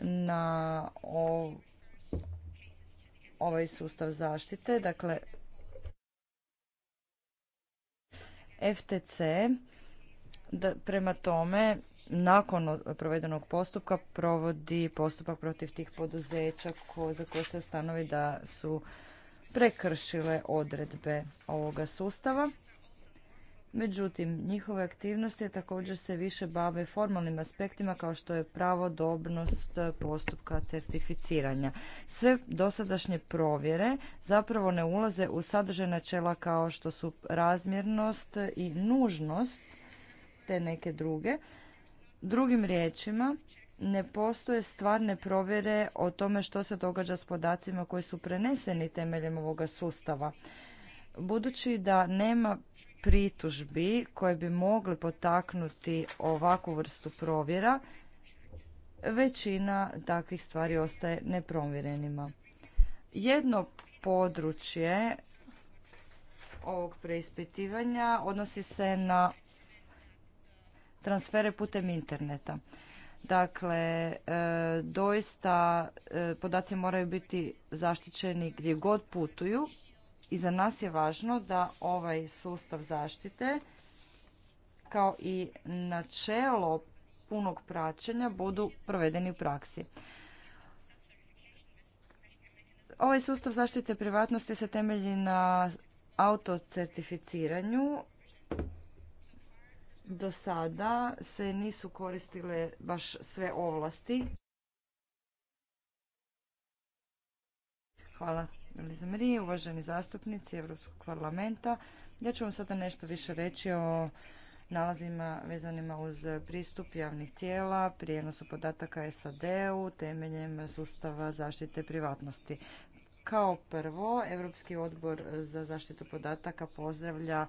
na ovaj sustav zaštite. Dakle, FTC, prema tome, nakon provedenog postupka provodi postupak protiv tih poduzeća za koje se ustanovi da su prekršile odredbe ovoga sustava. Međutim, njihove aktivnosti također se više bave formalnim aspektima kao što je pravodobnost postupka certificiranja. Sve dosadašnje provjere zapravo ne ulaze u sadržaj načela kao što su razmjernost i nužnost te neke druge. Drugim riječima, ne postoje stvarne provjere o tome što se događa s podacima koji su preneseni temeljem ovoga sustava. Budući da nema pritužbi koje bi mogli potaknuti ovakvu vrstu provjera, većina takvih stvari ostaje neprovjerenima. Jedno područje ovog preispitivanja odnosi se na transfere putem interneta. Dakle, e, doista e, podaci moraju biti zaštićeni gdje god putuju i za nas je važno da ovaj sustav zaštite kao i načelo punog praćenja budu provedeni u praksi. Ovaj sustav zaštite privatnosti se temelji na autocertificiranju. Do sada se nisu koristile baš sve ovlasti. Hvala. Lizmri, uvaženi zastupnici Europskog parlamenta. Ja ću vam sada nešto više reći o nalazima vezanima uz pristup javnih tijela, prijenosu podataka SAD-u temeljem sustava zaštite privatnosti. Kao prvo, Europski odbor za zaštitu podataka pozdravlja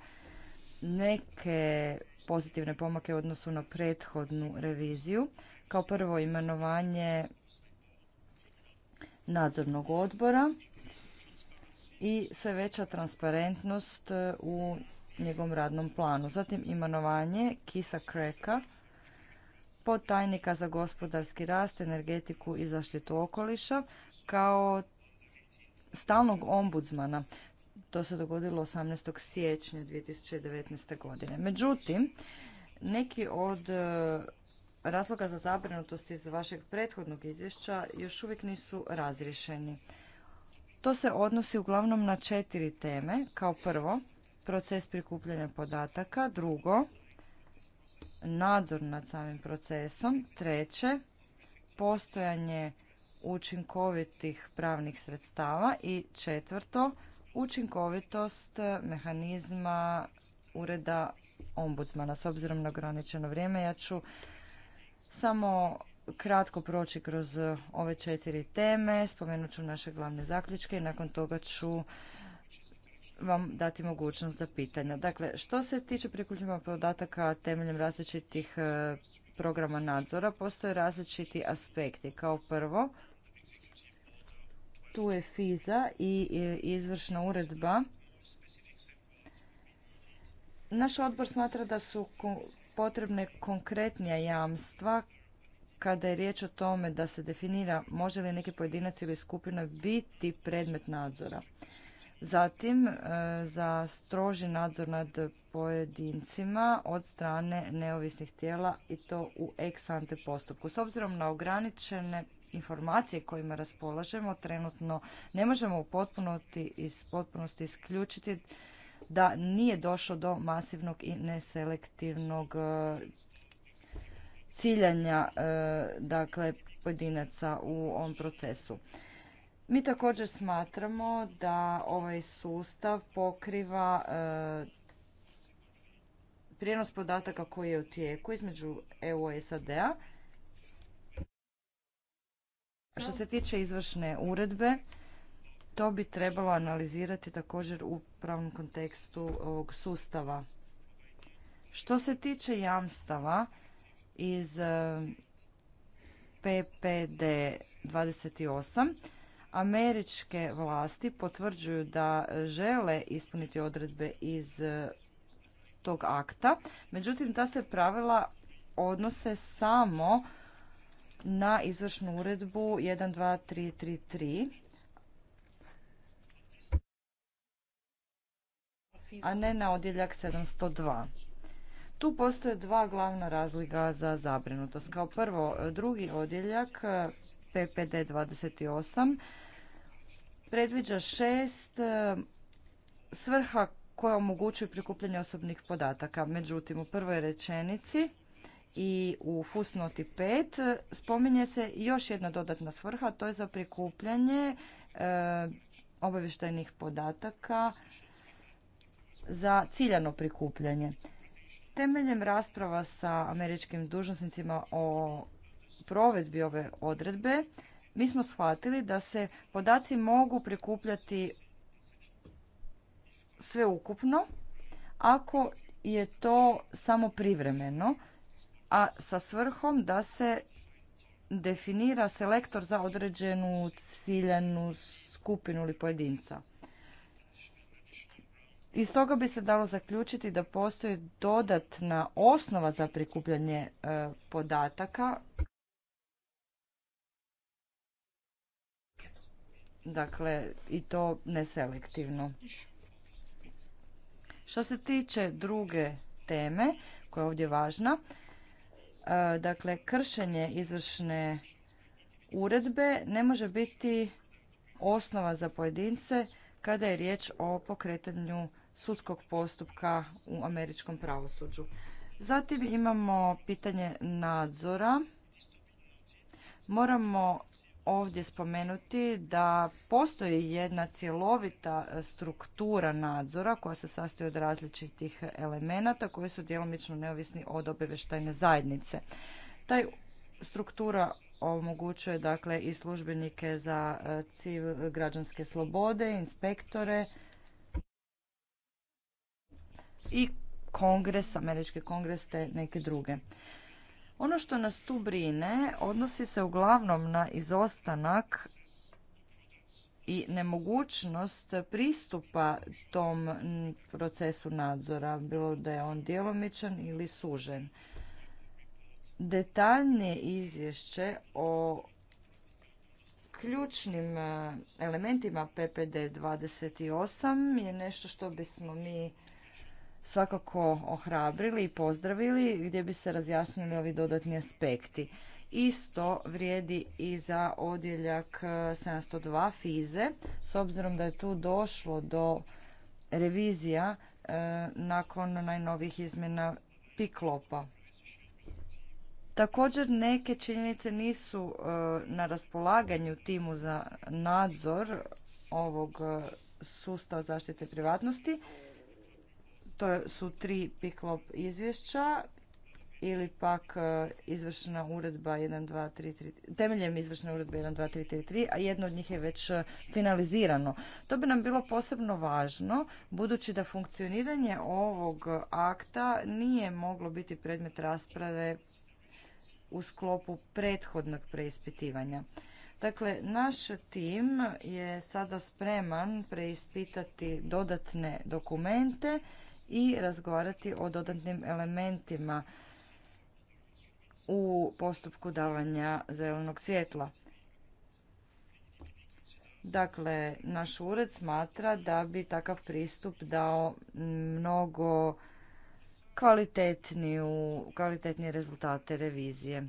neke pozitivne pomake u odnosu na prethodnu reviziju. Kao prvo, imenovanje nadzornog odbora i sve veća transparentnost e, u njegovom radnom planu. Zatim imenovanje Kisa Kreka, pod tajnika za gospodarski rast, energetiku i zaštitu okoliša, kao stalnog ombudsmana. To se dogodilo 18. siječnja 2019. godine. Međutim, neki od e, razloga za zabrinutost iz vašeg prethodnog izvješća još uvijek nisu razriješeni. To se odnosi uglavnom na četiri teme. Kao prvo, proces prikupljanja podataka. Drugo, nadzor nad samim procesom. Treće, postojanje učinkovitih pravnih sredstava. I četvrto, učinkovitost mehanizma ureda ombudsmana. S obzirom na ograničeno vrijeme, ja ću samo kratko proći kroz e, ove četiri teme, spomenut ću naše glavne zaključke i nakon toga ću vam dati mogućnost za pitanja. Dakle, što se tiče prikupljanja podataka temeljem različitih e, programa nadzora, postoje različiti aspekti. Kao prvo, tu je FIZA i e, izvršna uredba. Naš odbor smatra da su potrebne konkretnija jamstva kada je riječ o tome da se definira može li neki pojedinac ili skupina biti predmet nadzora. Zatim, e, za stroži nadzor nad pojedincima od strane neovisnih tijela i to u ex ante postupku. S obzirom na ograničene informacije kojima raspolažemo trenutno ne možemo u potpunosti, iz potpunosti isključiti da nije došlo do masivnog i neselektivnog e, ciljanja e, dakle pojedinaca u ovom procesu. Mi također smatramo da ovaj sustav pokriva e, prijenos podataka koji je u tijeku između EU i SAD-a. Što se tiče izvršne uredbe, to bi trebalo analizirati također u pravnom kontekstu ovog sustava. Što se tiče jamstava, iz e, PPD 28 američke vlasti potvrđuju da žele ispuniti odredbe iz e, tog akta. Međutim, ta se pravila odnose samo na izvršnu uredbu 12333 a ne na odjeljak 702. Tu postoje dva glavna razlika za zabrinutost. Kao prvo, drugi odjeljak e, PPD 28 predviđa šest e, svrha koje omogućuju prikupljanje osobnih podataka. Međutim, u prvoj rečenici i u fusnoti 5 e, spominje se još jedna dodatna svrha, to je za prikupljanje obavještajnih podataka za ciljano prikupljanje. Temeljem rasprava sa američkim dužnosnicima o provedbi ove odredbe, mi smo shvatili da se podaci mogu prikupljati sve ukupno, ako je to samo privremeno, a sa svrhom da se definira selektor za određenu ciljanu skupinu ili pojedinca. Iz toga bi se dalo zaključiti da postoji dodatna osnova za prikupljanje e, podataka. Dakle, i to neselektivno. Što se tiče druge teme, koja je ovdje važna, e, dakle, kršenje izvršne uredbe ne može biti osnova za pojedince kada je riječ o pokretanju sudskog postupka u američkom pravosuđu. Zatim imamo pitanje nadzora. Moramo ovdje spomenuti da postoji jedna cjelovita struktura nadzora koja se sastoji od različitih elemenata koji su djelomično neovisni od obavještajne zajednice. Taj struktura omogućuje dakle i službenike za e, civ, građanske slobode, inspektore i kongres, američki kongres te neke druge. Ono što nas tu brine odnosi se uglavnom na izostanak i nemogućnost pristupa tom procesu nadzora, bilo da je on djelomičan ili sužen detaljnije izvješće o ključnim e, elementima PPD 28 je nešto što bismo mi svakako ohrabrili i pozdravili gdje bi se razjasnili ovi dodatni aspekti. Isto vrijedi i za odjeljak 702 e, FIZE, s obzirom da je tu došlo do revizija e, nakon najnovijih izmjena piklopa. Također neke činjenice nisu e, na raspolaganju timu za nadzor ovog e, sustava zaštite privatnosti. To su tri PIKLOP izvješća ili pak e, izvršna uredba 12333, temeljem izvršne uredbe 12333, a jedno od njih je već finalizirano. To bi nam bilo posebno važno, budući da funkcioniranje ovog akta nije moglo biti predmet rasprave u sklopu prethodnog preispitivanja. Dakle, naš tim je sada spreman preispitati dodatne dokumente i razgovarati o dodatnim elementima u postupku davanja zelenog svjetla. Dakle, naš ured smatra da bi takav pristup dao mnogo kvalitetnije rezultate revizije.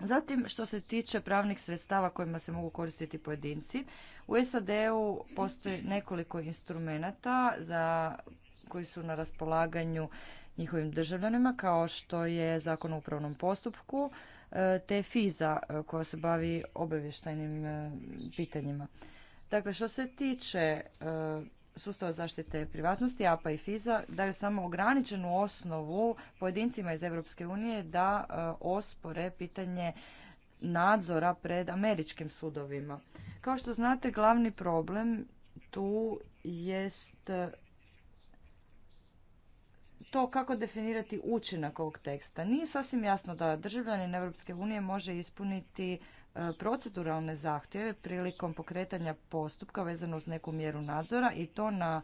Zatim, što se tiče pravnih sredstava kojima se mogu koristiti pojedinci, u SAD-u postoji nekoliko instrumenata za koji su na raspolaganju njihovim državljanima, kao što je zakon o upravnom postupku, e, te FIZA e, koja se bavi obavještajnim e, pitanjima. Dakle, što se tiče sustava zaštite privatnosti, APA i FISA, daju samo ograničenu osnovu pojedincima iz Europske unije da e, ospore pitanje nadzora pred američkim sudovima. Kao što znate, glavni problem tu jest e, to kako definirati učinak ovog teksta. Nije sasvim jasno da državljanin Europske unije može ispuniti E, proceduralne zahtjeve prilikom pokretanja postupka vezano uz neku mjeru nadzora i to na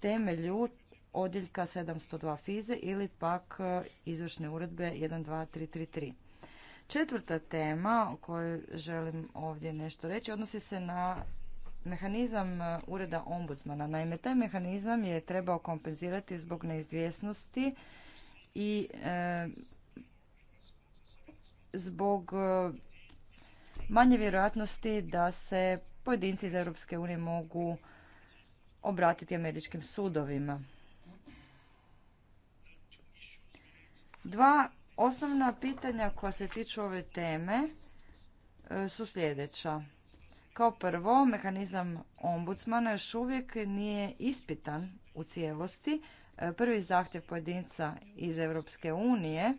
temelju odjeljka 702 FIZE ili pak e, izvršne uredbe 12333. Četvrta tema o kojoj želim ovdje nešto reći odnosi se na mehanizam e, ureda ombudsmana. Naime, taj mehanizam je trebao kompenzirati zbog neizvjesnosti i zbog manje vjerojatnosti da se pojedinci iz Europske unije mogu obratiti američkim sudovima. Dva osnovna pitanja koja se tiču ove teme e, su sljedeća. Kao prvo, mehanizam ombudsmana još uvijek nije ispitan u cijelosti. E, prvi zahtjev pojedinca iz Europske unije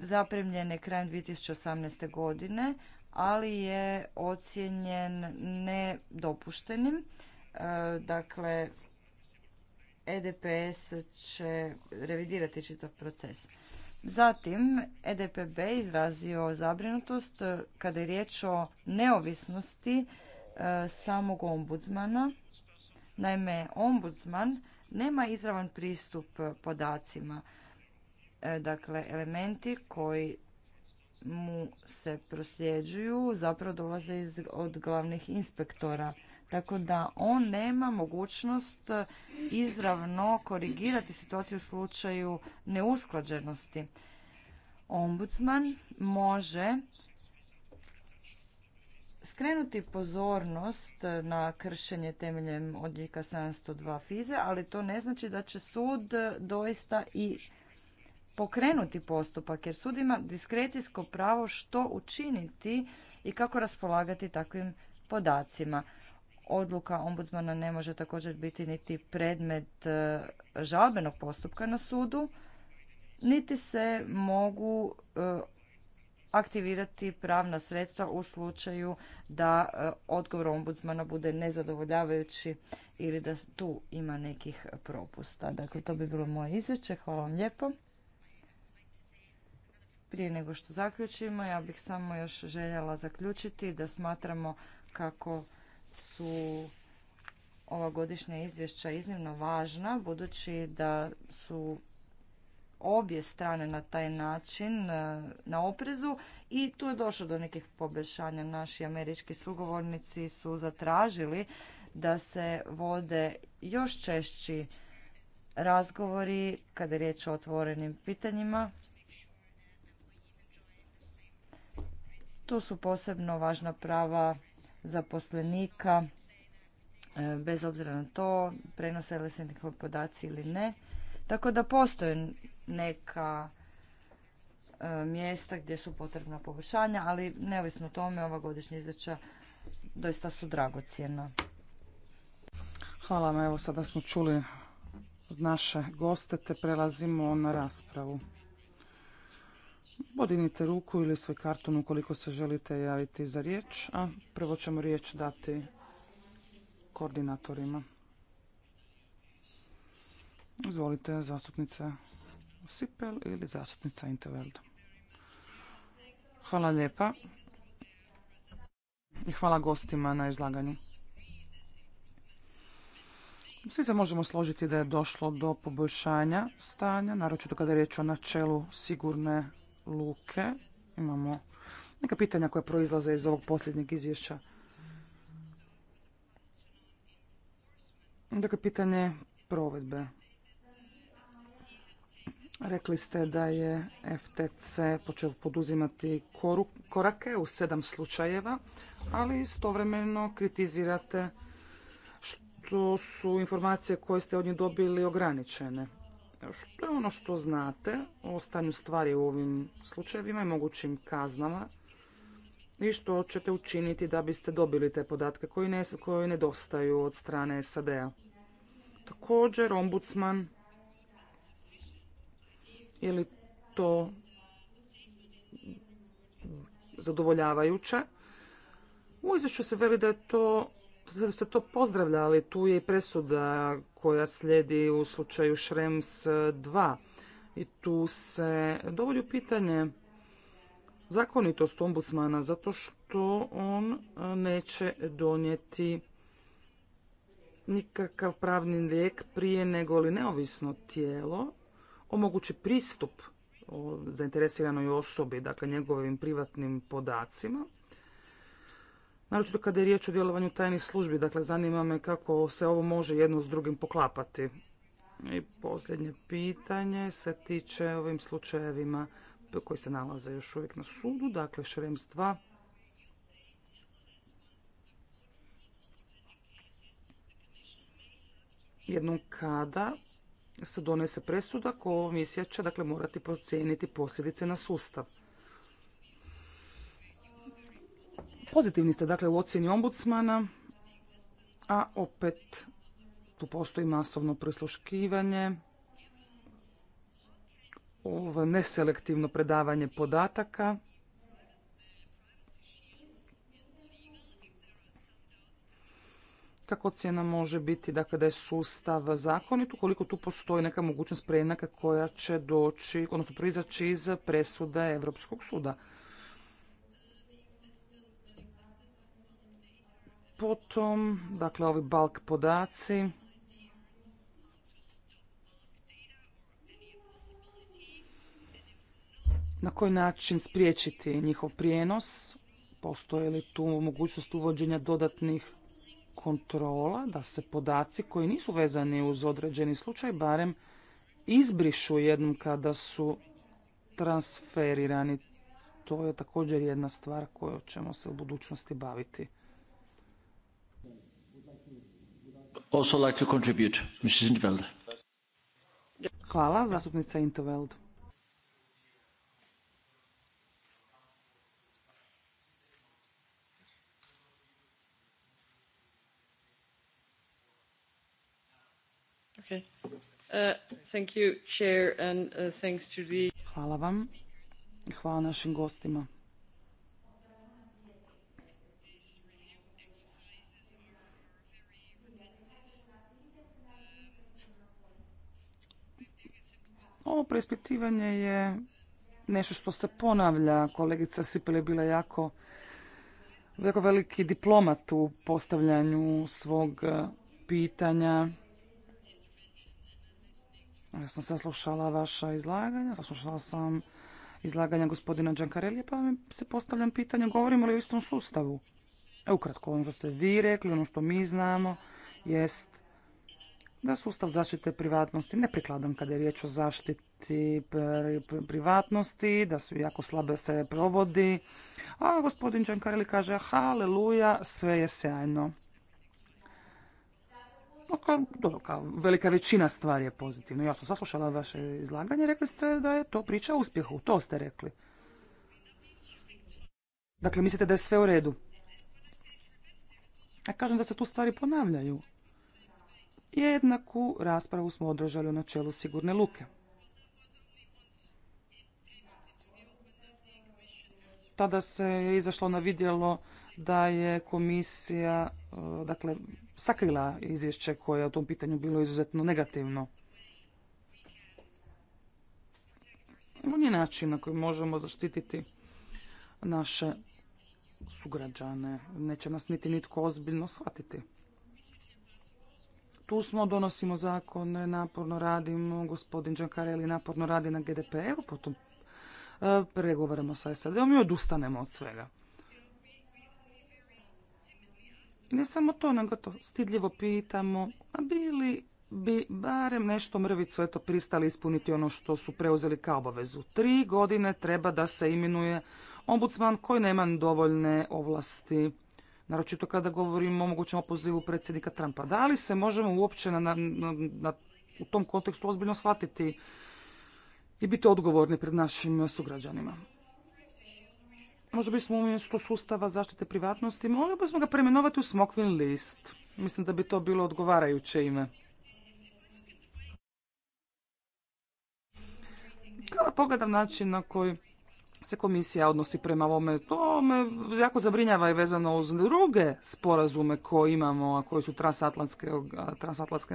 zaprimljen je krajem 2018. godine, ali je ocijenjen nedopuštenim. E, dakle, EDPS će revidirati čitav proces. Zatim, EDPB izrazio zabrinutost kada je riječ o neovisnosti e, samog ombudsmana. Naime, ombudsman nema izravan pristup podacima E, dakle, elementi koji mu se prosljeđuju zapravo dolaze iz, od glavnih inspektora. Tako da on nema mogućnost e, izravno korigirati situaciju u slučaju neusklađenosti. Ombudsman može skrenuti pozornost na kršenje temeljem odjeljka 702 fize, ali to ne znači da će sud doista i pokrenuti postupak jer sud ima diskrecijsko pravo što učiniti i kako raspolagati takvim podacima. Odluka ombudsmana ne može također biti niti predmet e, žalbenog postupka na sudu, niti se mogu e, aktivirati pravna sredstva u slučaju da e, odgovor ombudsmana bude nezadovoljavajući ili da tu ima nekih propusta. Dakle, to bi bilo moje izvješće. Hvala vam lijepo. Prije nego što zaključimo, ja bih samo još željela zaključiti da smatramo kako su ova godišnja izvješća iznimno važna, budući da su obje strane na taj način e, na oprezu i tu je došlo do nekih poboljšanja. Naši američki sugovornici su zatražili da se vode još češći razgovori kada je riječ o otvorenim pitanjima Tu su posebno važna prava zaposlenika, e, bez obzira na to prenose li se njihovi podaci ili ne. Tako da postoje neka e, mjesta gdje su potrebna poboljšanja, ali neovisno o tome ova godišnja izveća doista su dragocjena. Hvala vam, evo sada smo čuli od naše goste te prelazimo na raspravu podignite ruku ili svoj karton ukoliko se želite javiti za riječ, a prvo ćemo riječ dati koordinatorima. Izvolite, zastupnica Sipel ili zastupnica Interveld. Hvala lijepa i hvala gostima na izlaganju. Svi se možemo složiti da je došlo do poboljšanja stanja, naročito kada je riječ o načelu sigurne luke. Imamo neka pitanja koja proizlaze iz ovog posljednjeg izvješća. Dakle, pitanje provedbe. Rekli ste da je FTC počeo poduzimati korake u sedam slučajeva, ali istovremeno kritizirate što su informacije koje ste od njih dobili ograničene. Što je ono što znate o stanju stvari u ovim slučajevima i mogućim kaznama i što ćete učiniti da biste dobili te podatke koji, ne, nedostaju od strane SAD-a? Također, ombudsman, je li to zadovoljavajuće? U izvješću se veli da je to da se to pozdravlja, ali tu je i presuda koja slijedi u slučaju Šrems 2. I tu se dovolju pitanje zakonitost ombudsmana zato što on e, neće donijeti nikakav pravni lijek prije nego li neovisno tijelo omogući pristup zainteresiranoj osobi, dakle njegovim privatnim podacima naročito kada je riječ o djelovanju tajnih službi. Dakle, zanima me kako se ovo može jedno s drugim poklapati. I posljednje pitanje se tiče ovim slučajevima koji se nalaze još uvijek na sudu, dakle Šrems 2. Jednom kada se donese presuda, komisija će dakle, morati procijeniti posljedice na sustav. Pozitivni ste dakle u ocjeni ombudsmana, a opet tu postoji masovno prisluškivanje, ovo neselektivno predavanje podataka. Kako cijena može biti dakle, da je sustav zakonit, ukoliko tu postoji neka mogućnost prejednaka koja će doći, odnosno proizaći iz presude Europskog suda. Potom, dakle, ovi balk podaci. Na koji način spriječiti njihov prijenos? Postoje li tu mogućnost uvođenja dodatnih kontrola da se podaci koji nisu vezani uz određeni slučaj barem izbrišu jednom kada su transferirani. To je također jedna stvar koju ćemo se u budućnosti baviti. also like to contribute, Mrs. Intveld. Hvala, zastupnica Intveld. Okay. Uh, thank you, Chair, and uh, thanks to the... Hvala vam. Hvala našim gostima. Ovo preispitivanje je nešto što se ponavlja. Kolegica Sipel je bila jako, jako veliki diplomat u postavljanju svog e, pitanja. Ja sam saslušala vaša izlaganja, saslušala sam izlaganja gospodina Đankarelija, pa mi se postavljam pitanje, govorimo li o istom sustavu? E, ukratko, ono što ste vi rekli, ono što mi znamo, jest da sustav zaštite privatnosti neprikladan kada je riječ o zaštiti privatnosti, da su jako slabe se provodi. A gospodin Čankareli kaže haleluja, sve je sjajno. kao velika većina stvari je pozitivna. Ja sam saslušala vaše izlaganje, rekli ste da je to priča o uspjehu, to ste rekli. Dakle, mislite da je sve u redu? Ja kažem da se tu stvari ponavljaju. Jednaku raspravu smo održali u načelu sigurne luke. Tada se je izašlo na vidjelo da je komisija e, dakle, sakrila izvješće koje je o tom pitanju bilo izuzetno negativno. On je način na koji možemo zaštititi naše sugrađane. Neće nas niti nitko ozbiljno shvatiti tu smo, donosimo zakone, naporno radimo, gospodin Đankareli naporno radi na GDPR-u, potom e, pregovaramo sa SAD-om i odustanemo od svega. ne samo to, nego to stidljivo pitamo, a bili bi barem nešto mrvicu eto, pristali ispuniti ono što su preuzeli kao obavezu. Tri godine treba da se imenuje ombudsman koji nema dovoljne ovlasti naročito kada govorimo o mogućem opozivu predsjednika Trumpa. Da li se možemo uopće na, na, u tom kontekstu ozbiljno shvatiti i biti odgovorni pred našim sugrađanima? Možda bismo umjesto sustava zaštite privatnosti mogli bismo ga preimenovati u Smokvin list. Mislim da bi to bilo odgovarajuće ime. Kada pogledam način na koji se komisija odnosi prema ovome. To me jako zabrinjava i vezano uz druge sporazume koje imamo, a koje su transatlantske,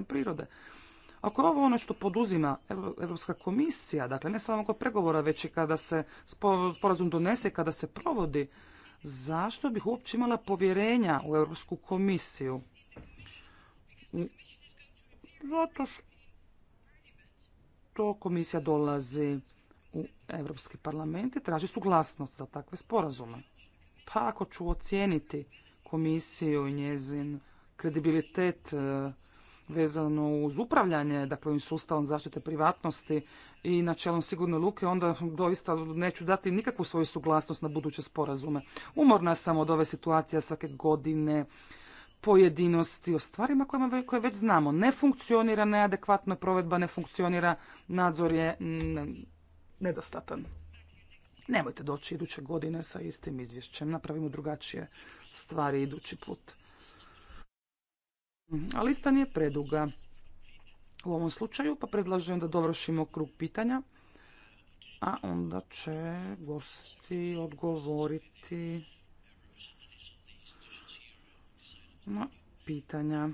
prirode. Ako je ovo ono što poduzima Europska komisija, dakle ne samo kod pregovora, već i kada se sporazum donese, kada se provodi, zašto bih uopće imala povjerenja u Europsku komisiju? Zato što komisija dolazi u Europski parlament i traži suglasnost za takve sporazume. Pa ako ću ocijeniti komisiju i njezin kredibilitet e, vezano uz upravljanje, dakle ovim sustavom zaštite privatnosti i načelom sigurne luke, onda doista neću dati nikakvu svoju suglasnost na buduće sporazume. Umorna sam od ove situacije svake godine, pojedinosti, o stvarima koje već znamo. Ne funkcionira neadekvatno, provedba ne funkcionira, nadzor je nedostatan. Nemojte doći iduće godine sa istim izvješćem. Napravimo drugačije stvari idući put. A lista nije preduga u ovom slučaju, pa predlažem da dovršimo krug pitanja, a onda će gosti odgovoriti na pitanja.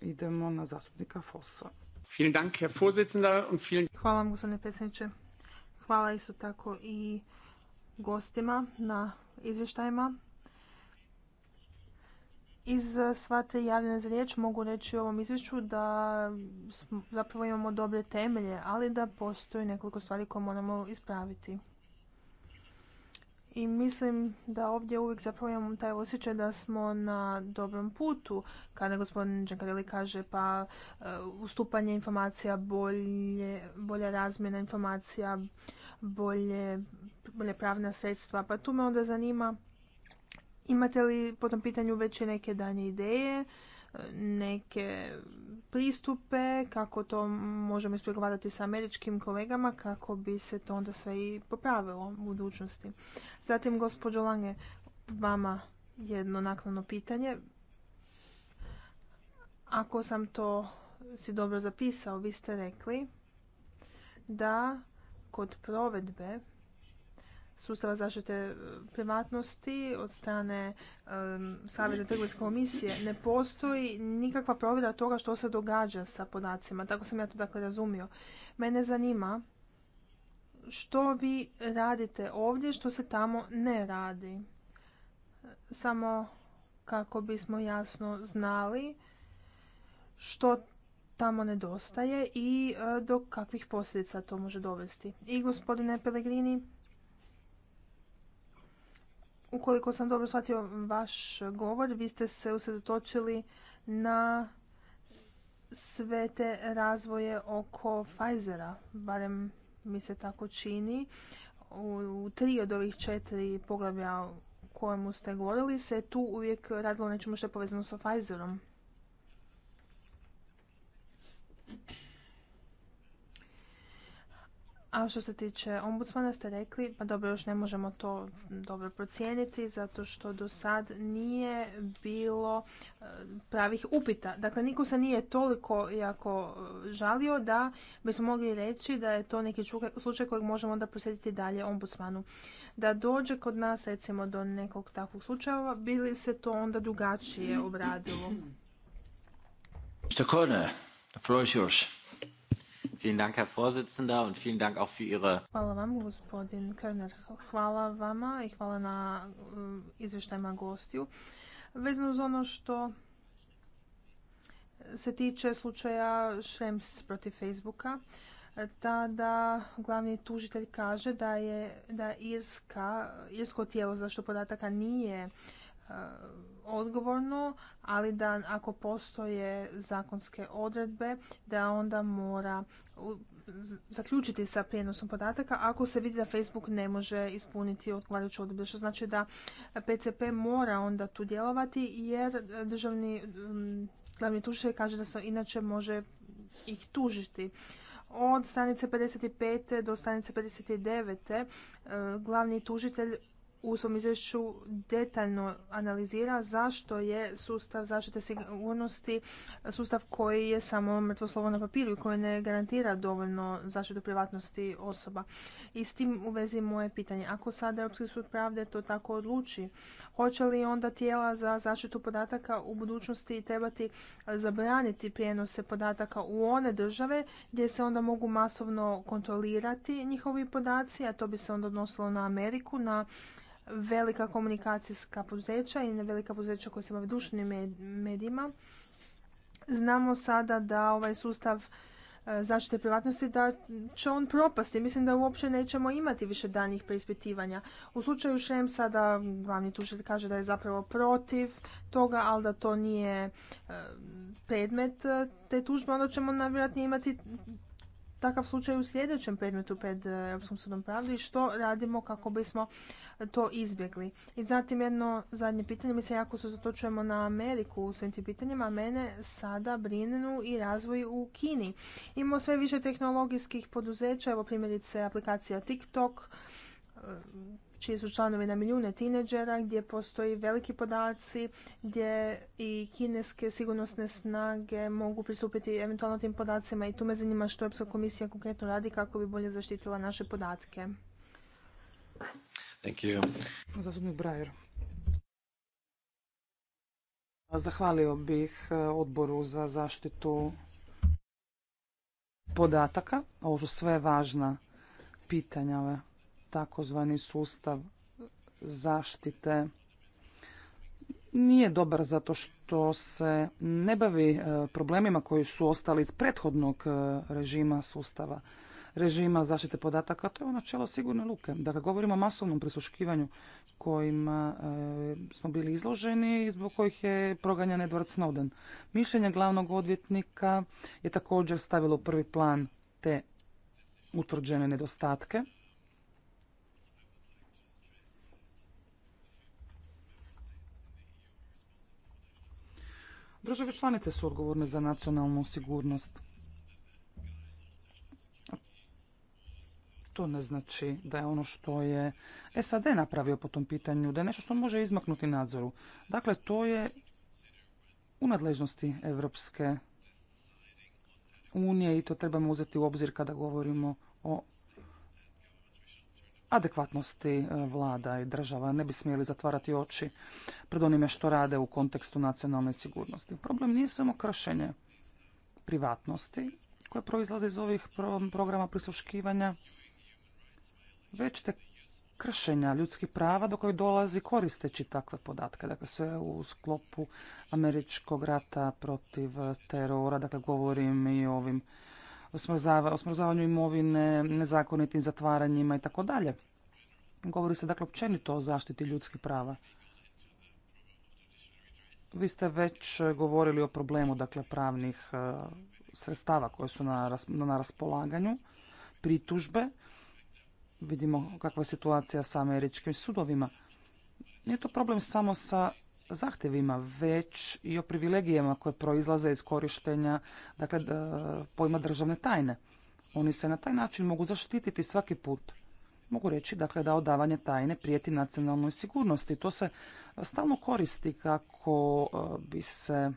Idemo na zastupnika Fosa. Hvala vam, gospodine predsjedniče. Hvala isto tako i gostima na izvještajima. Iz eh, sva te javljene za riječ mogu reći u ovom izvješću da zapravo imamo dobre temelje, ali da postoji nekoliko stvari koje moramo ispraviti i mislim da ovdje uvijek zapravo imamo taj osjećaj da smo na dobrom putu kada gospodin Đankareli kaže pa uh, ustupanje informacija, bolje, bolja razmjena informacija, bolje, bolje pravna sredstva. Pa tu me onda zanima imate li po tom pitanju već neke danje ideje neke pristupe, kako to možemo ispregovarati sa američkim kolegama, kako bi se to onda sve i popravilo u budućnosti. Zatim, gospođo Lange, vama jedno naknadno pitanje. Ako sam to si dobro zapisao, vi ste rekli da kod provedbe sustava zaštite e, privatnosti od strane um, Savjeta trgovinske komisije ne postoji nikakva provjera toga što se događa sa podacima. Tako sam ja to dakle razumio. Mene zanima što vi radite ovdje, što se tamo ne radi. Samo kako bismo jasno znali što tamo nedostaje i e, do kakvih posljedica to može dovesti. I gospodine Pelegrini Ukoliko sam dobro shvatio vaš govor, vi ste se usredotočili na sve te razvoje oko Pfizera, barem mi se tako čini. U tri od ovih četiri poglavlja o kojemu ste govorili se tu uvijek radilo nečemu što je povezano sa Pfizerom. A što se tiče ombudsmana ste rekli, pa dobro, još ne možemo to dobro procijeniti zato što do sad nije bilo e, pravih upita. Dakle, niko se nije toliko jako e, žalio da bismo mogli reći da je to neki slučaj kojeg možemo onda posjetiti dalje ombudsmanu. Da dođe kod nas, recimo, do nekog takvog slučaja, bi li se to onda drugačije obradilo? Mr. the Vielen Dank, Herr Vorsitzender, und vielen Dank auch für Ihre... Hvala vam, gospodin Körner. Hvala vama i hvala na mm, izvještajima gostiju. Vezano uz ono što se tiče slučaja Šrems protiv Facebooka, tada glavni tužitelj kaže da je da Irska, irsko tijelo zašto podataka nije E, odgovorno, ali da ako postoje zakonske odredbe, da onda mora zaključiti sa prijenosom podataka ako se vidi da Facebook ne može ispuniti odgovarajuću odredbe. Što znači da PCP mora onda tu djelovati jer državni glavni tužitelj kaže da se inače može ih tužiti. Od stanice 55. do stanice 59. E, glavni tužitelj u svom izvješću detaljno analizira zašto je sustav zaštite sigurnosti sustav koji je samo mrtvo slovo na papiru i koji ne garantira dovoljno zaštitu privatnosti osoba. I s tim u vezi moje pitanje, ako sada Europski sud pravde to tako odluči, hoće li onda tijela za zaštitu podataka u budućnosti trebati zabraniti prijenose podataka u one države gdje se onda mogu masovno kontrolirati njihovi podaci, a to bi se onda odnosilo na Ameriku, na velika komunikacijska poduzeća i na velika poduzeća koja se bave medijima. Znamo sada da ovaj sustav e, zaštite privatnosti da će on propasti. Mislim da uopće nećemo imati više danjih preispitivanja. U slučaju Šem sada glavni tužitelj kaže da je zapravo protiv toga, ali da to nije e, predmet e, te tužbe, onda ćemo najvjerojatnije imati takav slučaj u sljedećem predmetu pred e, Europskom sudom pravdi i što radimo kako bismo to izbjegli. I zatim jedno zadnje pitanje, mi se jako zatočujemo na Ameriku u svim tim pitanjima, a mene sada brinu i razvoj u Kini. Imamo sve više tehnologijskih poduzeća, evo primjerice aplikacija TikTok, čiji su članovi na milijune tineđera, gdje postoji veliki podaci, gdje i kineske sigurnosne snage mogu pristupiti eventualno tim podacima i tu me zanima što Europska komisija konkretno radi kako bi bolje zaštitila naše podatke. Thank you. Zahvalio bih e, odboru za zaštitu podataka. Ovo su sve važna pitanja takozvani sustav zaštite nije dobar zato što se ne bavi e, problemima koji su ostali iz prethodnog e, režima sustava, režima zaštite podataka. To je ono načelo sigurne luke. Dakle, govorimo o masovnom prisuškivanju kojima e, smo bili izloženi i zbog kojih je proganjan Edward Snowden. Mišljenje glavnog odvjetnika je također stavilo u prvi plan te utvrđene nedostatke Države članice su odgovorne za nacionalnu sigurnost. To ne znači da je ono što je SAD napravio po tom pitanju, da je nešto što može izmaknuti nadzoru. Dakle, to je u nadležnosti Evropske unije i to trebamo uzeti u obzir kada govorimo o adekvatnosti e, vlada i država. Ne bi smjeli zatvarati oči pred onime što rade u kontekstu nacionalne sigurnosti. Problem nije samo kršenje privatnosti koje proizlaze iz ovih programa prisluškivanja, već te kršenja ljudskih prava do kojih dolazi koristeći takve podatke. Dakle, sve u sklopu američkog rata protiv terora. Dakle, govorim i o ovim smrzavanju imovine, nezakonitim zatvaranjima i tako dalje. Govori se dakle općenito o zaštiti ljudskih prava. Vi ste već govorili o problemu dakle pravnih e, sredstava koje su na, na raspolaganju, pritužbe. Vidimo kakva je situacija sa američkim sudovima. Nije to problem samo sa zahtjevima, već i o privilegijama koje proizlaze iz korištenja dakle, pojma državne tajne. Oni se na taj način mogu zaštititi svaki put. Mogu reći dakle, da odavanje tajne prijeti nacionalnoj sigurnosti. To se stalno koristi kako e, bi se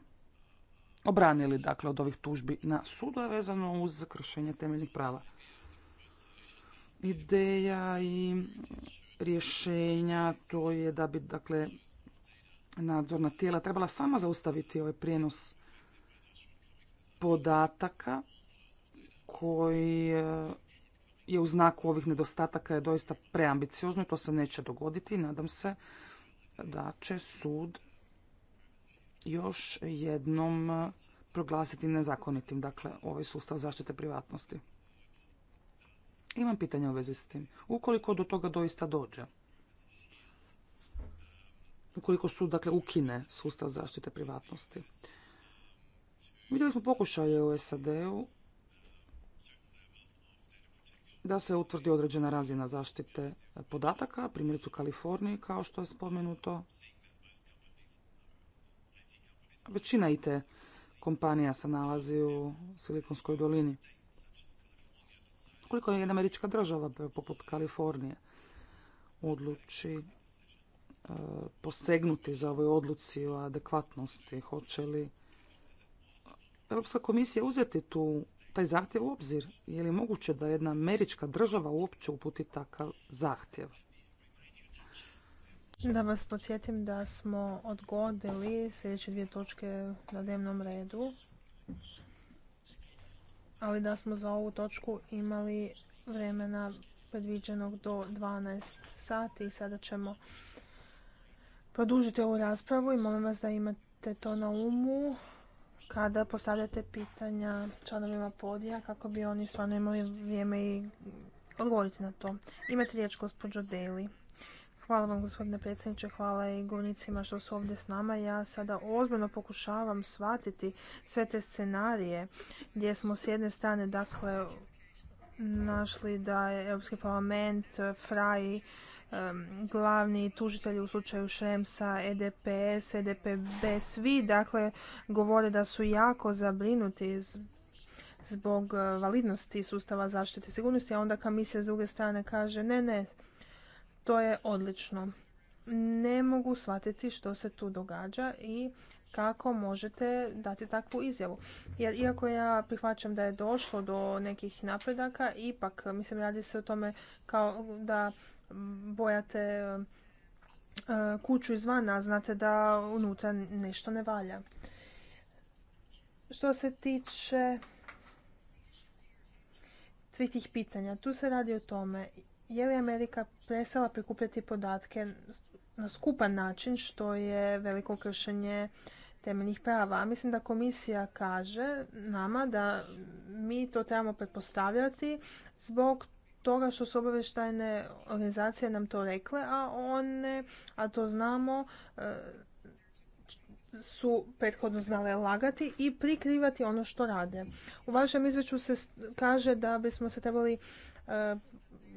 obranili dakle, od ovih tužbi na sudu vezano uz kršenje temeljnih prava. Ideja i rješenja to je da bi dakle, nadzorna tijela trebala sama zaustaviti ovaj prijenos podataka koji e, je u znaku ovih nedostataka je doista preambiciozno i to se neće dogoditi. Nadam se da će sud još jednom e, proglasiti nezakonitim, dakle, ovaj sustav zaštite privatnosti. Imam pitanje u vezi s tim. Ukoliko do toga doista dođe, ukoliko su dakle ukine sustav zaštite privatnosti. Vidjeli smo pokušaje u SAD-u da se utvrdi određena razina zaštite podataka, primjerice u Kaliforniji, kao što je spomenuto. Većina IT kompanija se nalazi u Silikonskoj dolini. Koliko je jedna američka država, poput Kalifornije, odluči posegnuti za ovoj odluci o adekvatnosti? Hoće li Europska komisija uzeti tu taj zahtjev u obzir? Je li moguće da jedna američka država uopće uputi takav zahtjev? Da vas podsjetim da smo odgodili sljedeće dvije točke na dnevnom redu, ali da smo za ovu točku imali vremena predviđenog do 12 sati i sada ćemo produžite ovu raspravu i molim vas da imate to na umu kada postavljate pitanja članovima podija kako bi oni stvarno imali vrijeme i odgovoriti na to. Imate riječ gospođo Daly. Hvala vam gospodine predsjedniče, hvala i govnicima što su ovdje s nama. Ja sada ozbiljno pokušavam shvatiti sve te scenarije gdje smo s jedne strane dakle našli da je Europski parlament, eh, FRAI, glavni tužitelji u slučaju Šemsa, EDPS, EDPB, svi dakle govore da su jako zabrinuti zbog e, validnosti sustava zaštite sigurnosti, a onda komisija s druge strane kaže ne, ne, to je odlično. Ne mogu shvatiti što se tu događa i kako možete dati takvu izjavu. Jer iako ja prihvaćam da je došlo do nekih napredaka, ipak mislim radi se o tome kao da bojate eh, kuću izvana, znate da unutra nešto ne valja. Što se tiče svih tih pitanja, tu se radi o tome je li Amerika prestala prikupljati podatke na skupan način što je veliko kršenje temeljnih prava. mislim da komisija kaže nama da mi to trebamo pretpostavljati zbog toga što su obavještajne organizacije nam to rekle, a one, a to znamo, e, su prethodno znale lagati i prikrivati ono što rade. U vašem izveću se kaže da bismo se trebali e,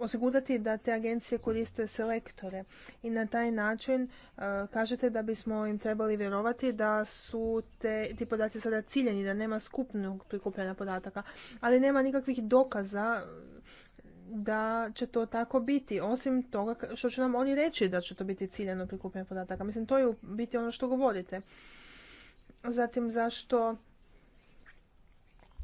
osigurati da te agencije koriste selektore i na taj način e, kažete da bismo im trebali vjerovati da su te, ti podaci sada ciljeni, da nema skupnog prikupljanja podataka, ali nema nikakvih dokaza da će to tako biti, osim toga što će nam oni reći da će to biti ciljano prikupljanje podataka. Mislim, to je u biti ono što govorite. Zatim, zašto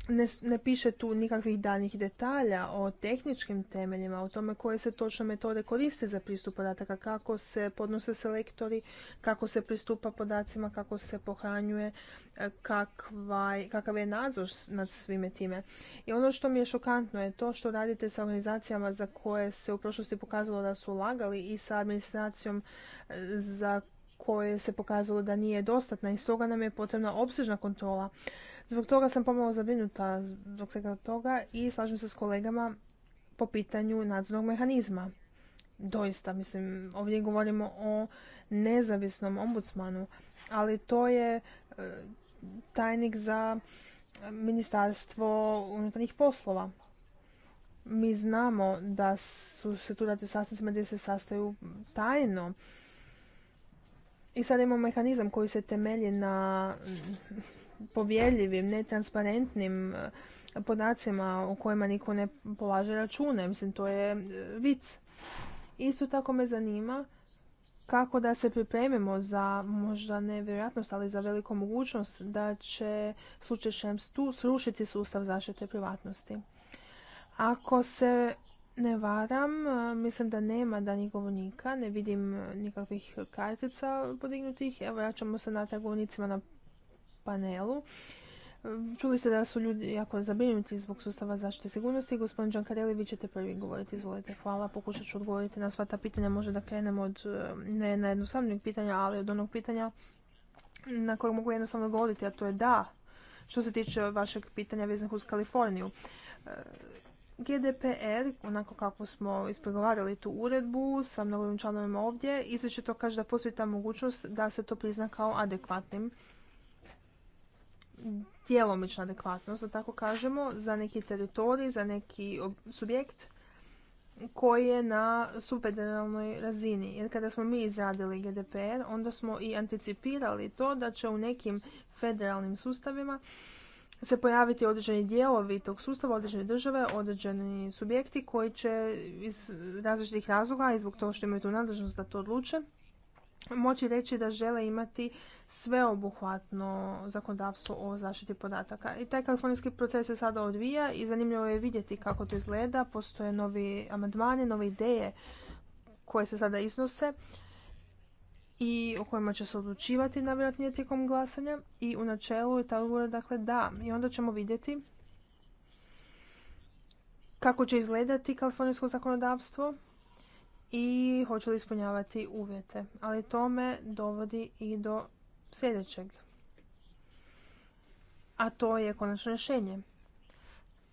ne, piše tu nikakvih daljnjih detalja o tehničkim temeljima, o tome koje se točno metode koriste za pristup podataka, kako se podnose selektori, kako se pristupa podacima, kako se pohranjuje, e, kakva, kakav je nadzor nad svime time. I ono što mi je šokantno je to što radite sa organizacijama za koje se u prošlosti pokazalo da su ulagali i sa administracijom e, za koje se pokazalo da nije dostatna i stoga nam je potrebna opsežna kontrola Zbog toga sam pomalo zabrinuta zbog svega toga i slažem se s kolegama po pitanju nadzornog mehanizma. Doista, mislim, ovdje govorimo o nezavisnom ombudsmanu, ali to je e, tajnik za ministarstvo unutarnjih poslova. Mi znamo da su se tu radi u sastancima gdje se sastaju tajno. I sad imamo mehanizam koji se temelji na povjerljivim, netransparentnim e, podacima o kojima niko ne polaže račune. Mislim, to je e, vic. Isto tako me zanima kako da se pripremimo za možda nevjerojatnost, ali za veliku mogućnost da će slučaj tu srušiti sustav zaštite privatnosti. Ako se ne varam, e, mislim da nema danjih govornika, ne vidim nikakvih kartica podignutih. Evo, ćemo se na govornicima na panelu. Čuli ste da su ljudi jako zabrinuti zbog sustava zaštite sigurnosti. Gospodin Đankarelli, vi ćete prvi govoriti. Izvolite, hvala. Pokušat ću odgovoriti na sva ta pitanja. Možda da krenemo od ne na jednostavnog pitanja, ali od onog pitanja na kojeg mogu jednostavno govoriti, a to je da. Što se tiče vašeg pitanja veznih uz Kaliforniju. GDPR, onako kako smo ispregovarali tu uredbu sa mnogim članovima ovdje, to kaže da postoji ta mogućnost da se to prizna kao adekvatnim djelomična adekvatnost, da tako kažemo, za neki teritorij, za neki subjekt koji je na subfederalnoj razini. Jer kada smo mi izradili GDPR, onda smo i anticipirali to da će u nekim federalnim sustavima se pojaviti određeni dijelovi tog sustava, određene države, određeni subjekti koji će iz različitih razloga i zbog toga što imaju tu nadležnost da to odluče, moći reći da žele imati sveobuhvatno zakonodavstvo o zaštiti podataka. I taj kalifornijski proces se sada odvija i zanimljivo je vidjeti kako to izgleda. Postoje novi amandmani, nove ideje koje se sada iznose i o kojima će se odlučivati najvjerojatnije tijekom glasanja i u načelu je ta odgovor dakle da i onda ćemo vidjeti kako će izgledati kalifornijsko zakonodavstvo i hoće li ispunjavati uvjete. Ali to me dovodi i do sljedećeg. A to je konačno rješenje.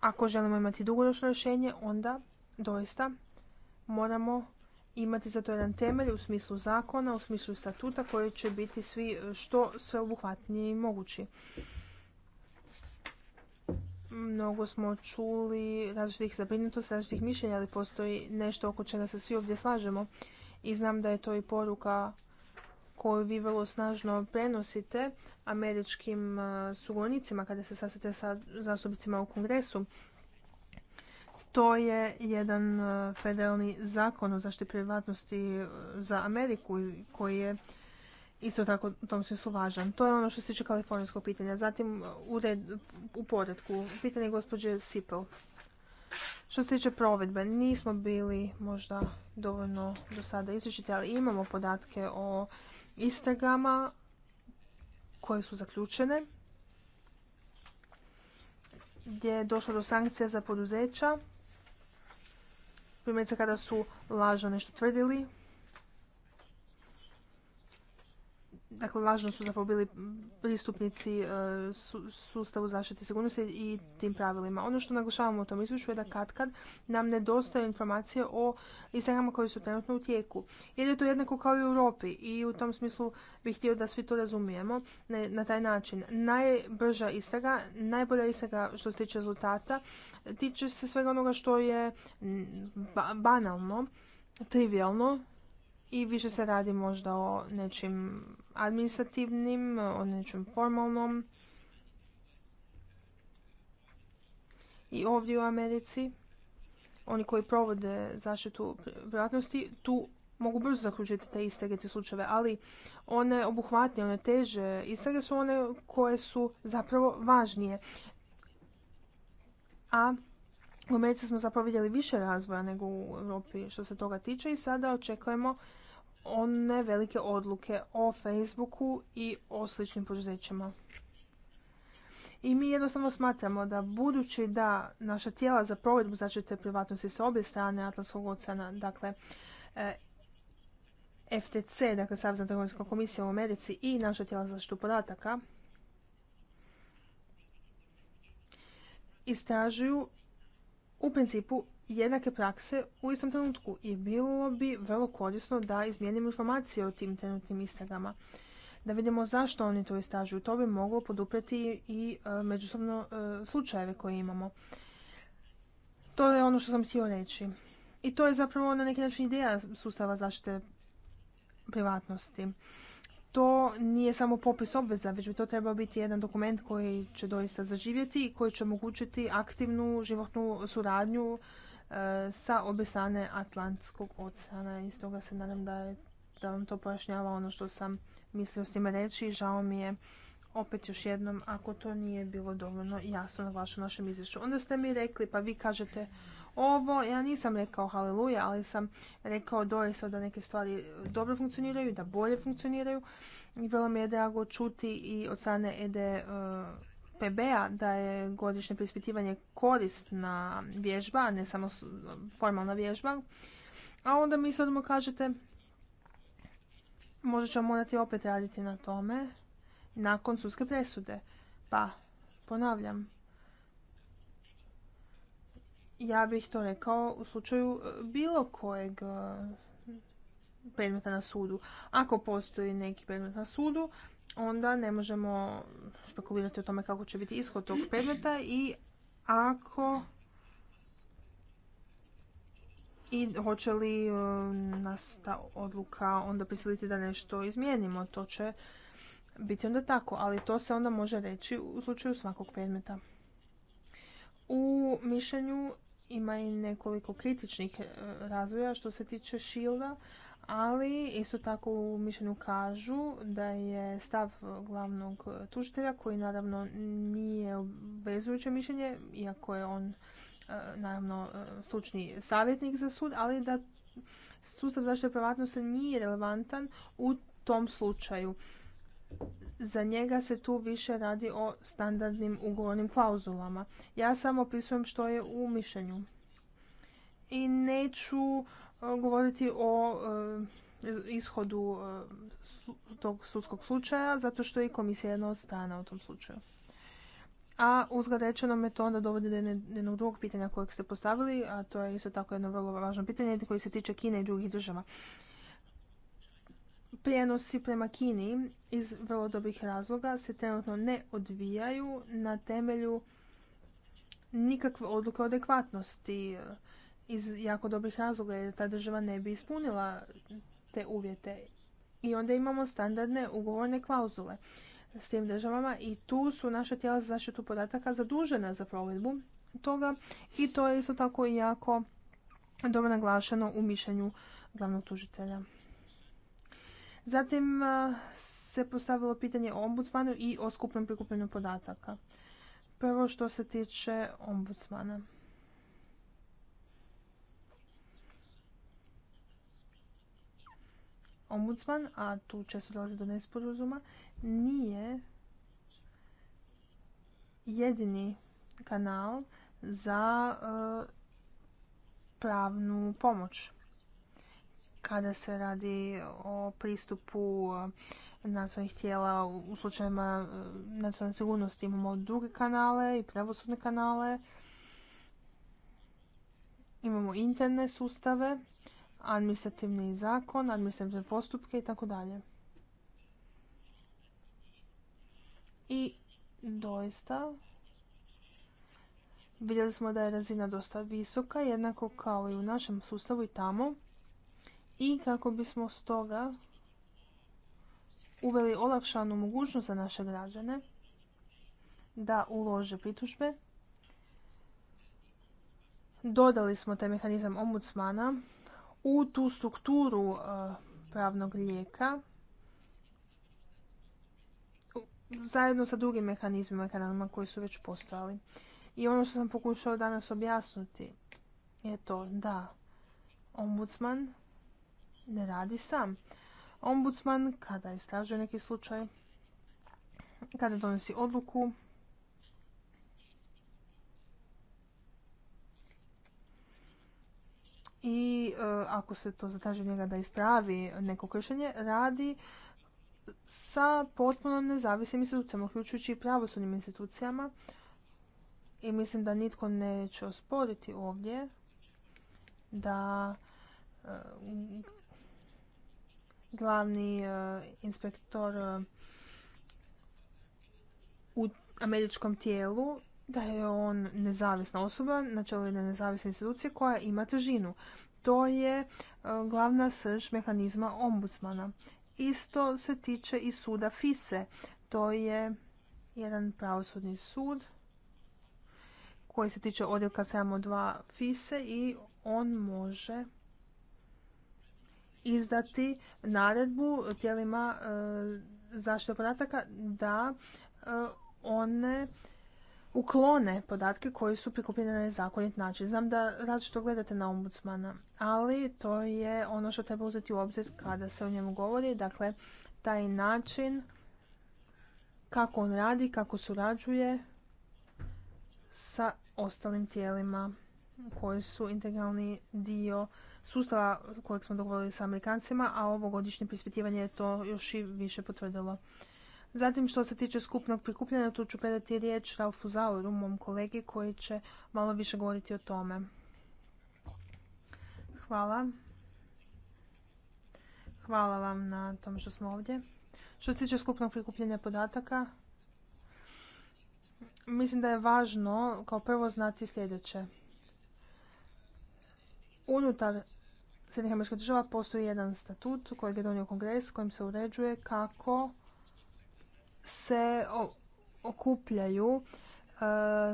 Ako želimo imati dugoročno rješenje, onda doista moramo imati za to jedan temelj u smislu zakona, u smislu statuta koji će biti svi što sveobuhvatniji i mogući. Mnogo smo čuli različitih zabrinutosti, različitih mišljenja, ali postoji nešto oko čega se svi ovdje slažemo. I znam da je to i poruka koju vi vrlo snažno prenosite američkim e, sugovornicima kada se sasvete sa zastupnicima u kongresu. To je jedan e, federalni zakon o zaštiti privatnosti e, za Ameriku koji je isto tako u tom smislu važan. To je ono što se tiče kalifornijskog pitanja. Zatim u, red, u poredku pitanje gospođe Sipel. Što se tiče provedbe, nismo bili možda dovoljno do sada izrečiti, ali imamo podatke o istragama koje su zaključene, gdje je došlo do sankcija za poduzeća, primjerice kada su lažno nešto tvrdili, dakle, važno su zapravo bili pristupnici e, sustavu zaštite sigurnosti i tim pravilima. Ono što naglašavamo u tom izvješću je da katkad nam nedostaju informacije o istragama koje su trenutno u tijeku. Jer je to jednako kao i u Europi i u tom smislu bih htio da svi to razumijemo na, taj način. Najbrža istraga, najbolja istraga što se tiče rezultata, tiče se svega onoga što je banalno, trivialno, i više se radi možda o nečim administrativnim, o nečem formalnom. I ovdje u Americi, oni koji provode zaštitu privatnosti, tu mogu brzo zaključiti te istrage, te slučajeve, ali one obuhvatnije, one teže istrage su one koje su zapravo važnije. A u Americi smo zapravo vidjeli više razvoja nego u Europi što se toga tiče i sada očekujemo one velike odluke o Facebooku i o sličnim poduzećima. I mi jednostavno smatramo da budući da naša tijela za provedbu zaštite privatnosti sa obje strane Atlantskog oceana, dakle e, FTC, dakle Savezna trgovinska komisija u Americi i naša tijela za zaštitu podataka, istražuju u principu jednake prakse u istom trenutku i bilo bi vrlo korisno da izmijenimo informacije o tim trenutnim istragama da vidimo zašto oni to istražuju. To bi moglo poduprijeti i e, međusobno e, slučajeve koje imamo. To je ono što sam htio reći. I to je zapravo na neki način ideja sustava zaštite privatnosti to nije samo popis obveza, već bi to trebao biti jedan dokument koji će doista zaživjeti i koji će omogućiti aktivnu životnu suradnju e, sa obje strane Atlantskog oceana i stoga se nadam da, je, da vam to pojašnjava ono što sam mislio s time reći žao mi je opet još jednom ako to nije bilo dovoljno jasno naglašeno u našem izvješću. Onda ste mi rekli, pa vi kažete ovo, ja nisam rekao haleluja, ali sam rekao doista da neke stvari dobro funkcioniraju, da bolje funkcioniraju. I vrlo mi je drago čuti i od strane EDE PB-a da je godišnje prispitivanje korisna vježba, a ne samo formalna vježba. A onda mi sad mu kažete možda ćemo morati opet raditi na tome nakon sudske presude. Pa, ponavljam, ja bih to rekao u slučaju e, bilo kojeg e, predmeta na sudu. Ako postoji neki predmet na sudu, onda ne možemo špekulirati o tome kako će biti ishod tog predmeta i ako i hoće li e, nas ta odluka onda prisiliti da nešto izmijenimo. To će biti onda tako, ali to se onda može reći u slučaju svakog predmeta. U mišljenju ima i nekoliko kritičnih e, razvoja što se tiče Shielda, ali isto tako u mišljenju kažu da je stav glavnog tužitelja koji naravno nije obvezujuće mišljenje, iako je on e, naravno e, stručni savjetnik za sud, ali da sustav zaštite privatnosti nije relevantan u tom slučaju za njega se tu više radi o standardnim ugovornim klauzulama. Ja samo opisujem što je u mišljenju. I neću e, govoriti o e, ishodu e, tog sudskog slučaja, zato što je komisija jedna od strana u tom slučaju. A uzgled rečeno me to onda dovodi do jednog drugog pitanja kojeg ste postavili, a to je isto tako jedno vrlo važno pitanje koje se tiče Kine i drugih država. Prijenosi prema Kini iz vrlo dobrih razloga se trenutno ne odvijaju na temelju nikakve odluke o adekvatnosti iz jako dobrih razloga jer ta država ne bi ispunila te uvjete. I onda imamo standardne ugovorne klauzule s tim državama i tu su naša tijela za zaštitu podataka zadužena za provedbu toga i to je isto tako jako dobro naglašeno u mišljenju glavnog tužitelja. Zatim e, se postavilo pitanje o ombudsmanu i o skupnom prikupljenju podataka. Prvo što se tiče ombudsmana. Ombudsman, a tu često dolazi do nesporazuma, nije jedini kanal za e, pravnu pomoć kada se radi o pristupu e, nacionalnih tijela u slučajima e, nacionalne sigurnosti. Imamo druge kanale i pravosudne kanale. Imamo interne sustave, administrativni zakon, administrativne postupke i tako dalje. I doista vidjeli smo da je razina dosta visoka, jednako kao i u našem sustavu i tamo i kako bismo stoga uveli olakšanu mogućnost za naše građane da ulože pritužbe. Dodali smo taj mehanizam ombudsmana u tu strukturu e, pravnog lijeka zajedno sa drugim mehanizmima i kanalima koji su već postojali. I ono što sam pokušao danas objasniti je to da ombudsman ne radi sam. Ombudsman kada istražuje neki slučaj, kada donosi odluku, i e, ako se to zataže njega da ispravi neko kršenje, radi sa potpuno nezavisnim institucijama, uključujući i pravosudnim institucijama. I mislim da nitko neće osporiti ovdje da e, glavni e, inspektor e, u američkom tijelu da je on nezavisna osoba na čelu jedne nezavisne institucije koja ima težinu. To je e, glavna srž mehanizma ombudsmana. Isto se tiče i suda FISE. To je jedan pravosudni sud koji se tiče odjelka 7.2 FISE i on može izdati naredbu tijelima e, zaštite podataka da e, one uklone podatke koji su prikupljene na nezakonit način. Znam da različito gledate na ombudsmana, ali to je ono što treba uzeti u obzir kada se o njemu govori. Dakle, taj način kako on radi, kako surađuje sa ostalim tijelima koji su integralni dio sustava kojeg smo dogovorili sa Amerikancima, a ovo godišnje prispitivanje je to još i više potvrdilo. Zatim što se tiče skupnog prikupljanja, tu ću predati riječ Ralfu Zauru, mom kolegi, koji će malo više govoriti o tome. Hvala. Hvala vam na tom što smo ovdje. Što se tiče skupnog prikupljanja podataka, mislim da je važno kao prvo znati sljedeće unutar Sjednih američkih država postoji jedan statut kojeg je donio kongres kojim se uređuje kako se okupljaju e,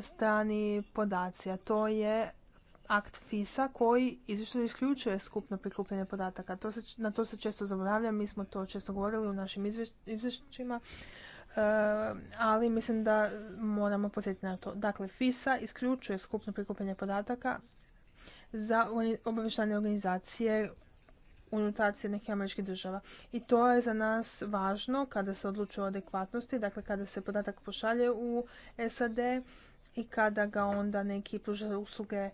strani podaci, a to je akt FISA koji izvještaj isključuje skupno prikupljanje podataka. na to se često zaboravlja, mi smo to često govorili u našim izvješćima, e, ali mislim da moramo posjetiti na to. Dakle, FISA isključuje skupno prikupljanje podataka, za obavještajne organizacije unutar Sjednih američkih država. I to je za nas važno kada se odlučuje o adekvatnosti, dakle kada se podatak pošalje u SAD i kada ga onda neki pruža usluge e,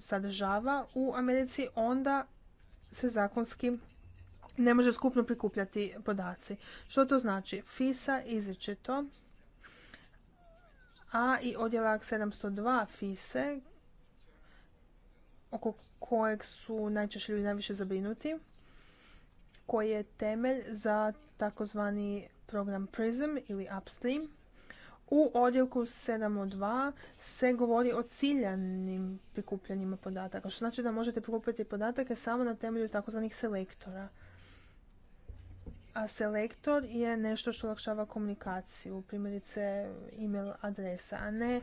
sadržava u Americi, onda se zakonski ne može skupno prikupljati podaci. Što to znači? FISA izričito, a i odjelak 702 FISE oko kojeg su najčešće ljudi najviše zabrinuti, koji je temelj za takozvani program PRISM ili Upstream. U odjelku 7.2 se govori o ciljanim prikupljanjima podataka, što znači da možete prikupljati podatake samo na temelju takozvanih selektora. A selektor je nešto što olakšava komunikaciju, primjerice email adresa, a ne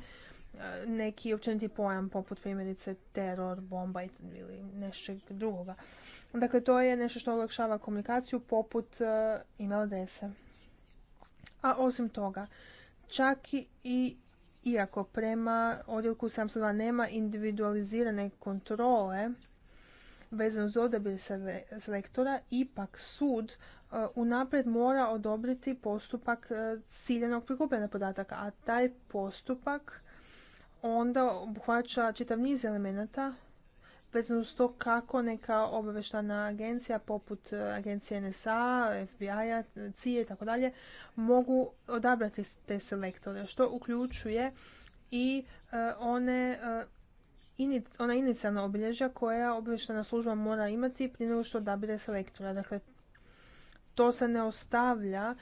neki općeniti pojam poput primjerice teror, bomba ili nečeg drugoga. Dakle, to je nešto što olakšava komunikaciju poput email adrese. A osim toga, čak i iako prema odjelku 702 nema individualizirane kontrole vezano uz odabir selektora, ipak sud e, unaprijed mora odobriti postupak e, ciljenog prikupljanja podataka, a taj postupak onda obuhvaća čitav niz elemenata vezano uz to kako neka obaveštana agencija poput e, agencije NSA, FBI-a, CIA i tako dalje mogu odabrati te selektore što uključuje i e, one e, ona inicijalna obilježja koja obavještajna služba mora imati prije nego što odabire selektora. Dakle, to se ne ostavlja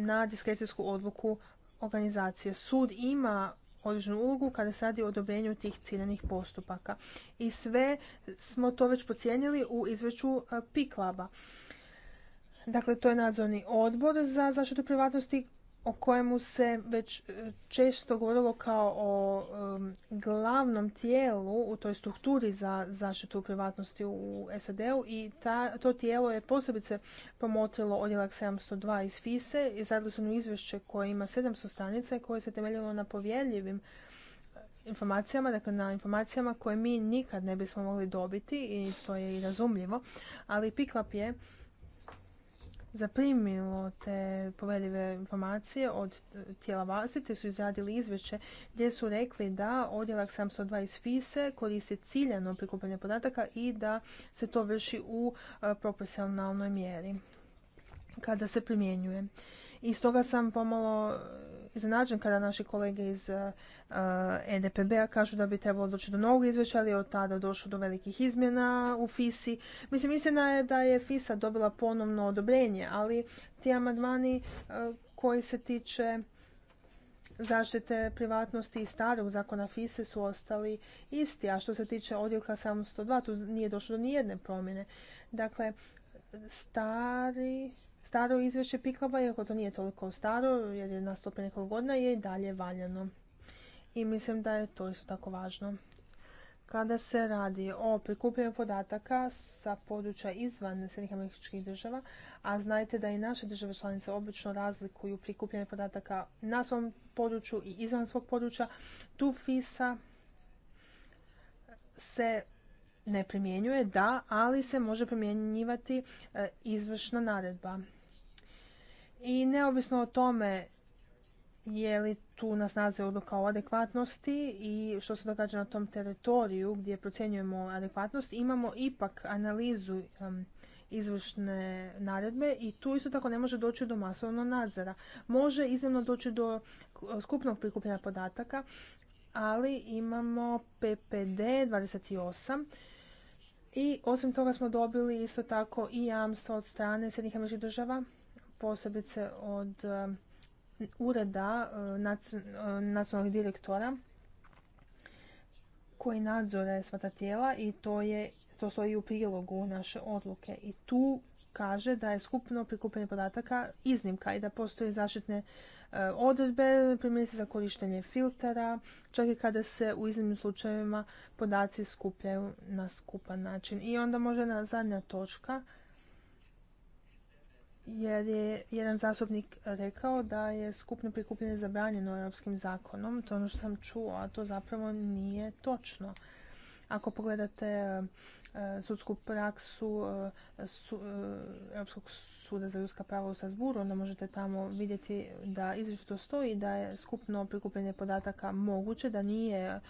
na diskrecijsku odluku organizacije. Sud ima određenu ulogu kada se radi o odobrenju tih ciljenih postupaka. I sve smo to već pocijenili u izveću e, piklaba. Dakle, to je nadzorni odbor za zaštitu privatnosti o kojemu se već e, često govorilo kao o glavnom tijelu u toj strukturi za zaštitu privatnosti u SAD-u i ta, to tijelo je posebice pomotilo odjelak 702 iz FISE i zadali su izvješće koje ima 700 stranica i koje se temeljilo na povjerljivim e, informacijama, dakle na informacijama koje mi nikad ne bismo mogli dobiti i to je i razumljivo, ali Piklap je zaprimilo te povedive informacije od e, tijela vlasti te su izradili izvješće gdje su rekli da odjelak 702 iz FISE koristi ciljano prikupljanje podataka i da se to vrši u e, profesionalnoj mjeri kada se primjenjuje. I stoga sam pomalo iznenađen kada naši kolege iz uh, eh, EDPB-a eh, kažu da bi trebalo doći do novog izvješća, ali od tada došlo do velikih izmjena u FISI. Mislim, istina je da je FISA dobila ponovno odobrenje, ali ti amandmani eh, koji se tiče zaštite privatnosti i starog zakona FISE su ostali isti, a što se tiče odjeljka 702, tu nije došlo do nijedne promjene. Dakle, stari staro izvješće Pikaba, iako to nije toliko staro, jer je nastupio nekoliko godina, je i dalje valjano. I mislim da je to isto tako važno. Kada se radi o prikupljenju podataka sa područja izvan Srednjih američkih država, a znajte da i naše države članice obično razlikuju prikupljanje podataka na svom području i izvan svog područja, tu FISA se ne primjenjuje, da, ali se može primjenjivati e, izvršna naredba. I neovisno o tome je li tu nas snazi odluka o adekvatnosti i što se događa na tom teritoriju gdje procjenjujemo adekvatnost, imamo ipak analizu izvršne naredbe i tu isto tako ne može doći do masovnog nadzora. Može iznimno doći do skupnog prikupljanja podataka, ali imamo PPD 28 i osim toga smo dobili isto tako i jamstvo od strane Srednjih američkih država posebice od eh, ureda eh, eh, nacionalnih direktora koji nadzore sva ta tijela i to, je, to stoji u prilogu naše odluke. I tu kaže da je skupno prikupljanje podataka iznimka i da postoje zaštitne odredbe, primjerice za korištenje filtera, čak i kada se u iznimnim slučajevima podaci skupljaju na skupan način. I onda može na zadnja točka jer je jedan zastupnik rekao da je skupno prikupljenje zabranjeno europskim zakonom. To je ono što sam čuo, a to zapravo nije točno. Ako pogledate e, e, sudsku praksu e, Europskog suda za ljudska prava u Sazburu, onda možete tamo vidjeti da izričito stoji da je skupno prikupljanje podataka moguće, da nije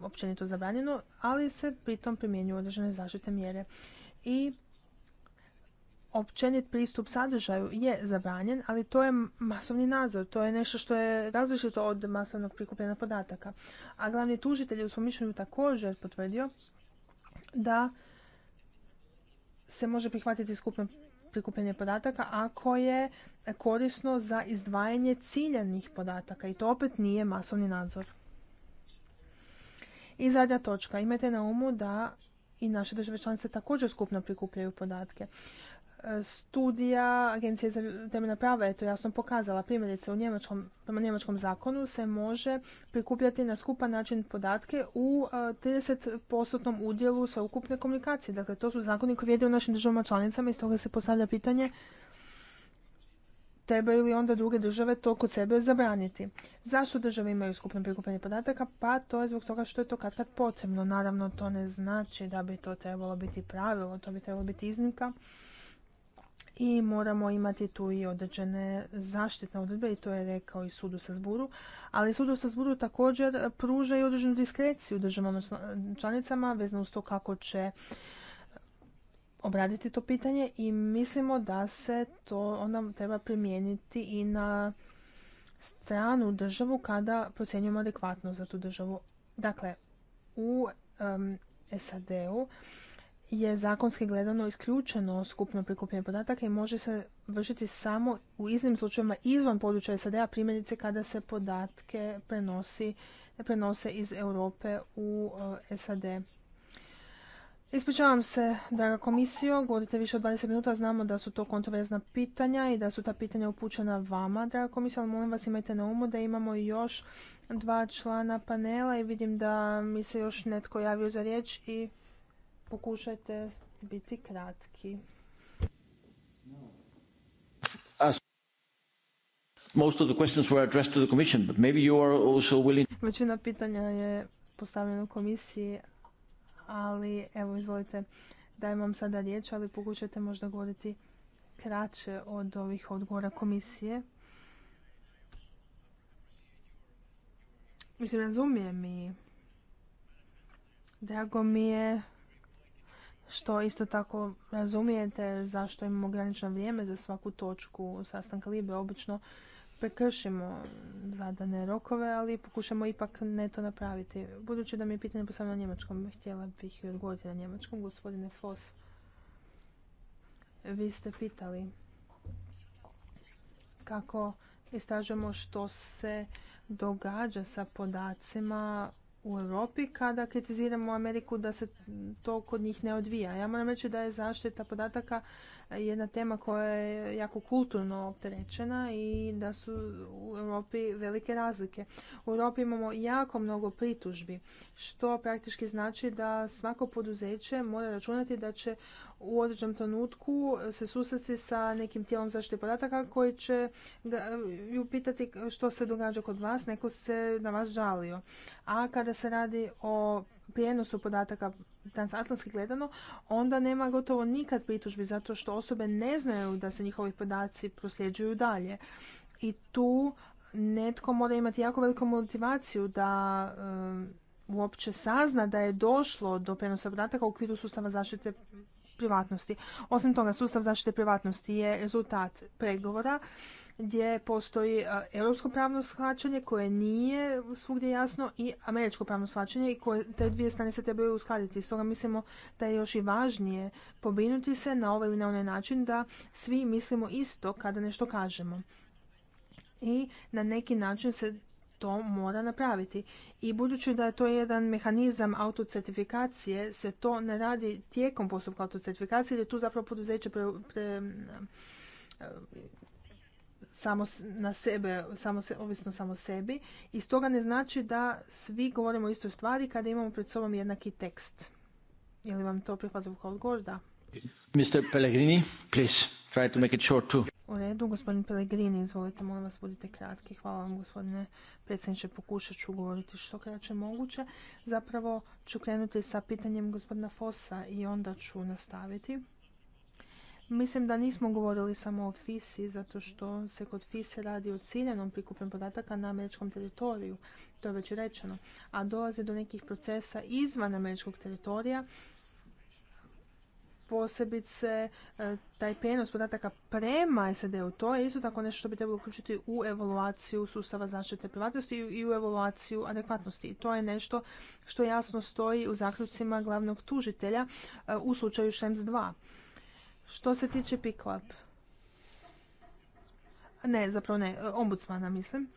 općenito zabranjeno, ali se pritom primjenjuju određene zaštite mjere. I općenit pristup sadržaju je zabranjen, ali to je masovni nadzor, to je nešto što je različito od masovnog prikupljena podataka. A glavni tužitelj je u svom mišljenju također potvrdio da se može prihvatiti skupno prikupljenje podataka ako je korisno za izdvajanje ciljanih podataka i to opet nije masovni nadzor. I zadnja točka. Imajte na umu da i naše države članice također skupno prikupljaju podatke studija Agencije za temeljna prava je to jasno pokazala. Primjerice, u njemačkom, prema njemačkom zakonu se može prikupljati na skupan način podatke u 30% e, udjelu sveukupne komunikacije. Dakle, to su zakoni koji vrijede u našim državama članicama i stoga se postavlja pitanje treba li onda druge države to kod sebe zabraniti. Zašto države imaju skupno prikupljanje podataka? Pa to je zbog toga što je to kad, kad potrebno. Naravno, to ne znači da bi to trebalo biti pravilo, to bi trebalo biti iznimka i moramo imati tu i određene zaštitne odredbe i to je rekao i Sudu sa zburu. Ali Sudu sa zburu također pruža i određenu diskreciju državama članicama vezano uz to kako će obraditi to pitanje i mislimo da se to onda treba primijeniti i na stranu državu kada procjenjujemo adekvatno za tu državu. Dakle, u SAD-u je zakonski gledano isključeno skupno prikupljanje podataka i može se vršiti samo u iznim slučajevima izvan područja SAD-a, primjerice kada se podatke prenosi, prenose iz Europe u e, SAD. Ispričavam se, draga komisijo, govorite više od 20 minuta, znamo da su to kontroverzna pitanja i da su ta pitanja upućena vama, draga komisija, ali molim vas imajte na umu da imamo još dva člana panela i vidim da mi se još netko javio za riječ i Pokušajte biti kratki. Most of the questions were addressed to the commission, but maybe you are also willing... Većina pitanja je postavljena u komisiji, ali evo izvolite, dajem vam sada riječ, ali pokušajte možda govoriti kraće od ovih odgovora komisije. Mislim, razumijem i drago mi je što isto tako razumijete zašto imamo ograničeno vrijeme za svaku točku sastanka Libe. Obično prekršimo zadane rokove, ali pokušamo ipak ne to napraviti. Budući da mi je pitanje postavljeno na njemačkom, htjela bih odgovoriti na njemačkom. Gospodine Fos, vi ste pitali kako istražujemo što se događa sa podacima u Europi kada kritiziramo Ameriku da se to kod njih ne odvija. Ja moram reći da je zaštita podataka jedna tema koja je jako kulturno opterećena i da su u Europi velike razlike. U Europi imamo jako mnogo pritužbi, što praktički znači da svako poduzeće mora računati da će u određenom trenutku se susresti sa nekim tijelom zaštite podataka koji će ju pitati što se događa kod vas, neko se na vas žalio. A kada se radi o prijenosu podataka transatlantski gledano, onda nema gotovo nikad pritužbi zato što osobe ne znaju da se njihovi podaci prosljeđuju dalje. I tu netko mora imati jako veliku motivaciju da um, uopće sazna da je došlo do prijenosa podataka u okviru sustava zaštite privatnosti. Osim toga, sustav zaštite privatnosti je rezultat pregovora gdje postoji europsko pravno shvaćanje koje nije svugdje jasno i američko pravno shvaćanje i koje te dvije strane se trebaju uskladiti. Stoga mislimo da je još i važnije pobrinuti se na ovaj ili na onaj način da svi mislimo isto kada nešto kažemo. I na neki način se to mora napraviti. I budući da je to jedan mehanizam autocertifikacije, se to ne radi tijekom postupka autocertifikacije, jer je tu zapravo poduzeće pre samo na sebe, samo se, ovisno samo sebi i stoga ne znači da svi govorimo o istoj stvari kada imamo pred sobom jednaki tekst. Je li vam to prihvatljiv kao odgovor? Da. Mr. Pellegrini, please, try to make it short too. U redu, gospodin Pellegrini, izvolite, molim vas, budite kratki. Hvala vam, gospodine predsjedniče, pokušat ću govoriti što kraće moguće. Zapravo ću krenuti sa pitanjem gospodina Fosa i onda ću nastaviti. Mislim da nismo govorili samo o FISI, zato što se kod FISE radi o ciljenom prikupljanju podataka na američkom teritoriju, to je već rečeno, a dolazi do nekih procesa izvan američkog teritorija, posebice e, taj prijenos podataka prema sed u to je isto tako nešto što bi trebalo uključiti u evaluaciju sustava zaštite privatnosti i u evaluaciju adekvatnosti. I to je nešto što jasno stoji u zaključcima glavnog tužitelja e, u slučaju šems 2. Što se tiče pick ne, zapravo ne, ombudsmana mislim,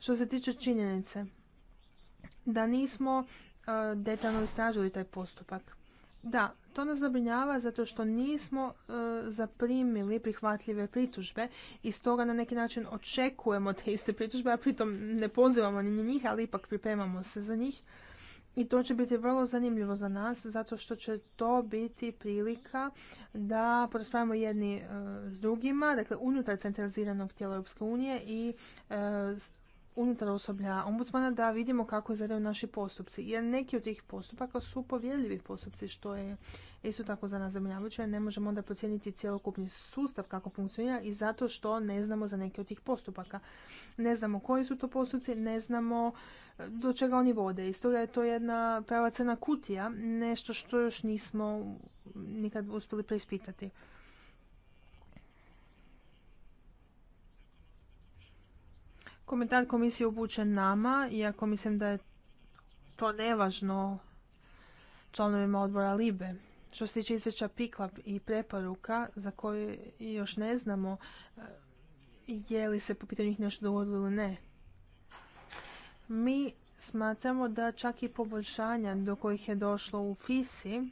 što se tiče činjenice da nismo e, detaljno istražili taj postupak. Da, to nas zabrinjava zato što nismo e, zaprimili prihvatljive pritužbe i stoga na neki način očekujemo te iste pritužbe, a pritom ne pozivamo ni njih, ali ipak pripremamo se za njih. I to će biti vrlo zanimljivo za nas, zato što će to biti prilika da poraspravimo jedni e, s drugima, dakle unutar centraliziranog tijela Europske unije i e, unutar osoblja ombudsmana da vidimo kako izgledaju naši postupci. Jer neki od tih postupaka su povjerljivi postupci, što je isto tako za nas Ne možemo onda procijeniti cjelokupni sustav kako funkcionira i zato što ne znamo za neke od tih postupaka. Ne znamo koji su to postupci, ne znamo e, do čega oni vode. I stoga je to jedna prava cena kutija, nešto što još nismo nikad uspjeli preispitati. Komentar komisije upućen nama, iako mislim da je to nevažno članovima odbora Libe. Što se tiče izvješća PIKLAP i preporuka za koje još ne znamo je li se po pitanju njih nešto dogodilo ili ne. Mi smatramo da čak i poboljšanja do kojih je došlo u FISI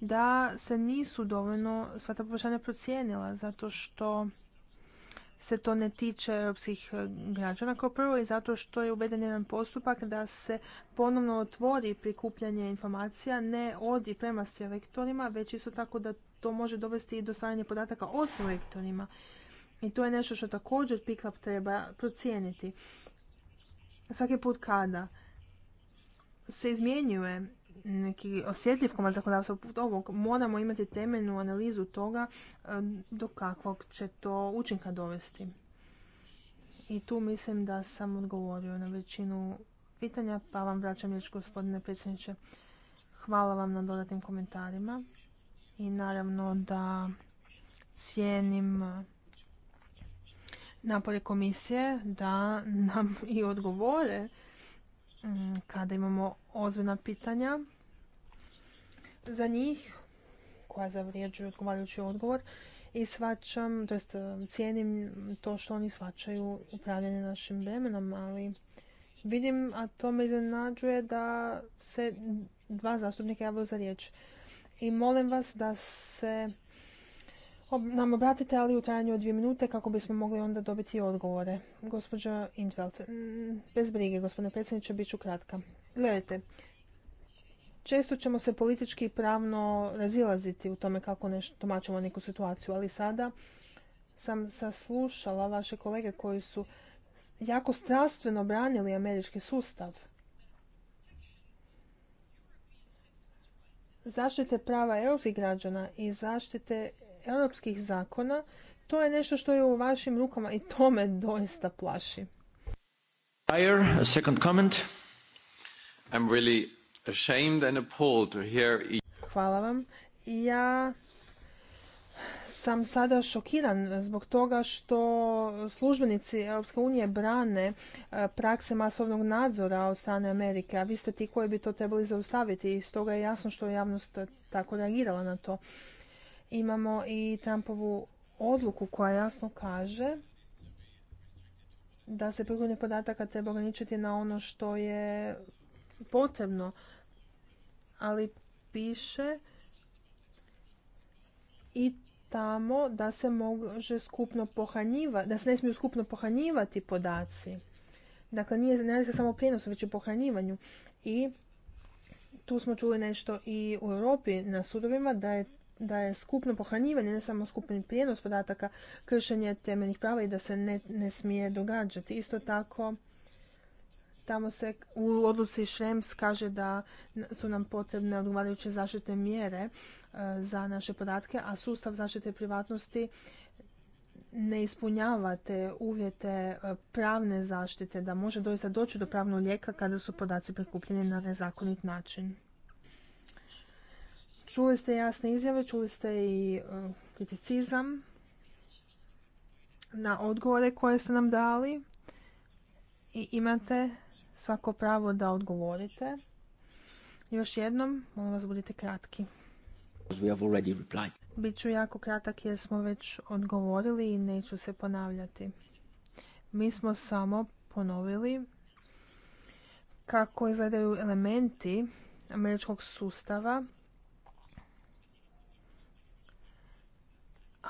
da se nisu dovoljno sva ta poboljšanja procijenila zato što se to ne tiče europskih e, građana kao prvo i zato što je uveden jedan postupak da se ponovno otvori prikupljanje informacija ne odi prema selektorima, već isto tako da to može dovesti i do stvaranja podataka o selektorima. I to je nešto što također PIKLAB treba procijeniti. Svaki put kada se izmjenjuje neki osjetljiv komad zakonodavstva poput ovog, moramo imati temeljnu analizu toga e, do kakvog će to učinka dovesti. I tu mislim da sam odgovorio na većinu pitanja, pa vam vraćam riječ gospodine predsjedniče. Hvala vam na dodatnim komentarima i naravno da cijenim napore komisije da nam i odgovore mm, kada imamo ozbiljna pitanja za njih koja zavrijeđuju odgovarajući odgovor i svačam, to jest um, cijenim to što oni svačaju upravljanje našim vremenom, ali vidim, a to me iznenađuje da se dva zastupnika javljaju za riječ. I molim vas da se nam obratite, ali u trajanju od dvije minute kako bismo mogli onda dobiti odgovore. Gospođa Intveld, bez brige, gospodine predsjedniče, bit ću kratka. Gledajte, često ćemo se politički i pravno razilaziti u tome kako nešto tumačimo neku situaciju, ali sada sam saslušala vaše kolege koji su jako strastveno branili američki sustav. Zaštite prava europskih građana i zaštite europskih zakona, to je nešto što je u vašim rukama i to me doista plaši. Hvala vam. Ja sam sada šokiran zbog toga što službenici Europske unije brane e, prakse masovnog nadzora od strane Amerike, a vi ste ti koji bi to trebali zaustaviti i stoga je jasno što je javnost tako reagirala na to imamo i Trumpovu odluku koja jasno kaže da se prikupljanje podataka treba ograničiti na ono što je potrebno, ali piše i tamo da se može skupno pohranjivati, da se ne smiju skupno pohranjivati podaci. Dakle, nije, ne se samo prijenosu, već i pohranjivanju. I tu smo čuli nešto i u Europi na sudovima da je da je skupno pohranjivanje, ne samo skupni prijenos podataka, kršenje temeljnih prava i da se ne, ne smije događati. Isto tako, tamo se u odluci Šrems kaže da su nam potrebne odgovarajuće zaštitne mjere e, za naše podatke, a sustav zaštite privatnosti ne ispunjavate uvjete e, pravne zaštite, da može doista doći do pravnog lijeka kada su podaci prikupljeni na nezakonit način. Čuli ste jasne izjave, čuli ste i e, kriticizam na odgovore koje ste nam dali i imate svako pravo da odgovorite. Još jednom, molim vas budite kratki. Biću jako kratak jer smo već odgovorili i neću se ponavljati. Mi smo samo ponovili kako izgledaju elementi američkog sustava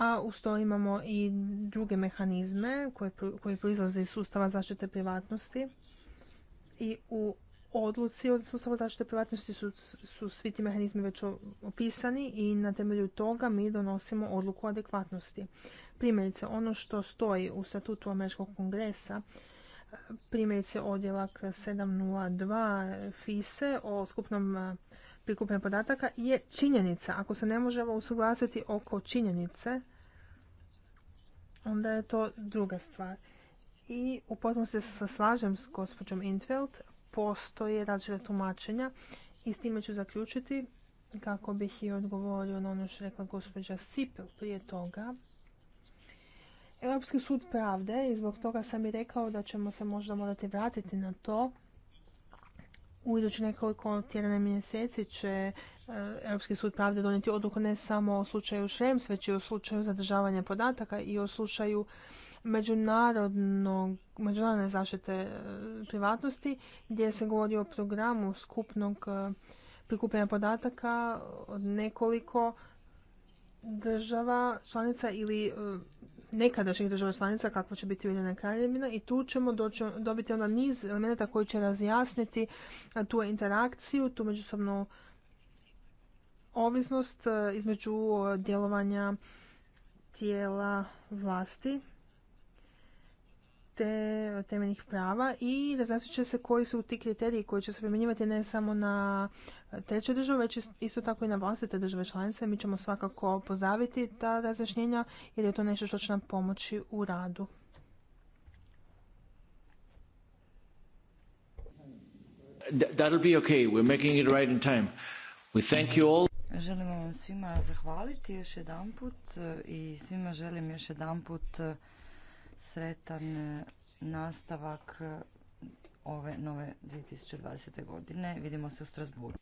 a uz to imamo i druge mehanizme koje, koji proizlaze iz sustava zaštite privatnosti i u odluci od sustava zaštite privatnosti su, su svi ti mehanizmi već opisani i na temelju toga mi donosimo odluku o adekvatnosti. Primjerice, ono što stoji u statutu Američkog kongresa, primjerice odjelak 702 FISE o skupnom prikupljanja podataka je činjenica. Ako se ne možemo usuglasiti oko činjenice, onda je to druga stvar. I u potpunosti se slažem s gospođom Infeld, postoje različite tumačenja i s time ću zaključiti kako bih i odgovorio na ono što je rekla gospođa Sipel prije toga. Europski sud pravde i zbog toga sam i rekao da ćemo se možda morati vratiti na to u idući nekoliko tjedana mjeseci će e, Europski sud pravde donijeti odluku ne samo o slučaju Šrems, već i o slučaju zadržavanja podataka i o slučaju međunarodne zaštite e, privatnosti gdje se govori o programu skupnog e, prikupljanja podataka od nekoliko država članica ili nekadašnjih država članica kako će biti Ujedinjena kraljevina i tu ćemo doći, dobiti onda niz elemenata koji će razjasniti tu interakciju, tu međusobnu ovisnost e, između djelovanja tijela vlasti te temeljnih prava i da će se koji su ti kriteriji koji će se primjenjivati ne samo na e, treće države, već isto tako i na vlastite države članice. Mi ćemo svakako pozaviti ta razjašnjenja jer je to nešto što će nam pomoći u radu. Želimo vam svima zahvaliti još put e, i svima želim još jedanput e, sretan e, nastavak e, ove nove 2020. godine. Vidimo se u Strasburgu.